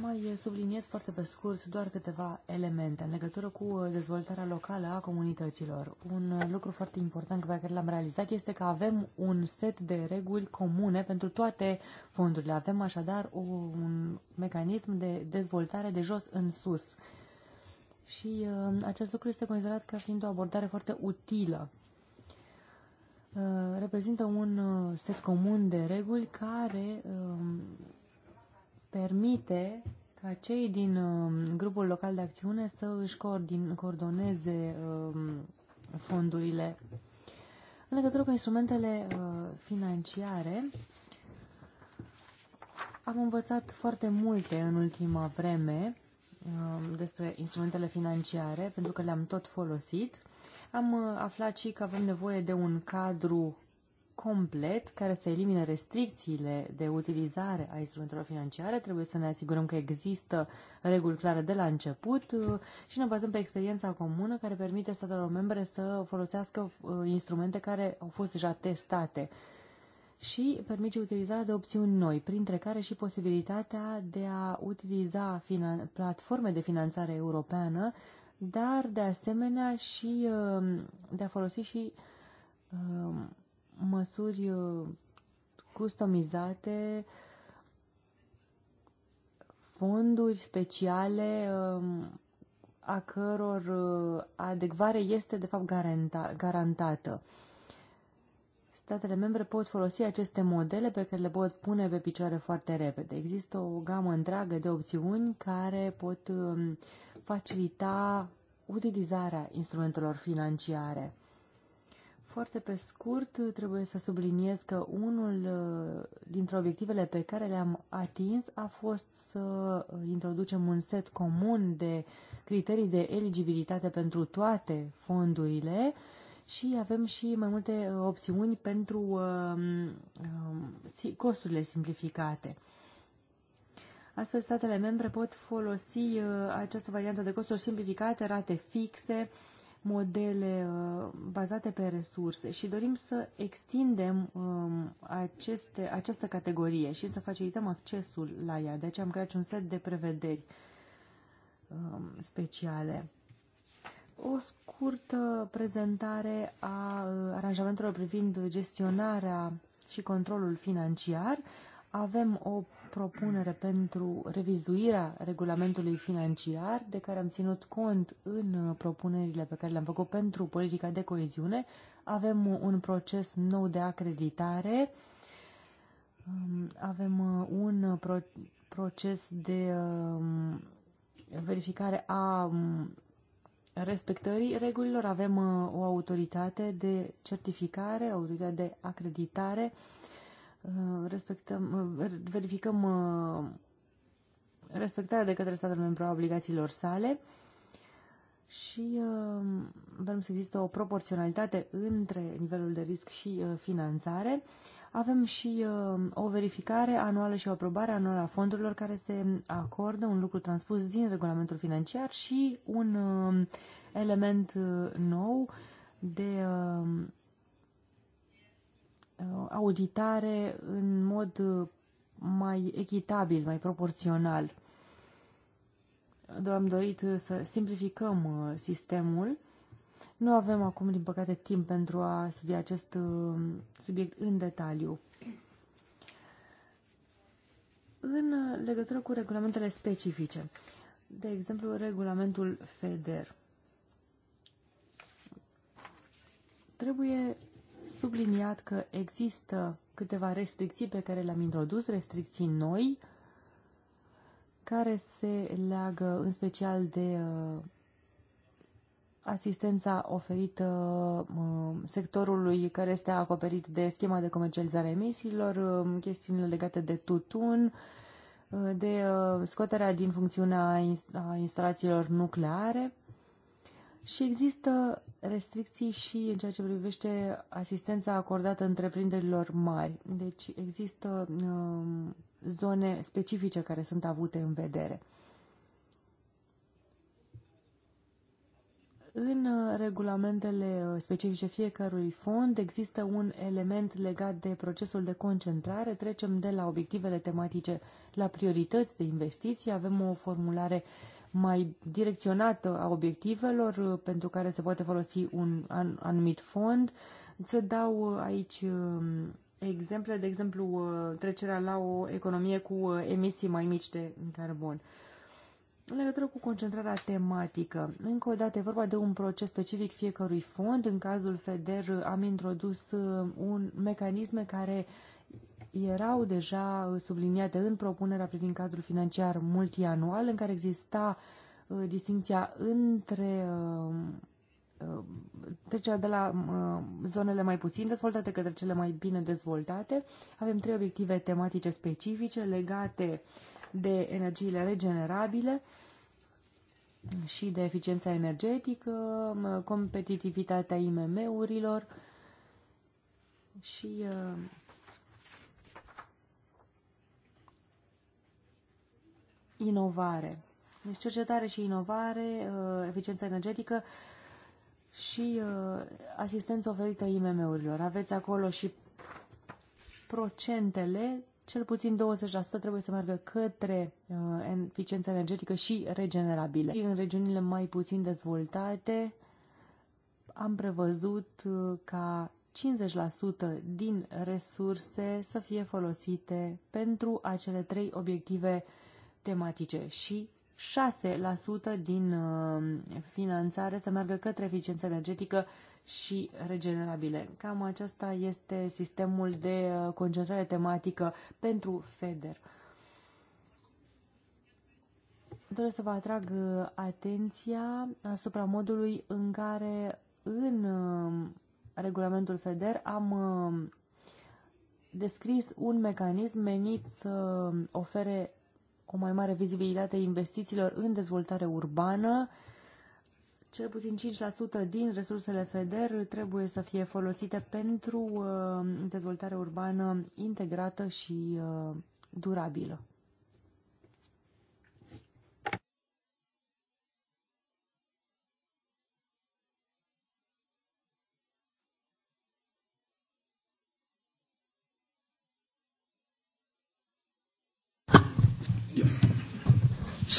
mai subliniez foarte pe scurt doar câteva elemente în legătură cu dezvoltarea locală a comunităților. Un lucru foarte important pe care l-am realizat este că avem un set de reguli comune pentru toate fondurile. Avem așadar un mecanism de dezvoltare de jos în sus. Și uh, acest lucru este considerat ca fiind o abordare foarte utilă. Uh, reprezintă un uh, set comun de reguli care um, permite ca cei din um, grupul local de acțiune să își coordoneze um, fondurile. În legătură cu instrumentele uh, financiare, am învățat foarte multe în ultima vreme um, despre instrumentele financiare, pentru că le-am tot folosit. Am uh, aflat și că avem nevoie de un cadru complet care să elimine restricțiile de utilizare a instrumentelor financiare. Trebuie să ne asigurăm că există reguli clare de la început uh, și ne bazăm pe experiența comună care permite statelor membre să folosească uh, instrumente care au fost deja testate și permite utilizarea de opțiuni noi, printre care și posibilitatea de a utiliza platforme de finanțare europeană, dar de asemenea și uh, de a folosi și măsuri uh, customizate, fonduri speciale um, a căror uh, adecvare este de fapt garanta, garantată. Statele membre pot folosi aceste modele pe care le pot pune pe picioare foarte repede. Există o gamă întreagă de opțiuni care pot um, facilita utilizarea instrumentelor financiare. Foarte pe scurt, trebuie să subliniez că unul uh, dintre obiectivele pe care le-am atins a fost să uh, introducem un set comun de criterii de eligibilitate pentru toate fondurile și avem și mai multe uh, opțiuni pentru um, costurile simplificate. Astfel, statele membre pot folosi această variantă de costuri simplificate, rate fixe, modele uh, bazate pe resurse și dorim să extindem um, aceste, această categorie și să facilităm accesul la ea. De aceea am creat un set de prevederi um, speciale. O scurtă prezentare a uh, aranjamentelor privind gestionarea și controlul financiar avem o propunere pentru revizuirea regulamentului financiar, de care am ținut cont în propunerile pe care le-am făcut pentru politica de coeziune. Avem un proces nou de acreditare, um, avem uh, un pro proces de um, verificare a um, respectării regulilor, avem uh, o autoritate de certificare, autoritate de acreditare, Uh, respectăm, uh, verificăm uh, respectarea de către statul membru a obligațiilor sale și vrem să există o proporționalitate între nivelul de risc și finanțare. Avem și o verificare anuală și o aprobare anuală a fondurilor care se acordă, un lucru transpus din regulamentul financiar și un element nou de Uh, auditare în mod uh, mai echitabil, mai proporțional. Doar am dorit uh, să simplificăm sistemul. Nu avem acum, din păcate, timp pentru a studia acest subiect în detaliu. În legătură cu regulamentele specifice, de exemplu, regulamentul FEDER, trebuie subliniat că există câteva restricții pe care le-am introdus, restricții noi, care se leagă în special de uh, asistența oferită uh, sectorului care este acoperit de schema de comercializare a emisiilor, um, chestiunile legate de tutun, uh, de scoterea din funcțiunea instalațiilor nucleare și există restricții și în ceea ce privește asistența acordată întreprinderilor mari. Deci există uh, zone specifice care sunt avute în vedere. În uh, regulamentele uh, specifice fiecărui fond există un element legat de procesul de concentrare. Trecem de la obiectivele tematice la priorități de investiții. Avem o formulare uh, mai direcționată a obiectivelor uh, pentru care se poate folosi un anumit fond. Să dau uh, aici um, exemple, de exemplu, uh, trecerea la o economie cu emisii mai mici de carbon. În legătură cu concentrarea tematică, încă o dată e vorba de un proces specific fiecărui fond. În cazul FEDER am introdus un mecanisme care erau deja subliniate în propunerea privind cadrul financiar multianual, în care exista uh, distinția între uh, uh, trecerea de la zonele mai puțin dezvoltate către cele mai bine dezvoltate. Avem trei obiective tematice specifice legate de energiile regenerabile și de eficiența energetică, competitivitatea IMM-urilor și inovare. Deci cercetare și inovare, uh, eficiență energetică și uh, asistență oferită IMM-urilor. Aveți acolo și procentele, cel puțin 20% trebuie să meargă către uh, eficiență energetică și regenerabile. În regiunile mai puțin dezvoltate am prevăzut ca 50% din resurse să fie folosite pentru acele trei obiective uh, tematice și 6% din uh, finanțare să meargă către eficiență energetică și regenerabile. Cam acesta este sistemul de uh, concentrare tematică pentru FEDER. Doresc să vă atrag uh, atenția asupra modului în care în regulamentul FEDER am descris un mecanism menit să ofere o mai mare vizibilitate investițiilor în dezvoltare urbană. Cel puțin 5% din resursele FEDER trebuie să fie folosite pentru uh, dezvoltare urbană integrată și uh, durabilă.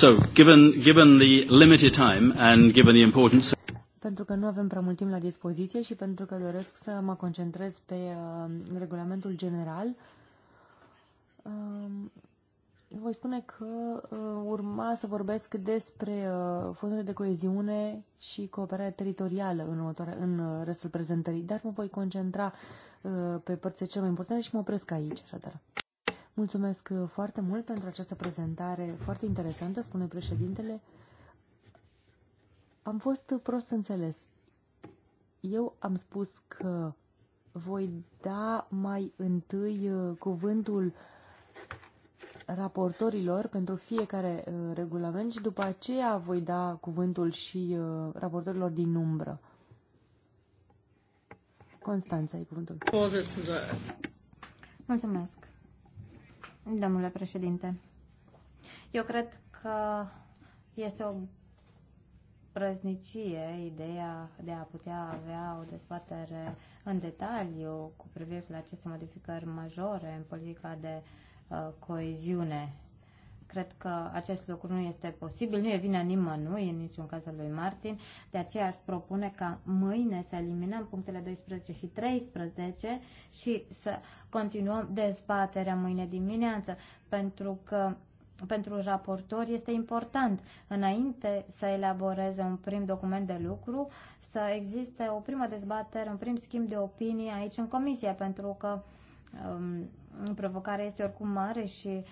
So, given, given the limited time and given the
importance... Pentru că nu avem prea mult timp la dispoziție și pentru că doresc să mă concentrez pe uh, regulamentul general, uh, voi spune că uh, urma să vorbesc despre uh, fondurile de coeziune și cooperare teritorială în, următoare, în uh, restul prezentării, dar mă voi concentra uh, pe părțile cele mai importante și mă opresc aici, așadar. Mulțumesc uh, foarte mult pentru această prezentare foarte interesantă, spune președintele. Am fost prost înțeles. Eu am spus că voi da mai întâi uh, cuvântul raportorilor pentru fiecare uh, regulament și după aceea voi da cuvântul și raportorilor din umbră. Constanța, ai cuvântul. Mulțumesc. Domnule președinte,
eu cred că este o prăznicie ideea de a putea avea o dezbatere în detaliu cu privire la aceste modificări majore în politica de uh, coeziune Cred că acest lucru nu este posibil, nu e vina nimănui, în niciun caz al lui Martin, de aceea aș propune ca mâine să eliminăm punctele 12 și 13 și să continuăm dezbaterea mâine dimineață, pentru că pentru raportor este important, înainte să elaboreze un prim document de lucru, să existe o primă dezbatere, un prim schimb de opinii aici în comisie, pentru că um, Mm, provocarea este oricum mare și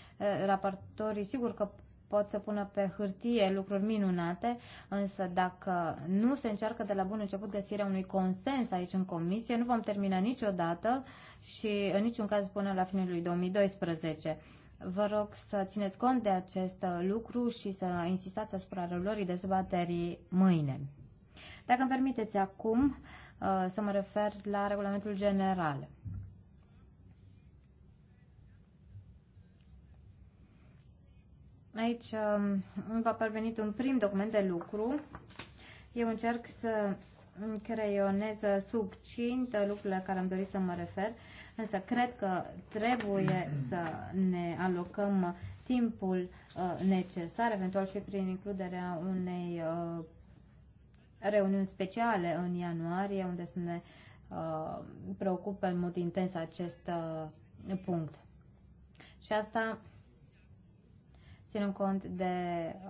raportorii sigur că pot să pună pe hârtie lucruri minunate, însă dacă nu se încearcă de la bun început găsirea unui consens aici în comisie, nu vom termina niciodată și în niciun caz până la finalul lui 2012. Vă rog să țineți cont de acest uh, lucru și să insistați asupra de dezbaterii mâine. Dacă îmi permiteți acum uh, să mă refer la regulamentul general. Aici um, îmi va parvenit un prim document de lucru. Eu încerc să creionez cintă lucrurile la care am dorit să mă refer, însă cred că trebuie să ne alocăm timpul uh, necesar, eventual și prin includerea unei uh, reuniuni speciale în ianuarie, unde să ne uh, preocupe în mod intens acest punct. Și asta ținând cont de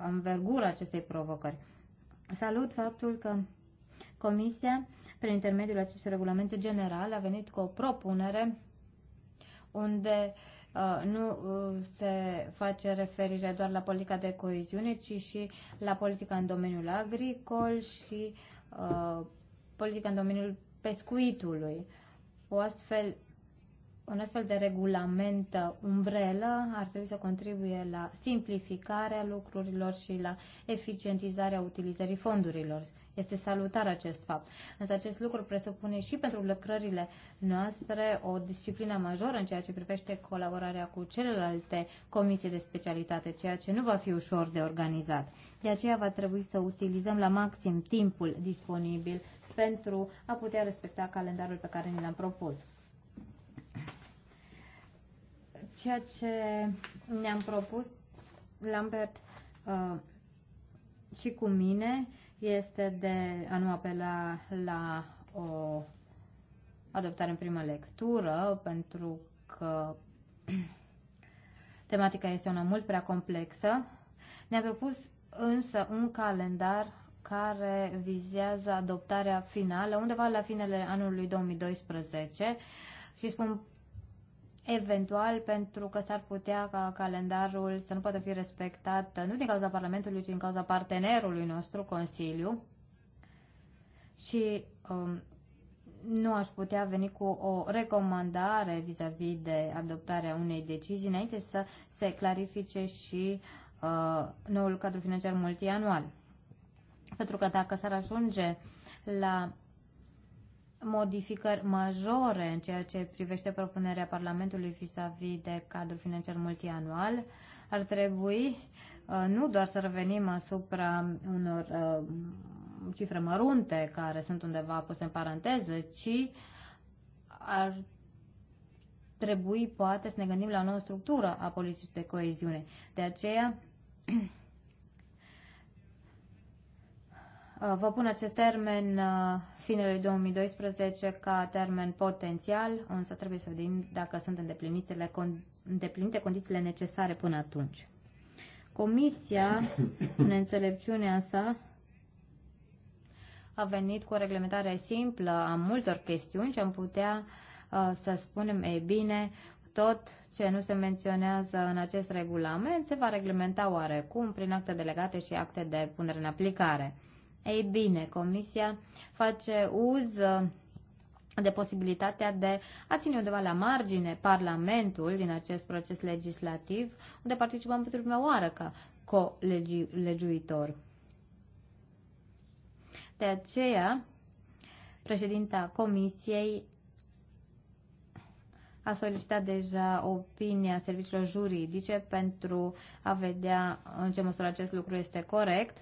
învergura acestei provocări. Salut faptul că Comisia, prin intermediul acestui regulament general, a venit cu o propunere unde uh, nu uh, se face referire doar la politica de coeziune, ci și la politica în domeniul agricol și uh, politica în domeniul pescuitului. O astfel un astfel de regulament uh, umbrelă ar trebui să contribuie la simplificarea lucrurilor și la eficientizarea utilizării fondurilor. Este salutar acest fapt. Însă acest lucru presupune și pentru lucrările noastre o disciplină majoră în ceea ce privește colaborarea cu celelalte comisii de specialitate, ceea ce nu va fi ușor de organizat. De aceea va trebui să utilizăm la maxim timpul disponibil pentru a putea respecta calendarul pe care ni l-am propus. Ceea ce ne-am propus, Lambert uh, și cu mine, este de a nu apela la o adoptare în primă lectură, pentru că tematica este una mult prea complexă. ne am propus însă un calendar care vizează adoptarea finală undeva la finele anului 2012 și spun eventual pentru că s-ar putea ca calendarul să nu poată fi respectat nu din cauza Parlamentului, ci din cauza partenerului nostru, Consiliu. Și um, nu aș putea veni cu o recomandare vis-a-vis -vis de adoptarea unei decizii înainte să se clarifice și uh, noul cadru financiar multianual. Pentru că dacă s-ar ajunge la modificări majore în ceea ce privește propunerea Parlamentului vis-a-vis -vis de cadrul financiar multianual, ar trebui uh, nu doar să revenim asupra unor uh, cifre mărunte care sunt undeva puse în paranteză, ci ar trebui poate să ne gândim la o nouă structură a politicii de coeziune. De aceea Uh, vă pun acest termen uh, finele 2012 ca termen potențial, însă trebuie să vedem dacă sunt îndeplinite, îndeplinite condițiile necesare până atunci. Comisia, în înțelepciunea sa, a venit cu o reglementare simplă a multor chestiuni și am putea uh, să spunem, e bine, tot ce nu se menționează în acest regulament se va reglementa oarecum prin acte delegate și acte de punere în aplicare. Ei bine, Comisia face uz uh, de posibilitatea de a ține undeva la margine Parlamentul din acest proces legislativ, unde participăm pentru prima oară ca colegiuitor. De aceea, președinta Comisiei a solicitat deja opinia serviciilor juridice pentru a vedea în ce măsură acest lucru este corect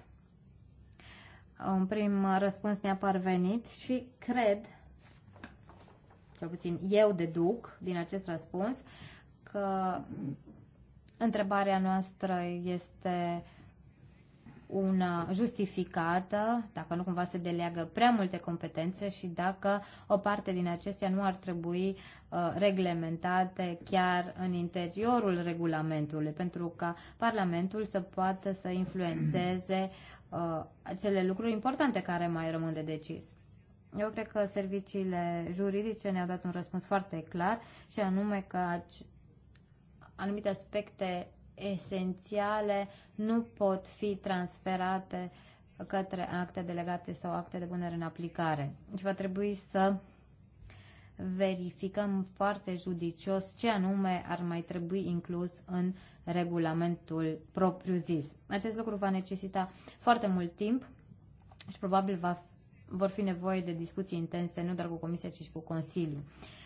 un prim răspuns ne-a parvenit și cred, cel puțin eu deduc din acest răspuns, că întrebarea noastră este una justificată, dacă nu cumva se deleagă prea multe competențe și dacă o parte din acestea nu ar trebui uh, reglementate chiar în interiorul regulamentului, pentru ca Parlamentul să poată să influențeze Uh, acele lucruri importante care mai rămân de decis. Eu cred că serviciile juridice ne-au dat un răspuns foarte clar și anume că anumite aspecte esențiale nu pot fi transferate către acte delegate sau acte de punere în aplicare. Și va trebui să verificăm foarte judicios ce anume ar mai trebui inclus în regulamentul propriu-zis. Acest lucru va necesita foarte mult timp și probabil va, vor fi nevoie de discuții intense, nu doar cu Comisia, ci și cu Consiliul.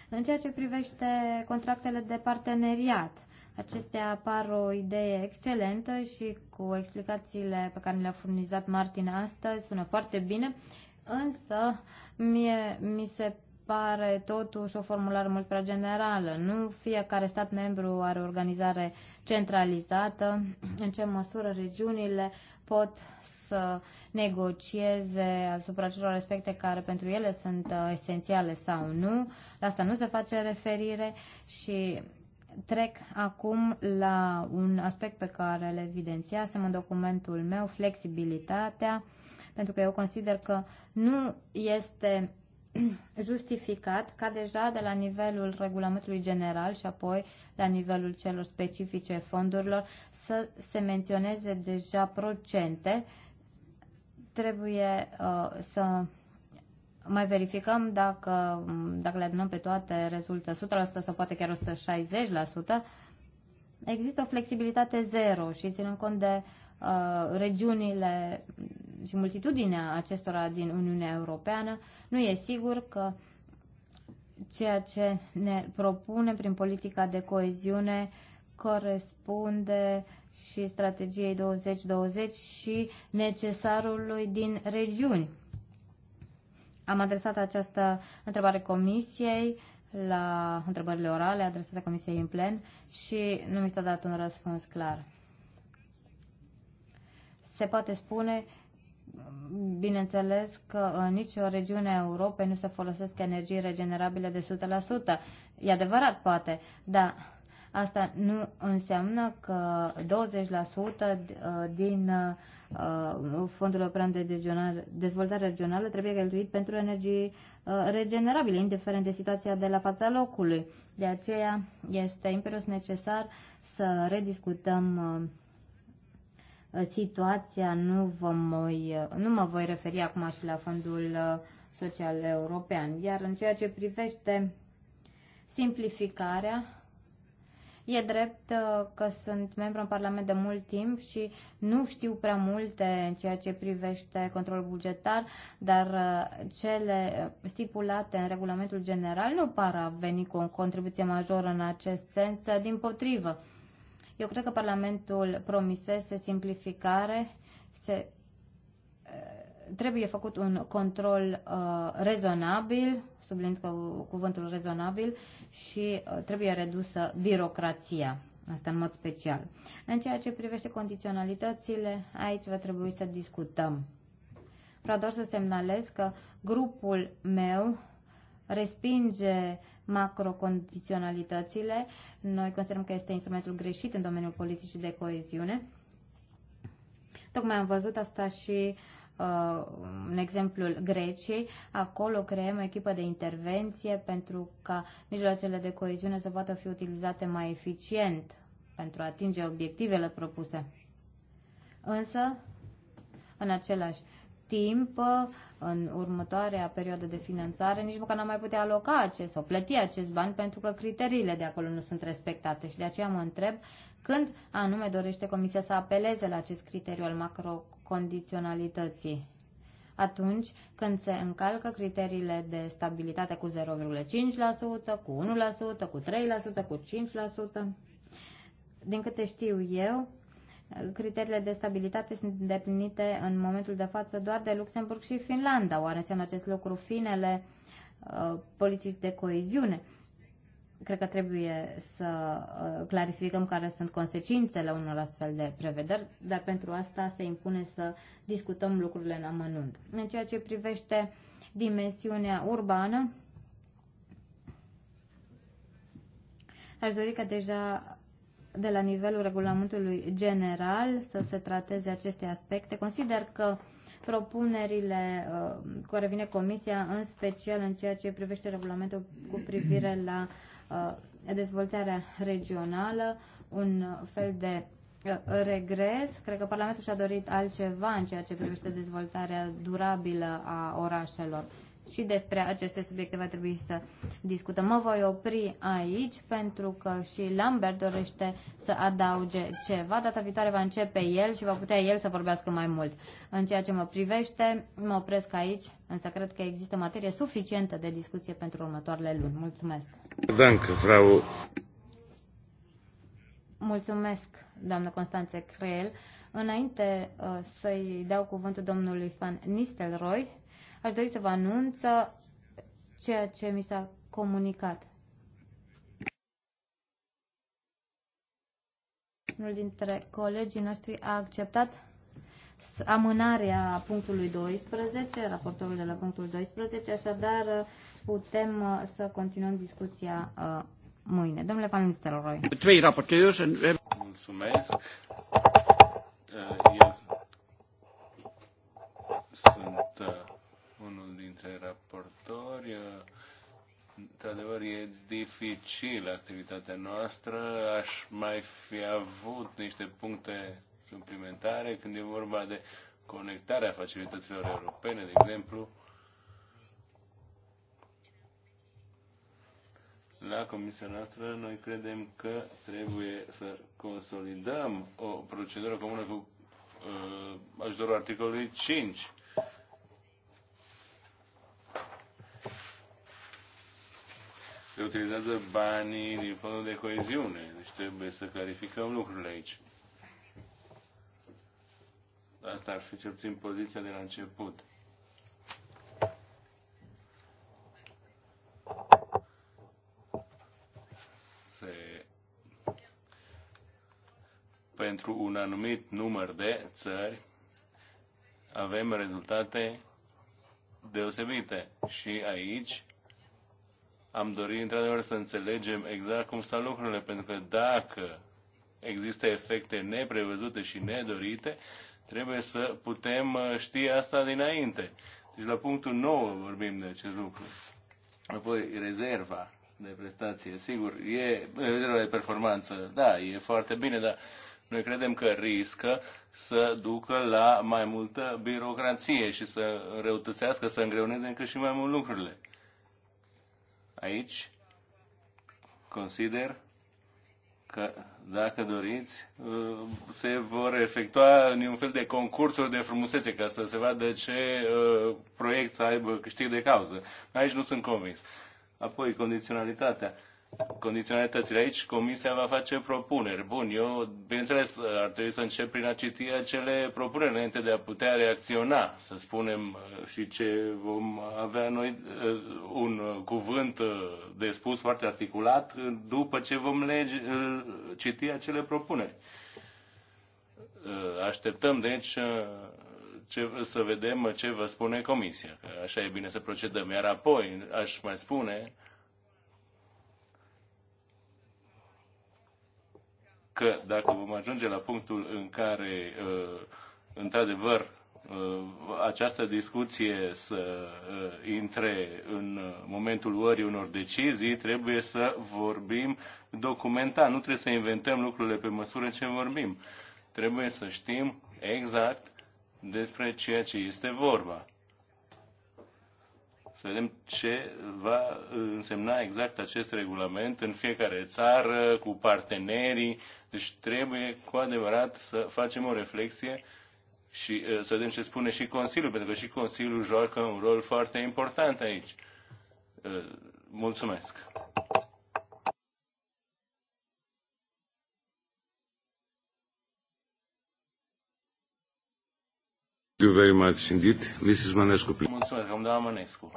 În ceea ce privește contractele de parteneriat, acestea apar o idee excelentă și cu explicațiile pe care le-a furnizat Martin astăzi sună foarte bine, însă mie, mi se pare totuși o formulare mult prea generală. Nu fiecare stat membru are o organizare centralizată. În ce măsură regiunile pot să negocieze asupra celor aspecte care pentru ele sunt uh, esențiale sau nu. La asta nu se face referire și trec acum la un aspect pe care îl evidențiasem în documentul meu, flexibilitatea, pentru că eu consider că nu este justificat ca deja de la nivelul regulamentului general și apoi la nivelul celor specifice fondurilor să se menționeze deja procente. Trebuie uh, să mai verificăm dacă, mm, dacă le adunăm pe toate rezultă 100% sau poate chiar 160%. Există o flexibilitate zero și ținând cont de uh, regiunile și multitudinea acestora din Uniunea Europeană, nu e sigur că ceea ce ne propune prin politica de coeziune corespunde și strategiei 2020 și necesarului din regiuni. Am adresat această întrebare comisiei la întrebările orale adresate comisiei în plen și nu mi s-a dat un răspuns clar. Se poate spune Bineînțeles că în nicio regiune a Europei nu se folosesc energii regenerabile de 100%. E adevărat, poate, dar asta nu înseamnă că 20% uh, din uh, Fondul European de Dezvoltare Regională trebuie cheltuit pentru energii uh, regenerabile, indiferent de situația de la fața locului. De aceea este imperios necesar să rediscutăm situația, nu, vă mai, nu mă voi referi acum și la Fondul uh, Social European. Iar în ceea ce privește simplificarea, e drept uh, că sunt membru în Parlament de mult timp și nu știu prea multe în ceea ce privește controlul bugetar, dar uh, cele stipulate în regulamentul general nu par a veni cu o contribuție majoră în acest sens, din potrivă eu cred că Parlamentul promisese simplificare, se, eh, trebuie făcut un control uh, rezonabil, sublinind cu, cuvântul rezonabil, și uh, trebuie redusă birocrația. Asta în mod special. În ceea ce privește condiționalitățile, aici va trebui să discutăm. Vreau doar să semnalez că grupul meu respinge macrocondiționalitățile. Noi considerăm că este instrumentul greșit în domeniul politicii de coeziune. Tocmai am văzut asta și uh, în exemplul Greciei. Acolo creăm o echipă de intervenție pentru ca mijloacele de coeziune să poată fi utilizate mai eficient pentru a atinge obiectivele propuse. Însă, în același timp, în următoarea perioadă de finanțare, nici măcar n-am mai putea aloca acest sau plăti acest bani pentru că criteriile de acolo nu sunt respectate și de aceea mă întreb când anume dorește Comisia să apeleze la acest criteriu al macrocondiționalității atunci când se încalcă criteriile de stabilitate cu 0,5%, cu 1%, cu 3%, cu 5%. Din câte știu eu, criteriile de stabilitate sunt îndeplinite în momentul de față doar de Luxemburg și Finlanda. Oare înseamnă acest lucru finele uh, politici de coeziune? Cred că trebuie să uh, clarificăm care sunt consecințele unor astfel de prevederi, dar pentru asta se impune să discutăm lucrurile în amănunt. În ceea ce privește dimensiunea urbană, aș dori că deja de la nivelul regulamentului general să se trateze aceste aspecte. Consider că propunerile uh, care vine Comisia, în special în ceea ce privește regulamentul cu privire la uh, dezvoltarea regională, un fel de uh, regres. Cred că Parlamentul și-a dorit altceva în ceea ce privește dezvoltarea durabilă a orașelor și despre aceste subiecte va trebui să discutăm. Mă voi opri aici pentru că și Lambert dorește să adauge ceva. Data viitoare va începe el și va putea el să vorbească mai mult. În ceea ce mă privește, mă opresc aici, însă cred că există materie suficientă de discuție pentru următoarele luni. Mulțumesc!
Danke, Frau.
Mulțumesc, doamnă Constanțe Creel. Înainte uh, să-i dau cuvântul domnului Van Nistelrooy, Aș dori să vă anunț uh, ceea ce mi s-a comunicat. Unul dintre colegii noștri a acceptat amânarea punctului 12, raportorul de la punctul 12, așadar uh, putem uh, să continuăm discuția mâine. Domnule Van Nistelrooy.
Trei
raportări.
Mulțumesc. Eu sunt unul dintre raportori. Într-adevăr, e dificil activitatea noastră. Aș mai fi avut niște puncte suplimentare când e vorba de conectarea facilităților europene, de exemplu. la comisia noastră, noi credem că trebuie să consolidăm o procedură comună cu uh, ajutorul articolului 5 se utilizează banii din fondul de coeziune. Deci trebuie să clarificăm lucrurile aici. Asta ar fi cel puțin poziția de la început. Se... Pentru un anumit număr de țări avem rezultate deosebite. Și aici am dorit într-adevăr să înțelegem exact cum stau lucrurile, pentru că dacă există efecte neprevăzute și nedorite, trebuie să putem uh, ști asta dinainte. Deci la punctul 9 vorbim de acest lucru. Apoi rezerva de prestație, sigur, e rezerva de performanță, da, e foarte bine, dar noi credem că riscă să ducă la mai multă birocrație și să înrăutățească, să îngreuneze încă și mai mult lucrurile. Aici consider că, dacă doriți, uh, se vor efectua un fel de concursuri de frumusețe ca să se vadă ce uh, proiect să aibă câștig de cauză. Aici nu sunt convins. Apoi, condiționalitatea condiționalitățile. Aici Comisia va face propuneri. Bun, eu, bineînțeles, ar trebui să încep prin a citi acele propuneri înainte de a putea reacționa, să spunem, uh, și ce vom avea noi uh, un cuvânt uh, de spus foarte articulat după ce vom lege, citi acele propuneri. Așteptăm, deci, ce, să vedem ce vă spune Comisia. Că așa e bine să procedăm. Iar apoi, aș mai spune, că dacă vom ajunge la punctul în care, uh, într-adevăr, uh, această discuție să uh, intre în momentul luării unor decizii, trebuie să vorbim documentat. Nu trebuie să inventăm lucrurile pe măsură ce vorbim. Trebuie să știm exact despre ceea ce este vorba să vedem ce va însemna exact acest regulament în fiecare țară, cu partenerii. Deci trebuie cu adevărat să facem o reflexie și uh, să vedem ce spune și Consiliul, pentru că și Consiliul joacă un rol foarte important aici. Uh, mulțumesc!
you very much indeed. Mrs. Manescu, please.
Mulțumesc, doamna Manescu.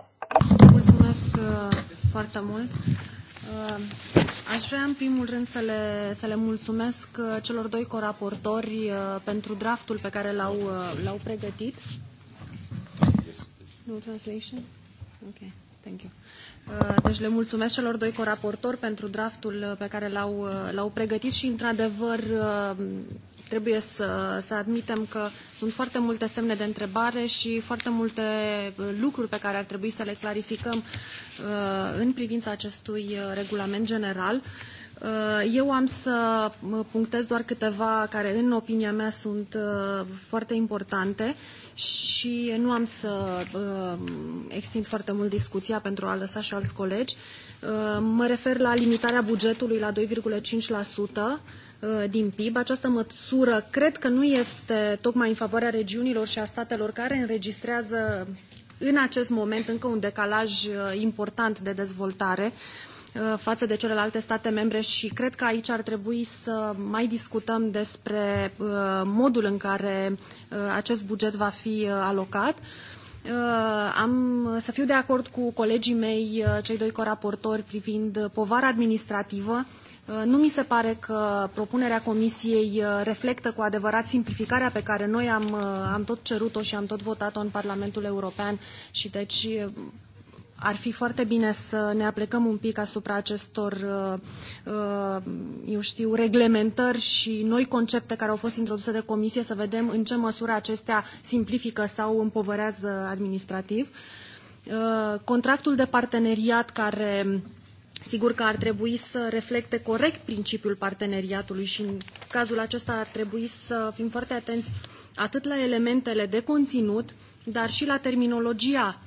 Mulțumesc uh, foarte mult. Uh, aș vrea în primul rând să le, să le mulțumesc uh, celor doi coraportori pentru draftul pe care l-au, l-au pregătit. No translation? Ok, thank you. Deci le mulțumesc celor doi coraportori pentru draftul pe care l-au, l-au pregătit și, într-adevăr, trebuie să, să admitem că sunt foarte multe semne de întrebare și foarte multe uh, lucruri pe care ar trebui să le clarificăm uh, în privința acestui uh, regulament general. Eu am să punctez doar câteva care, în opinia mea, sunt foarte importante și nu am să extind foarte mult discuția pentru a lăsa și alți colegi. Mă refer la limitarea bugetului la 2,5%, Uh, din PIB. Această măsură cred că nu este tocmai în favoarea regiunilor și a statelor care înregistrează în acest moment încă un decalaj uh, important de dezvoltare uh, față de celelalte state membre și cred că aici ar trebui să mai discutăm despre modul în care acest buget va fi alocat. Am să fiu de acord cu colegii mei, cei doi coraportori, privind povara administrativă. Uh, nu mi se pare că propunerea Comisiei uh, reflectă cu adevărat simplificarea pe care noi am, uh, am tot cerut-o și am tot votat-o în Parlamentul European și deci ar fi foarte bine să ne aplecăm un pic asupra acestor, eu știu, reglementări și noi concepte care au fost introduse de comisie, să vedem în ce măsură acestea simplifică sau împovărează administrativ. Contractul de parteneriat care Sigur că ar trebui să reflecte corect principiul parteneriatului și în cazul acesta ar trebui să fim foarte atenți atât la elementele de conținut, dar și la terminologia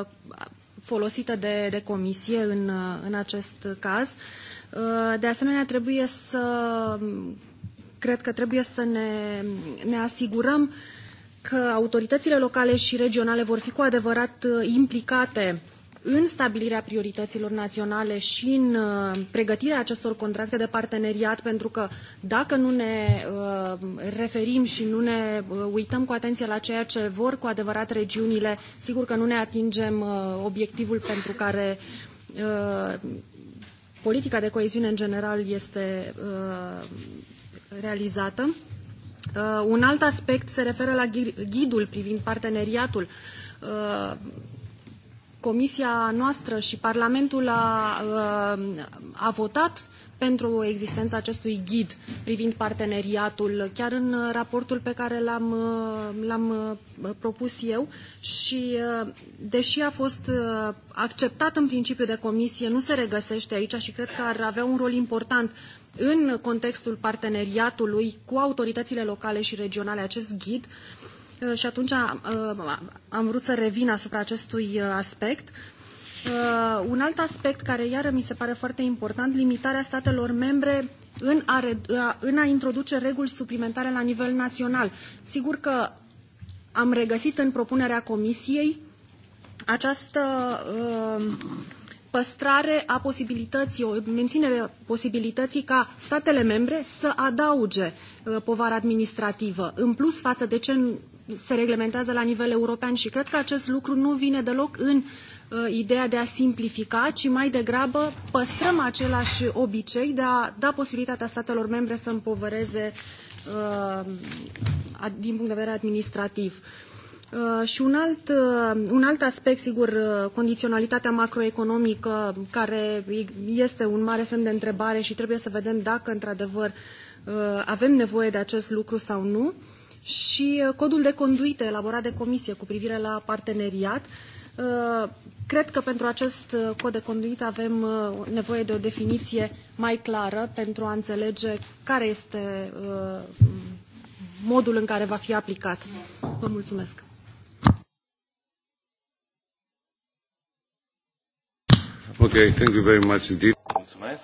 uh, folosită de, de comisie în, uh, în acest caz. Uh, de asemenea, trebuie să, cred că trebuie să ne, ne asigurăm că autoritățile locale și regionale vor fi cu adevărat implicate uh, în stabilirea priorităților naționale și în uh, pregătirea acestor contracte de parteneriat, pentru că dacă nu ne uh, referim și nu ne uh, uităm cu atenție la ceea ce vor cu adevărat regiunile, sigur că nu ne atingem obiectivul pentru care politica de coeziune în general este realizată. Un alt aspect se referă la ghidul privind parteneriatul Comisia noastră și Parlamentul a, a votat pentru existența acestui ghid privind parteneriatul, chiar în raportul pe care l-am, uh, propus eu și uh, deși a fost uh, acceptat în principiu de comisie, nu se regăsește aici și cred că ar avea un rol important în contextul parteneriatului cu autoritățile locale și regionale acest ghid uh, Uh, și atunci uh, am vrut să revin asupra acestui uh, aspect. Un alt aspect care iară mi se pare foarte important, limitarea statelor membre în a, în a introduce reguli suplimentare la nivel național. Sigur că am regăsit în propunerea Comisiei această păstrare a posibilității, o menținere posibilității ca statele membre să adauge povara administrativă, în plus față de ce se reglementează la nivel european și cred că acest lucru nu vine deloc în uh, ideea de a simplifica, ci mai degrabă păstrăm același obicei de a da posibilitatea statelor membre să împovăreze uh, din punct de vedere administrativ. Uh, și un alt, un alt aspect, sigur, condiționalitatea macroeconomică, care este un mare semn de întrebare și trebuie să vedem dacă, într-adevăr, avem nevoie de acest lucru sau nu. Uh, și uh, codul de conduită elaborat de comisie cu privire la parteneriat. Uh, cred că pentru acest uh, cod de conduită avem nevoie de o definiție mai clară pentru a înțelege care este modul în care va fi aplicat. Vă mulțumesc.
thank you very much indeed.
Mulțumesc.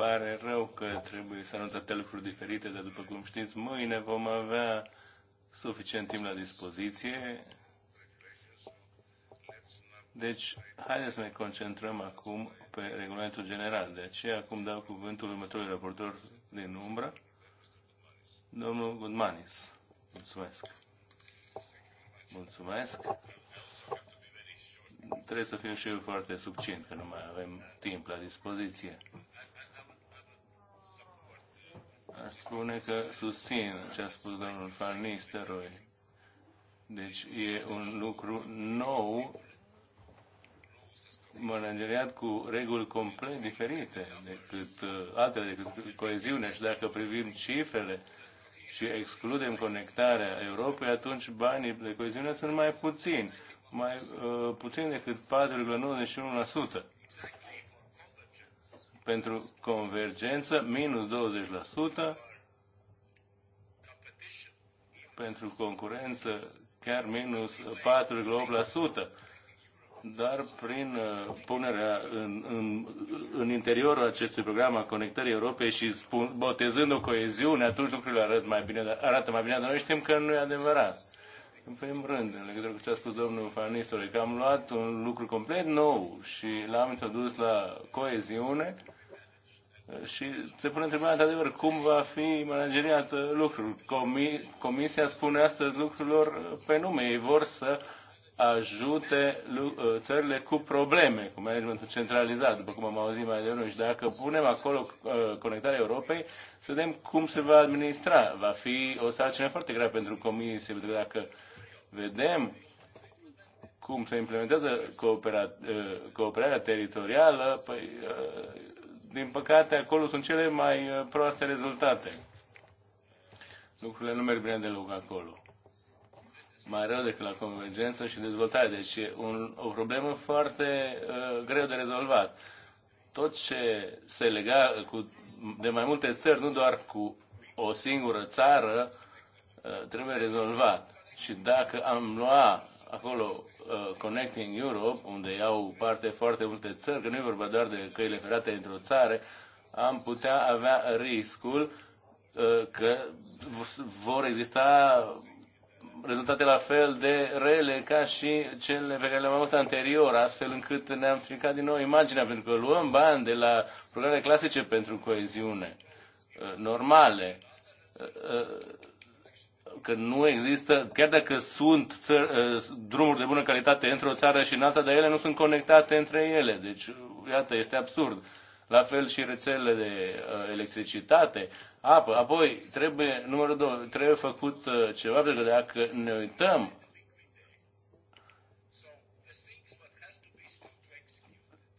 pare rău că trebuie să anunț lucruri diferite, dar după cum știți, mâine vom avea suficient timp la dispoziție. Deci, haideți să ne concentrăm acum pe regulamentul general. De aceea, acum dau cuvântul următorului raportor din umbră, domnul Gudmanis. Mulțumesc. Mulțumesc. Trebuie să fim și eu foarte succint, că nu mai avem timp la dispoziție aș spune că susțin ce a spus domnul Van Nistelrooy. Deci e un lucru nou manageriat cu reguli complet diferite decât uh, altele, decât coeziune. Și dacă privim cifrele și excludem conectarea Europei, atunci banii de coeziune sunt mai puțini, mai uh, puțin decât 4,91% pentru convergență, minus 20%, pentru concurență, chiar minus 4,8%, dar prin uh, punerea în, în, în interiorul acestui program a Conectării Europei și spun, botezând o coeziune, atunci lucrurile arată mai bine, arată mai bine, dar noi știm că nu e adevărat. În primul rând, în legătură cu ce a spus domnul Fanistore, că am luat un lucru complet nou și l-am introdus la coeziune, și se pune întrebarea, într-adevăr, cum va fi manageriat uh, lucrul. Comi Comisia spune astăzi lucrurilor uh, pe nume. Ei vor să ajute uh, țările cu probleme, cu managementul centralizat, după cum am auzit mai devreme. Și dacă punem acolo conectarea Europei, să vedem cum se va administra. Va fi o sarcină foarte grea pentru Comisie, pentru că dacă vedem cum se implementează cooperarea teritorială, păi, din păcate, acolo sunt cele mai uh, proaste rezultate. Lucrurile nu merg bine deloc acolo. Mai rău decât la convergență și dezvoltare. Deci e un, o problemă foarte uh, greu de rezolvat. Tot ce se lega uh, cu, de mai multe țări, nu doar cu o singură țară, uh, trebuie rezolvat. Și dacă am luat acolo Uh, Connecting Europe, unde iau parte foarte multe țări, că nu e vorba doar de căile ferate într-o țară, am putea avea riscul uh, că vor exista rezultate la fel de rele ca și cele pe care le-am avut anterior, astfel încât ne-am stricat din nou imaginea, pentru că luăm bani de la programele clasice pentru coeziune, uh, normale că nu există, chiar dacă sunt țări, uh, drumuri de bună calitate într-o țară și în alta, dar ele nu sunt conectate între ele. Deci, iată, este absurd. La fel și rețelele de uh, electricitate, apă. Apoi, trebuie, numărul două, trebuie făcut uh, ceva, pentru că dacă ne uităm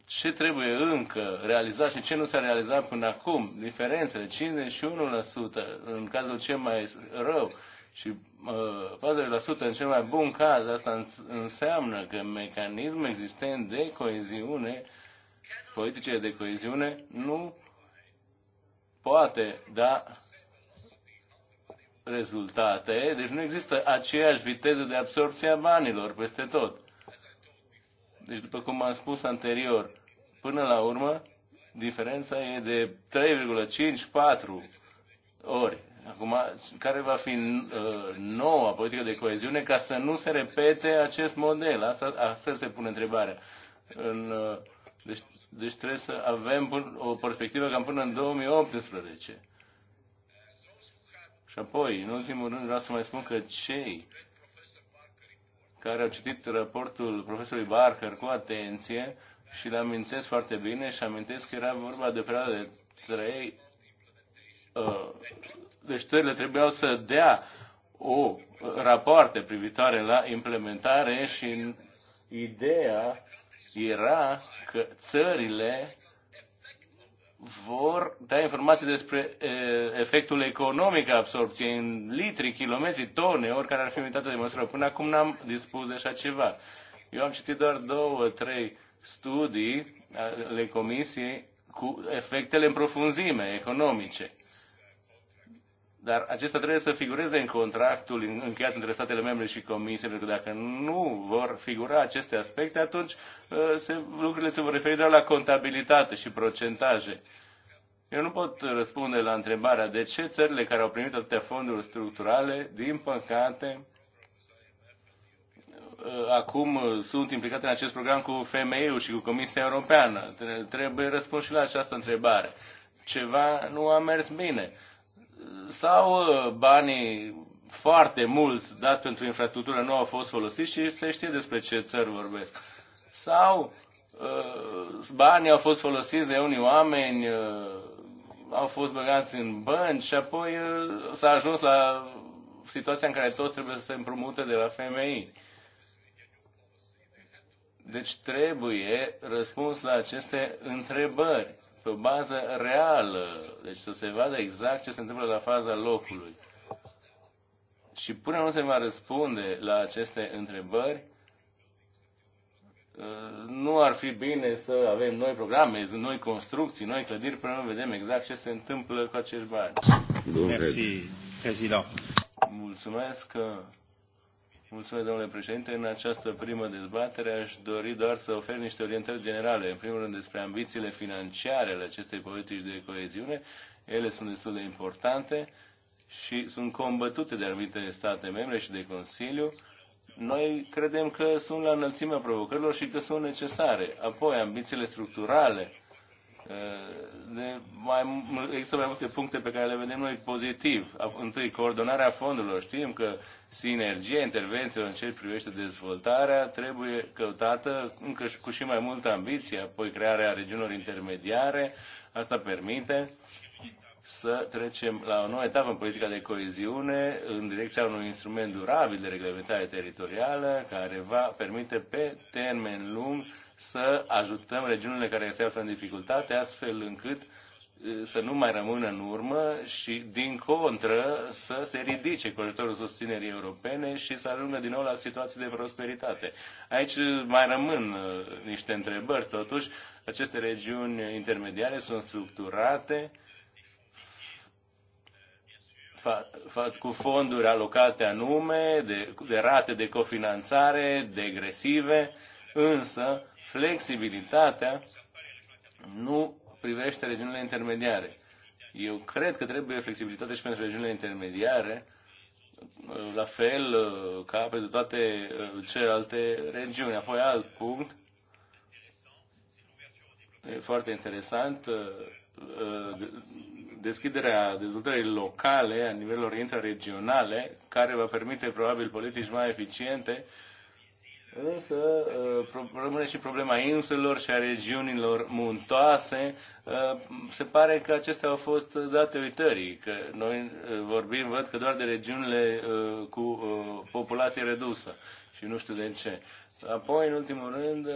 ce trebuie încă realizat și ce nu s-a realizat până acum, diferențele, 51% în cazul cel mai rău, și uh, 40% în cel mai bun caz, asta înseamnă că mecanismul existent de coeziune, politice de coeziune, nu poate da rezultate, deci nu există aceeași viteză de absorpție a banilor peste tot. Deci, după cum am spus anterior, până la urmă, diferența e de 3,54 ori Acum, care va fi uh, noua politică de coeziune ca să nu se repete acest model? Asta, asta se pune întrebarea. În, uh, deci, deci trebuie să avem o perspectivă cam până în 2018. Și apoi, în ultimul rând, vreau să mai spun că cei care au citit raportul profesorului Barker cu atenție și le amintesc foarte bine și amintesc că era vorba de perioada de trei Uh, deci țările trebuiau să dea o rapoarte privitoare la implementare și ideea era că țările vor da informații despre uh, efectul economic al absorpției în litri, kilometri, tone, oricare ar fi unitatea de măsură. Până acum n-am dispus de așa ceva. Eu am citit doar două, trei studii ale comisiei cu efectele în profunzime economice. Dar acesta trebuie să figureze în contractul încheiat între statele membre și comisie, pentru că dacă nu vor figura aceste aspecte, atunci uh, se, lucrurile se vor referi doar la contabilitate și procentaje. Eu nu pot răspunde la întrebarea de ce țările care au primit atâtea fonduri structurale, din păcate, uh, acum sunt implicate în acest program cu FMI-ul și cu Comisia Europeană. Trebuie răspuns și la această întrebare. Ceva nu a mers bine sau uh, banii foarte mulți dat pentru infrastructură nu au fost folosiți și se știe despre ce țări vorbesc. Sau uh, banii au fost folosiți de unii oameni, uh, au fost băgați în bănci și apoi s-a ajuns la situația în care toți trebuie să se împrumute de la femei, Deci trebuie răspuns la aceste întrebări pe o bază reală, deci să se vadă exact ce se întâmplă la faza locului. Și până nu se va răspunde la aceste întrebări, uh, nu ar fi bine să avem noi programe, noi construcții, noi clădiri, până nu vedem exact ce se întâmplă cu acești bani. Mulțumesc. Mulțumesc, domnule președinte. În această primă dezbatere aș dori doar să ofer niște orientări generale. În primul rând despre ambițiile financiare ale acestei politici de coeziune. Ele sunt destul de importante și sunt combătute de anumite state membre și de Consiliu. Noi credem că sunt la înălțimea provocărilor și că sunt necesare. Apoi, ambițiile structurale de mai, există mai multe puncte pe care le vedem noi pozitiv. Întâi, coordonarea fondurilor. Știm că sinergia intervențiilor în ce privește dezvoltarea trebuie căutată încă cu și mai multă ambiție, apoi crearea regiunilor intermediare. Asta permite să trecem la o nouă etapă în politica de coeziune în direcția unui instrument durabil de reglementare teritorială care va permite pe termen lung să ajutăm regiunile care se află în dificultate, astfel încât să nu mai rămână în urmă și, din contră, să se ridice cu ajutorul susținerii europene și să ajungă din nou la situații de prosperitate. Aici mai rămân niște întrebări, totuși. Aceste regiuni intermediare sunt structurate cu fonduri alocate anume, de, de rate de cofinanțare degresive, Însă, flexibilitatea nu privește regiunile intermediare. Eu cred că trebuie flexibilitate și pentru regiunile intermediare, la fel uh, ca pentru toate uh, celelalte regiuni. Apoi alt punct, e foarte interesant, uh, deschiderea dezvoltării locale a nivelurilor intraregionale, care va permite probabil politici mai eficiente Însă ă, rămâne și problema insulelor și a regiunilor muntoase. Ă, se pare că acestea au fost date uitării, că noi ă, vorbim, văd că doar de regiunile cu populație redusă și nu știu de ce. Apoi, în ultimul rând,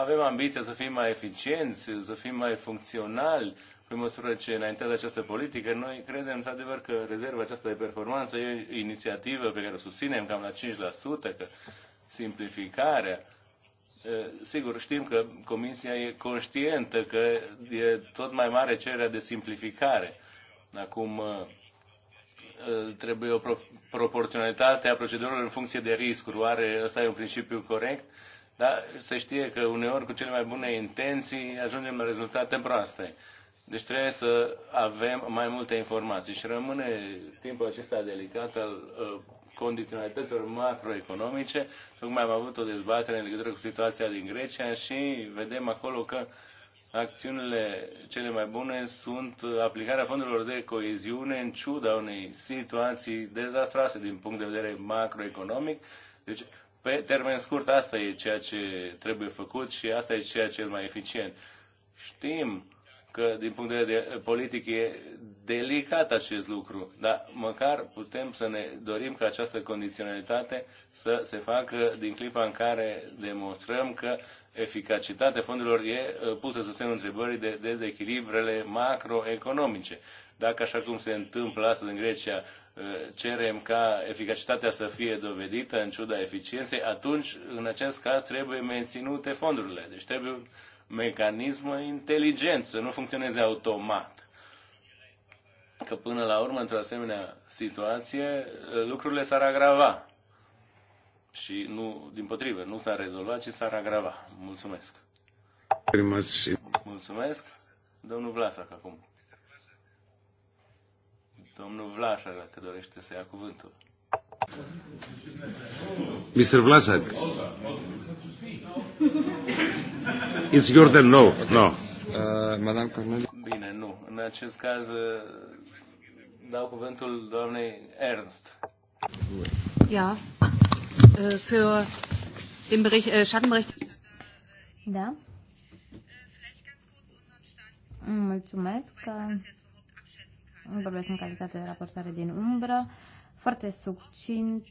avem ambiția să fim mai eficienți, să fim mai funcționali, pe măsură ce înaintează această politică, noi credem într-adevăr că rezerva aceasta de performanță e o inițiativă pe care o susținem cam la 5%, că simplificarea. Sigur, știm că Comisia e conștientă că e tot mai mare cererea de simplificare. Acum trebuie o pro- proporționalitate a procedurilor în funcție de riscuri. Oare ăsta e un principiu corect? Dar se știe că uneori cu cele mai bune intenții ajungem la rezultate proaste. Deci trebuie să avem mai multe informații și rămâne timpul acesta delicat al condiționalităților macroeconomice. Tocmai am avut o dezbatere în legătură cu situația din Grecia și vedem acolo că acțiunile cele mai bune sunt aplicarea fondurilor de coeziune în ciuda unei situații dezastroase din punct de vedere macroeconomic. Deci, pe termen scurt, asta e ceea ce trebuie făcut și asta e ceea ce e mai eficient. Știm că din punct de vedere eh, politic e delicat acest lucru, dar măcar putem să ne dorim ca această condiționalitate să se facă din clipa în care demonstrăm că eficacitatea fondurilor e eh, pusă sub semnul întrebării de dezechilibrele macroeconomice. Dacă, așa cum se întâmplă astăzi în Grecia, eh, cerem ca eficacitatea să fie dovedită în ciuda eficienței, atunci, în acest caz, trebuie menținute fondurile. Deci trebuie mecanismă inteligent, să nu funcționeze automat. Că până la urmă, într-o asemenea situație, lucrurile s-ar agrava. Și nu, din potrivă, nu s-ar rezolva, ci s-ar agrava. Mulțumesc. Mulțumesc. Domnul Vlasac acum. Domnul Vlașa, dacă dorește să ia cuvântul. Mr. Vlasak.
It's your turn, no, no. Uh, Madame Cornelia. Bine, nu. În
acest caz uh, dau cuvântul doamnei Ernst.
Ja, äh, für den Bericht, äh, Schattenbericht. Da.
Mulțumesc. Vorbesc în calitate de raportare din umbră foarte succint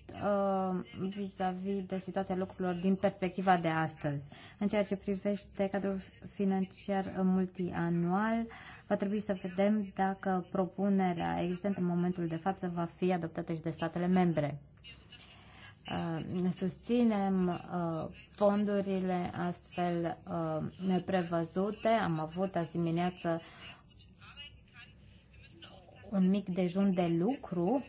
uh, vis-a-vis -vis de situația lucrurilor din perspectiva de astăzi. În ceea ce privește cadrul financiar multianual, va trebui să vedem dacă propunerea existentă în momentul de față va fi adoptată și de statele membre. Uh, ne susținem uh, fondurile astfel neprevăzute. Am avut azi dimineață un mic dejun de lucru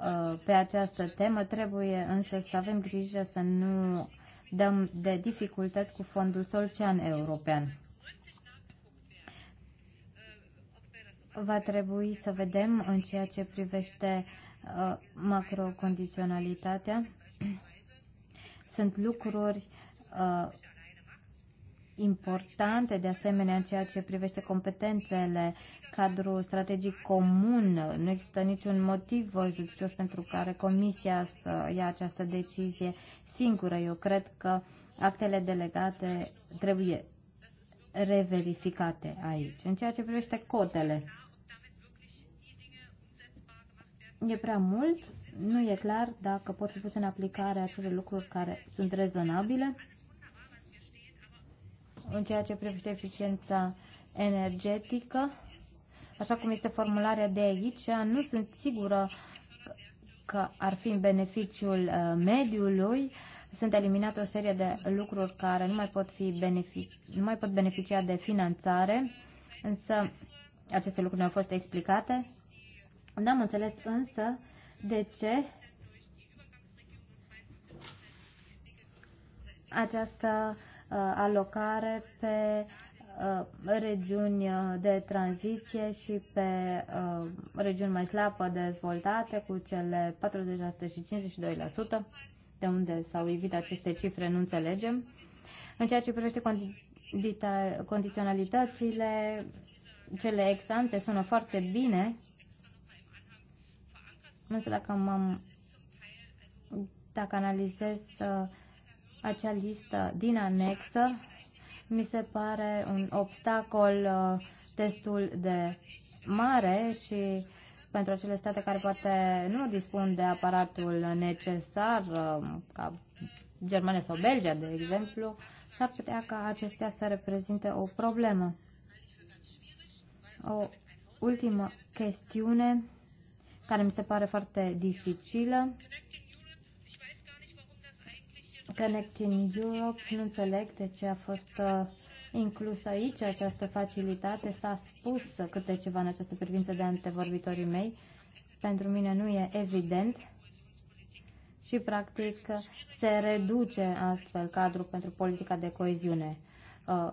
Uh, pe această temă, trebuie însă să avem grijă să nu dăm de dificultăți cu Fondul Solcean European. Va trebui să vedem în ceea ce privește uh, macrocondiționalitatea. Sunt lucruri uh, importante, de asemenea, în ceea ce privește competențele, cadrul strategic comun. Nu există niciun motiv judicios pentru care Comisia să ia această decizie singură. Eu cred că actele delegate trebuie reverificate aici. În ceea ce privește cotele, e prea mult, nu e clar dacă pot fi puse în aplicare acele lucruri care sunt rezonabile în ceea ce privește eficiența energetică, așa cum este formularea de aici, nu sunt sigură că ar fi în beneficiul uh, mediului. Sunt eliminate o serie de lucruri care nu mai pot, fi benefic- nu mai pot beneficia de finanțare, însă aceste lucruri nu au fost explicate. N-am înțeles însă de ce această Uh, alocare pe uh, regiuni uh, de tranziție și pe uh, regiuni mai slabă dezvoltate cu cele 40% și 52%, de unde s-au ivit aceste cifre nu înțelegem. În ceea ce privește condi condiționalitățile, cele exante sună foarte bine, nu știu dacă m-am dacă analizez uh, acea listă din anexă mi se pare un obstacol uh, destul de mare și pentru acele state care poate nu dispun de aparatul necesar, uh, ca Germania sau Belgia, de exemplu, s-ar putea ca acestea să reprezinte o problemă. O ultimă chestiune care mi se pare foarte dificilă Connecting Europe, nu înțeleg de ce a fost uh, inclus aici această facilitate. S-a spus câte ceva în această privință de antevorbitorii mei. Pentru mine nu e evident și, practic, se reduce astfel cadrul pentru politica de coeziune. Uh,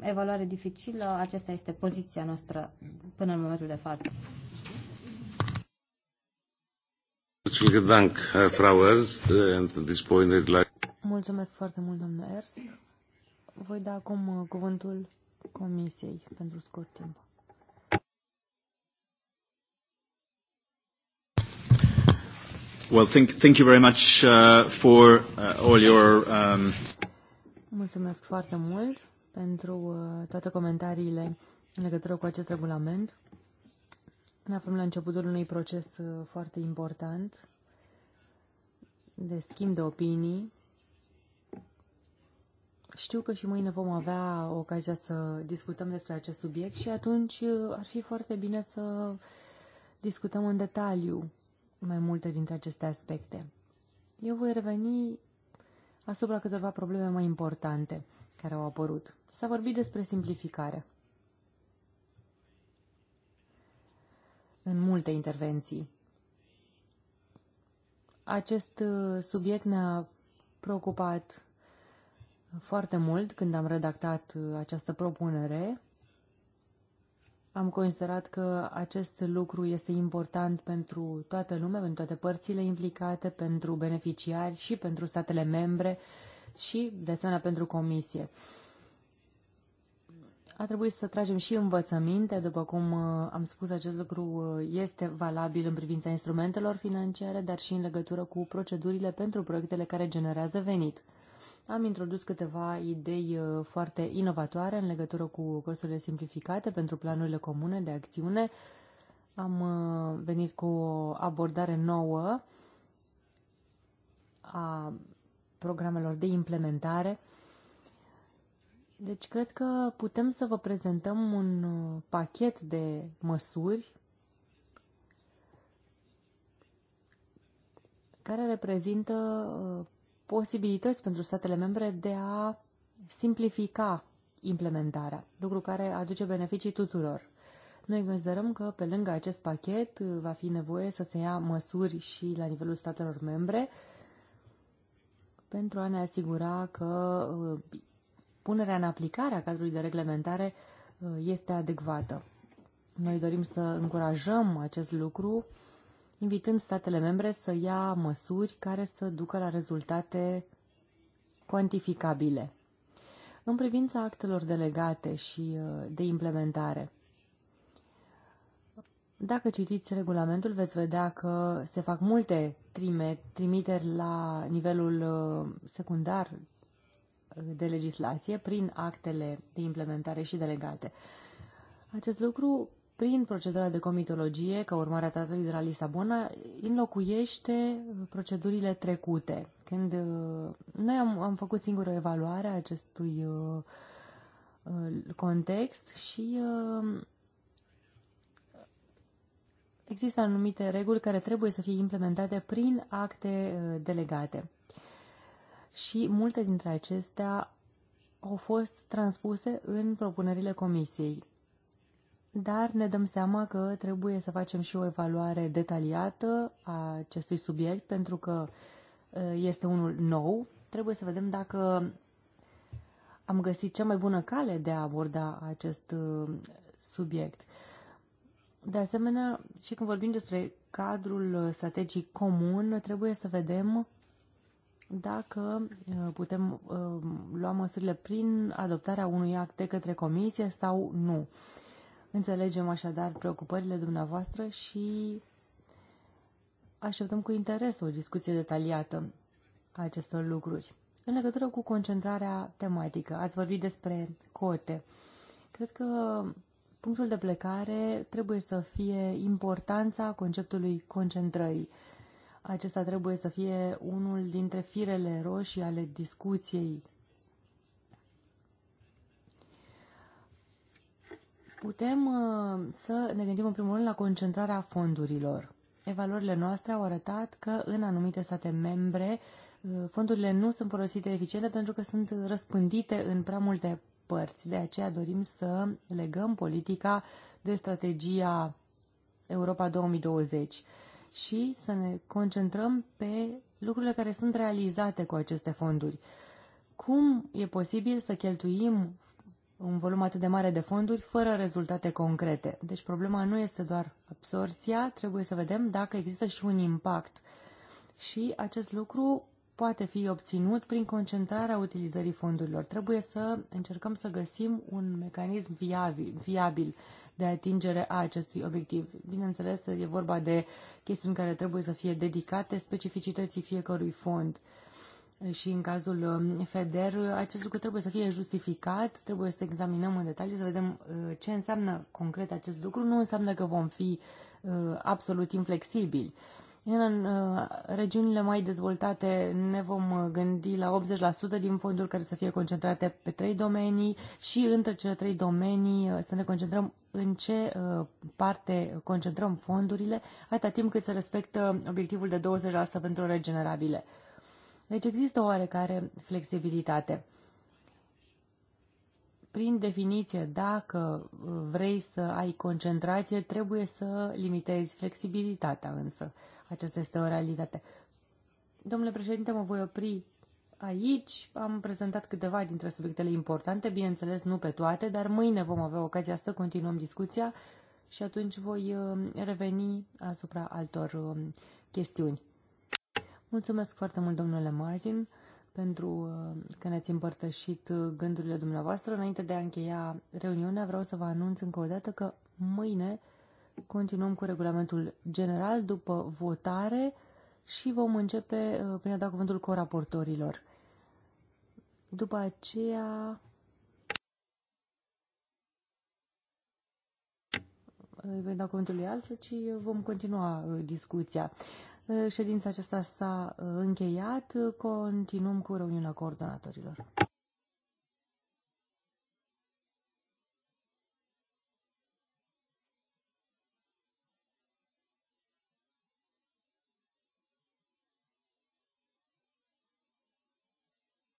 evaluare dificilă, aceasta este poziția noastră până în momentul de față.
Mulțumesc foarte mult, domnule Erst. Voi da acum uh, cuvântul Comisiei pentru scurt timp. Well, thank, thank you very much uh, for uh, all your... Um... Mulțumesc foarte mult pentru uh, toate comentariile în legătură cu acest regulament. Ne aflăm la începutul unui proces uh, foarte important de schimb de opinii. Știu că și mâine vom avea ocazia să discutăm despre acest subiect și atunci uh, ar fi foarte bine să discutăm în detaliu mai multe dintre aceste aspecte. Eu voi reveni asupra câteva probleme mai importante care au apărut. S-a vorbit despre simplificare. în multe intervenții. Acest uh, subiect ne-a preocupat foarte mult când am redactat uh, această propunere. Am considerat că acest lucru este important pentru toată lumea, pentru toate părțile implicate, pentru beneficiari și pentru statele membre și, de asemenea, pentru comisie. A trebuit să tragem și învățăminte, după cum uh, am spus, acest lucru uh, este valabil în privința instrumentelor financiare, dar și în legătură cu procedurile pentru proiectele care generează venit. Am introdus câteva idei uh, foarte inovatoare în legătură cu cursurile simplificate pentru planurile comune de acțiune. Am venit cu o abordare nouă a programelor de implementare deci cred că putem să vă prezentăm un uh, pachet de măsuri care reprezintă uh, posibilități pentru statele membre de a simplifica implementarea, lucru care aduce beneficii tuturor. Noi considerăm că pe lângă acest pachet uh, va fi nevoie să se ia măsuri și la nivelul statelor membre pentru a ne asigura că punerea în aplicare a cadrului de reglementare uh, este adecvată. Noi dorim să încurajăm acest lucru, invitând statele membre să ia măsuri care să ducă la rezultate cuantificabile. În privința actelor delegate și uh, de implementare, dacă citiți regulamentul, veți vedea că se fac multe trimiteri la nivelul uh, secundar, de legislație prin actele de implementare și delegate. Acest lucru, prin procedura de comitologie, ca urmare a tratatului de la Lisabona, înlocuiește procedurile trecute. Când uh, noi am, am făcut singură evaluare a acestui uh, uh, context și există anumite reguli care trebuie să fie implementate prin acte delegate și multe dintre acestea au fost transpuse în propunerile comisiei. Dar ne dăm seama că trebuie să facem și o evaluare detaliată a acestui subiect, pentru că este unul nou. Trebuie să vedem dacă am găsit cea mai bună cale de a aborda acest subiect. De asemenea, și când vorbim despre cadrul strategic comun, trebuie să vedem dacă uh, putem uh, lua măsurile prin adoptarea unui act de către comisie sau nu. Înțelegem așadar preocupările dumneavoastră și așteptăm cu interes o discuție detaliată a acestor lucruri. În legătură cu concentrarea tematică, ați vorbit despre cote. Cred că punctul de plecare trebuie să fie importanța conceptului concentrării acesta trebuie să fie unul dintre firele roșii ale discuției. Putem uh, să ne gândim în primul rând la concentrarea fondurilor. Evaluările noastre au arătat că în anumite state membre uh, fondurile nu sunt folosite eficiente pentru că sunt răspândite în prea multe părți. De aceea dorim să legăm politica de strategia Europa 2020 și să ne concentrăm pe lucrurile care sunt realizate cu aceste fonduri. Cum e posibil să cheltuim un volum atât de mare de fonduri fără rezultate concrete? Deci problema nu este doar absorția, trebuie să vedem dacă există și un impact. Și acest lucru poate fi obținut prin concentrarea utilizării fondurilor. Trebuie să încercăm să găsim un mecanism viabil, viabil de atingere a acestui obiectiv. Bineînțeles, e vorba de chestiuni care trebuie să fie dedicate specificității fiecărui fond. Și în cazul um, FEDER, acest lucru trebuie să fie justificat, trebuie să examinăm în detaliu, să vedem uh, ce înseamnă concret acest lucru. Nu înseamnă că vom fi uh, absolut inflexibili în uh, regiunile mai dezvoltate ne vom uh, gândi la 80% din fonduri care să fie concentrate pe trei domenii și între cele trei domenii uh, să ne concentrăm în ce parte concentrăm fondurile, atâta timp cât se respectă obiectivul de 20% pentru regenerabile. Deci există oarecare flexibilitate prin definiție, dacă vrei să ai concentrație, trebuie să limitezi flexibilitatea însă. Aceasta este o realitate. Domnule președinte, mă voi opri aici. Am prezentat câteva dintre subiectele importante, bineînțeles nu pe toate, dar mâine vom avea ocazia să continuăm discuția și atunci voi uh, reveni asupra altor uh, chestiuni. Mulțumesc foarte mult, domnule Martin, pentru uh, că ne-ați împărtășit gândurile dumneavoastră. Înainte de a încheia reuniunea, vreau să vă anunț încă o dată că mâine continuăm cu regulamentul general după votare și vom începe uh, prin a da cuvântul coraportorilor. După aceea îi voi da cuvântul lui Alfred și vom continua uh, discuția. Uh, ședința aceasta s-a încheiat. Continuăm cu reuniunea coordonatorilor.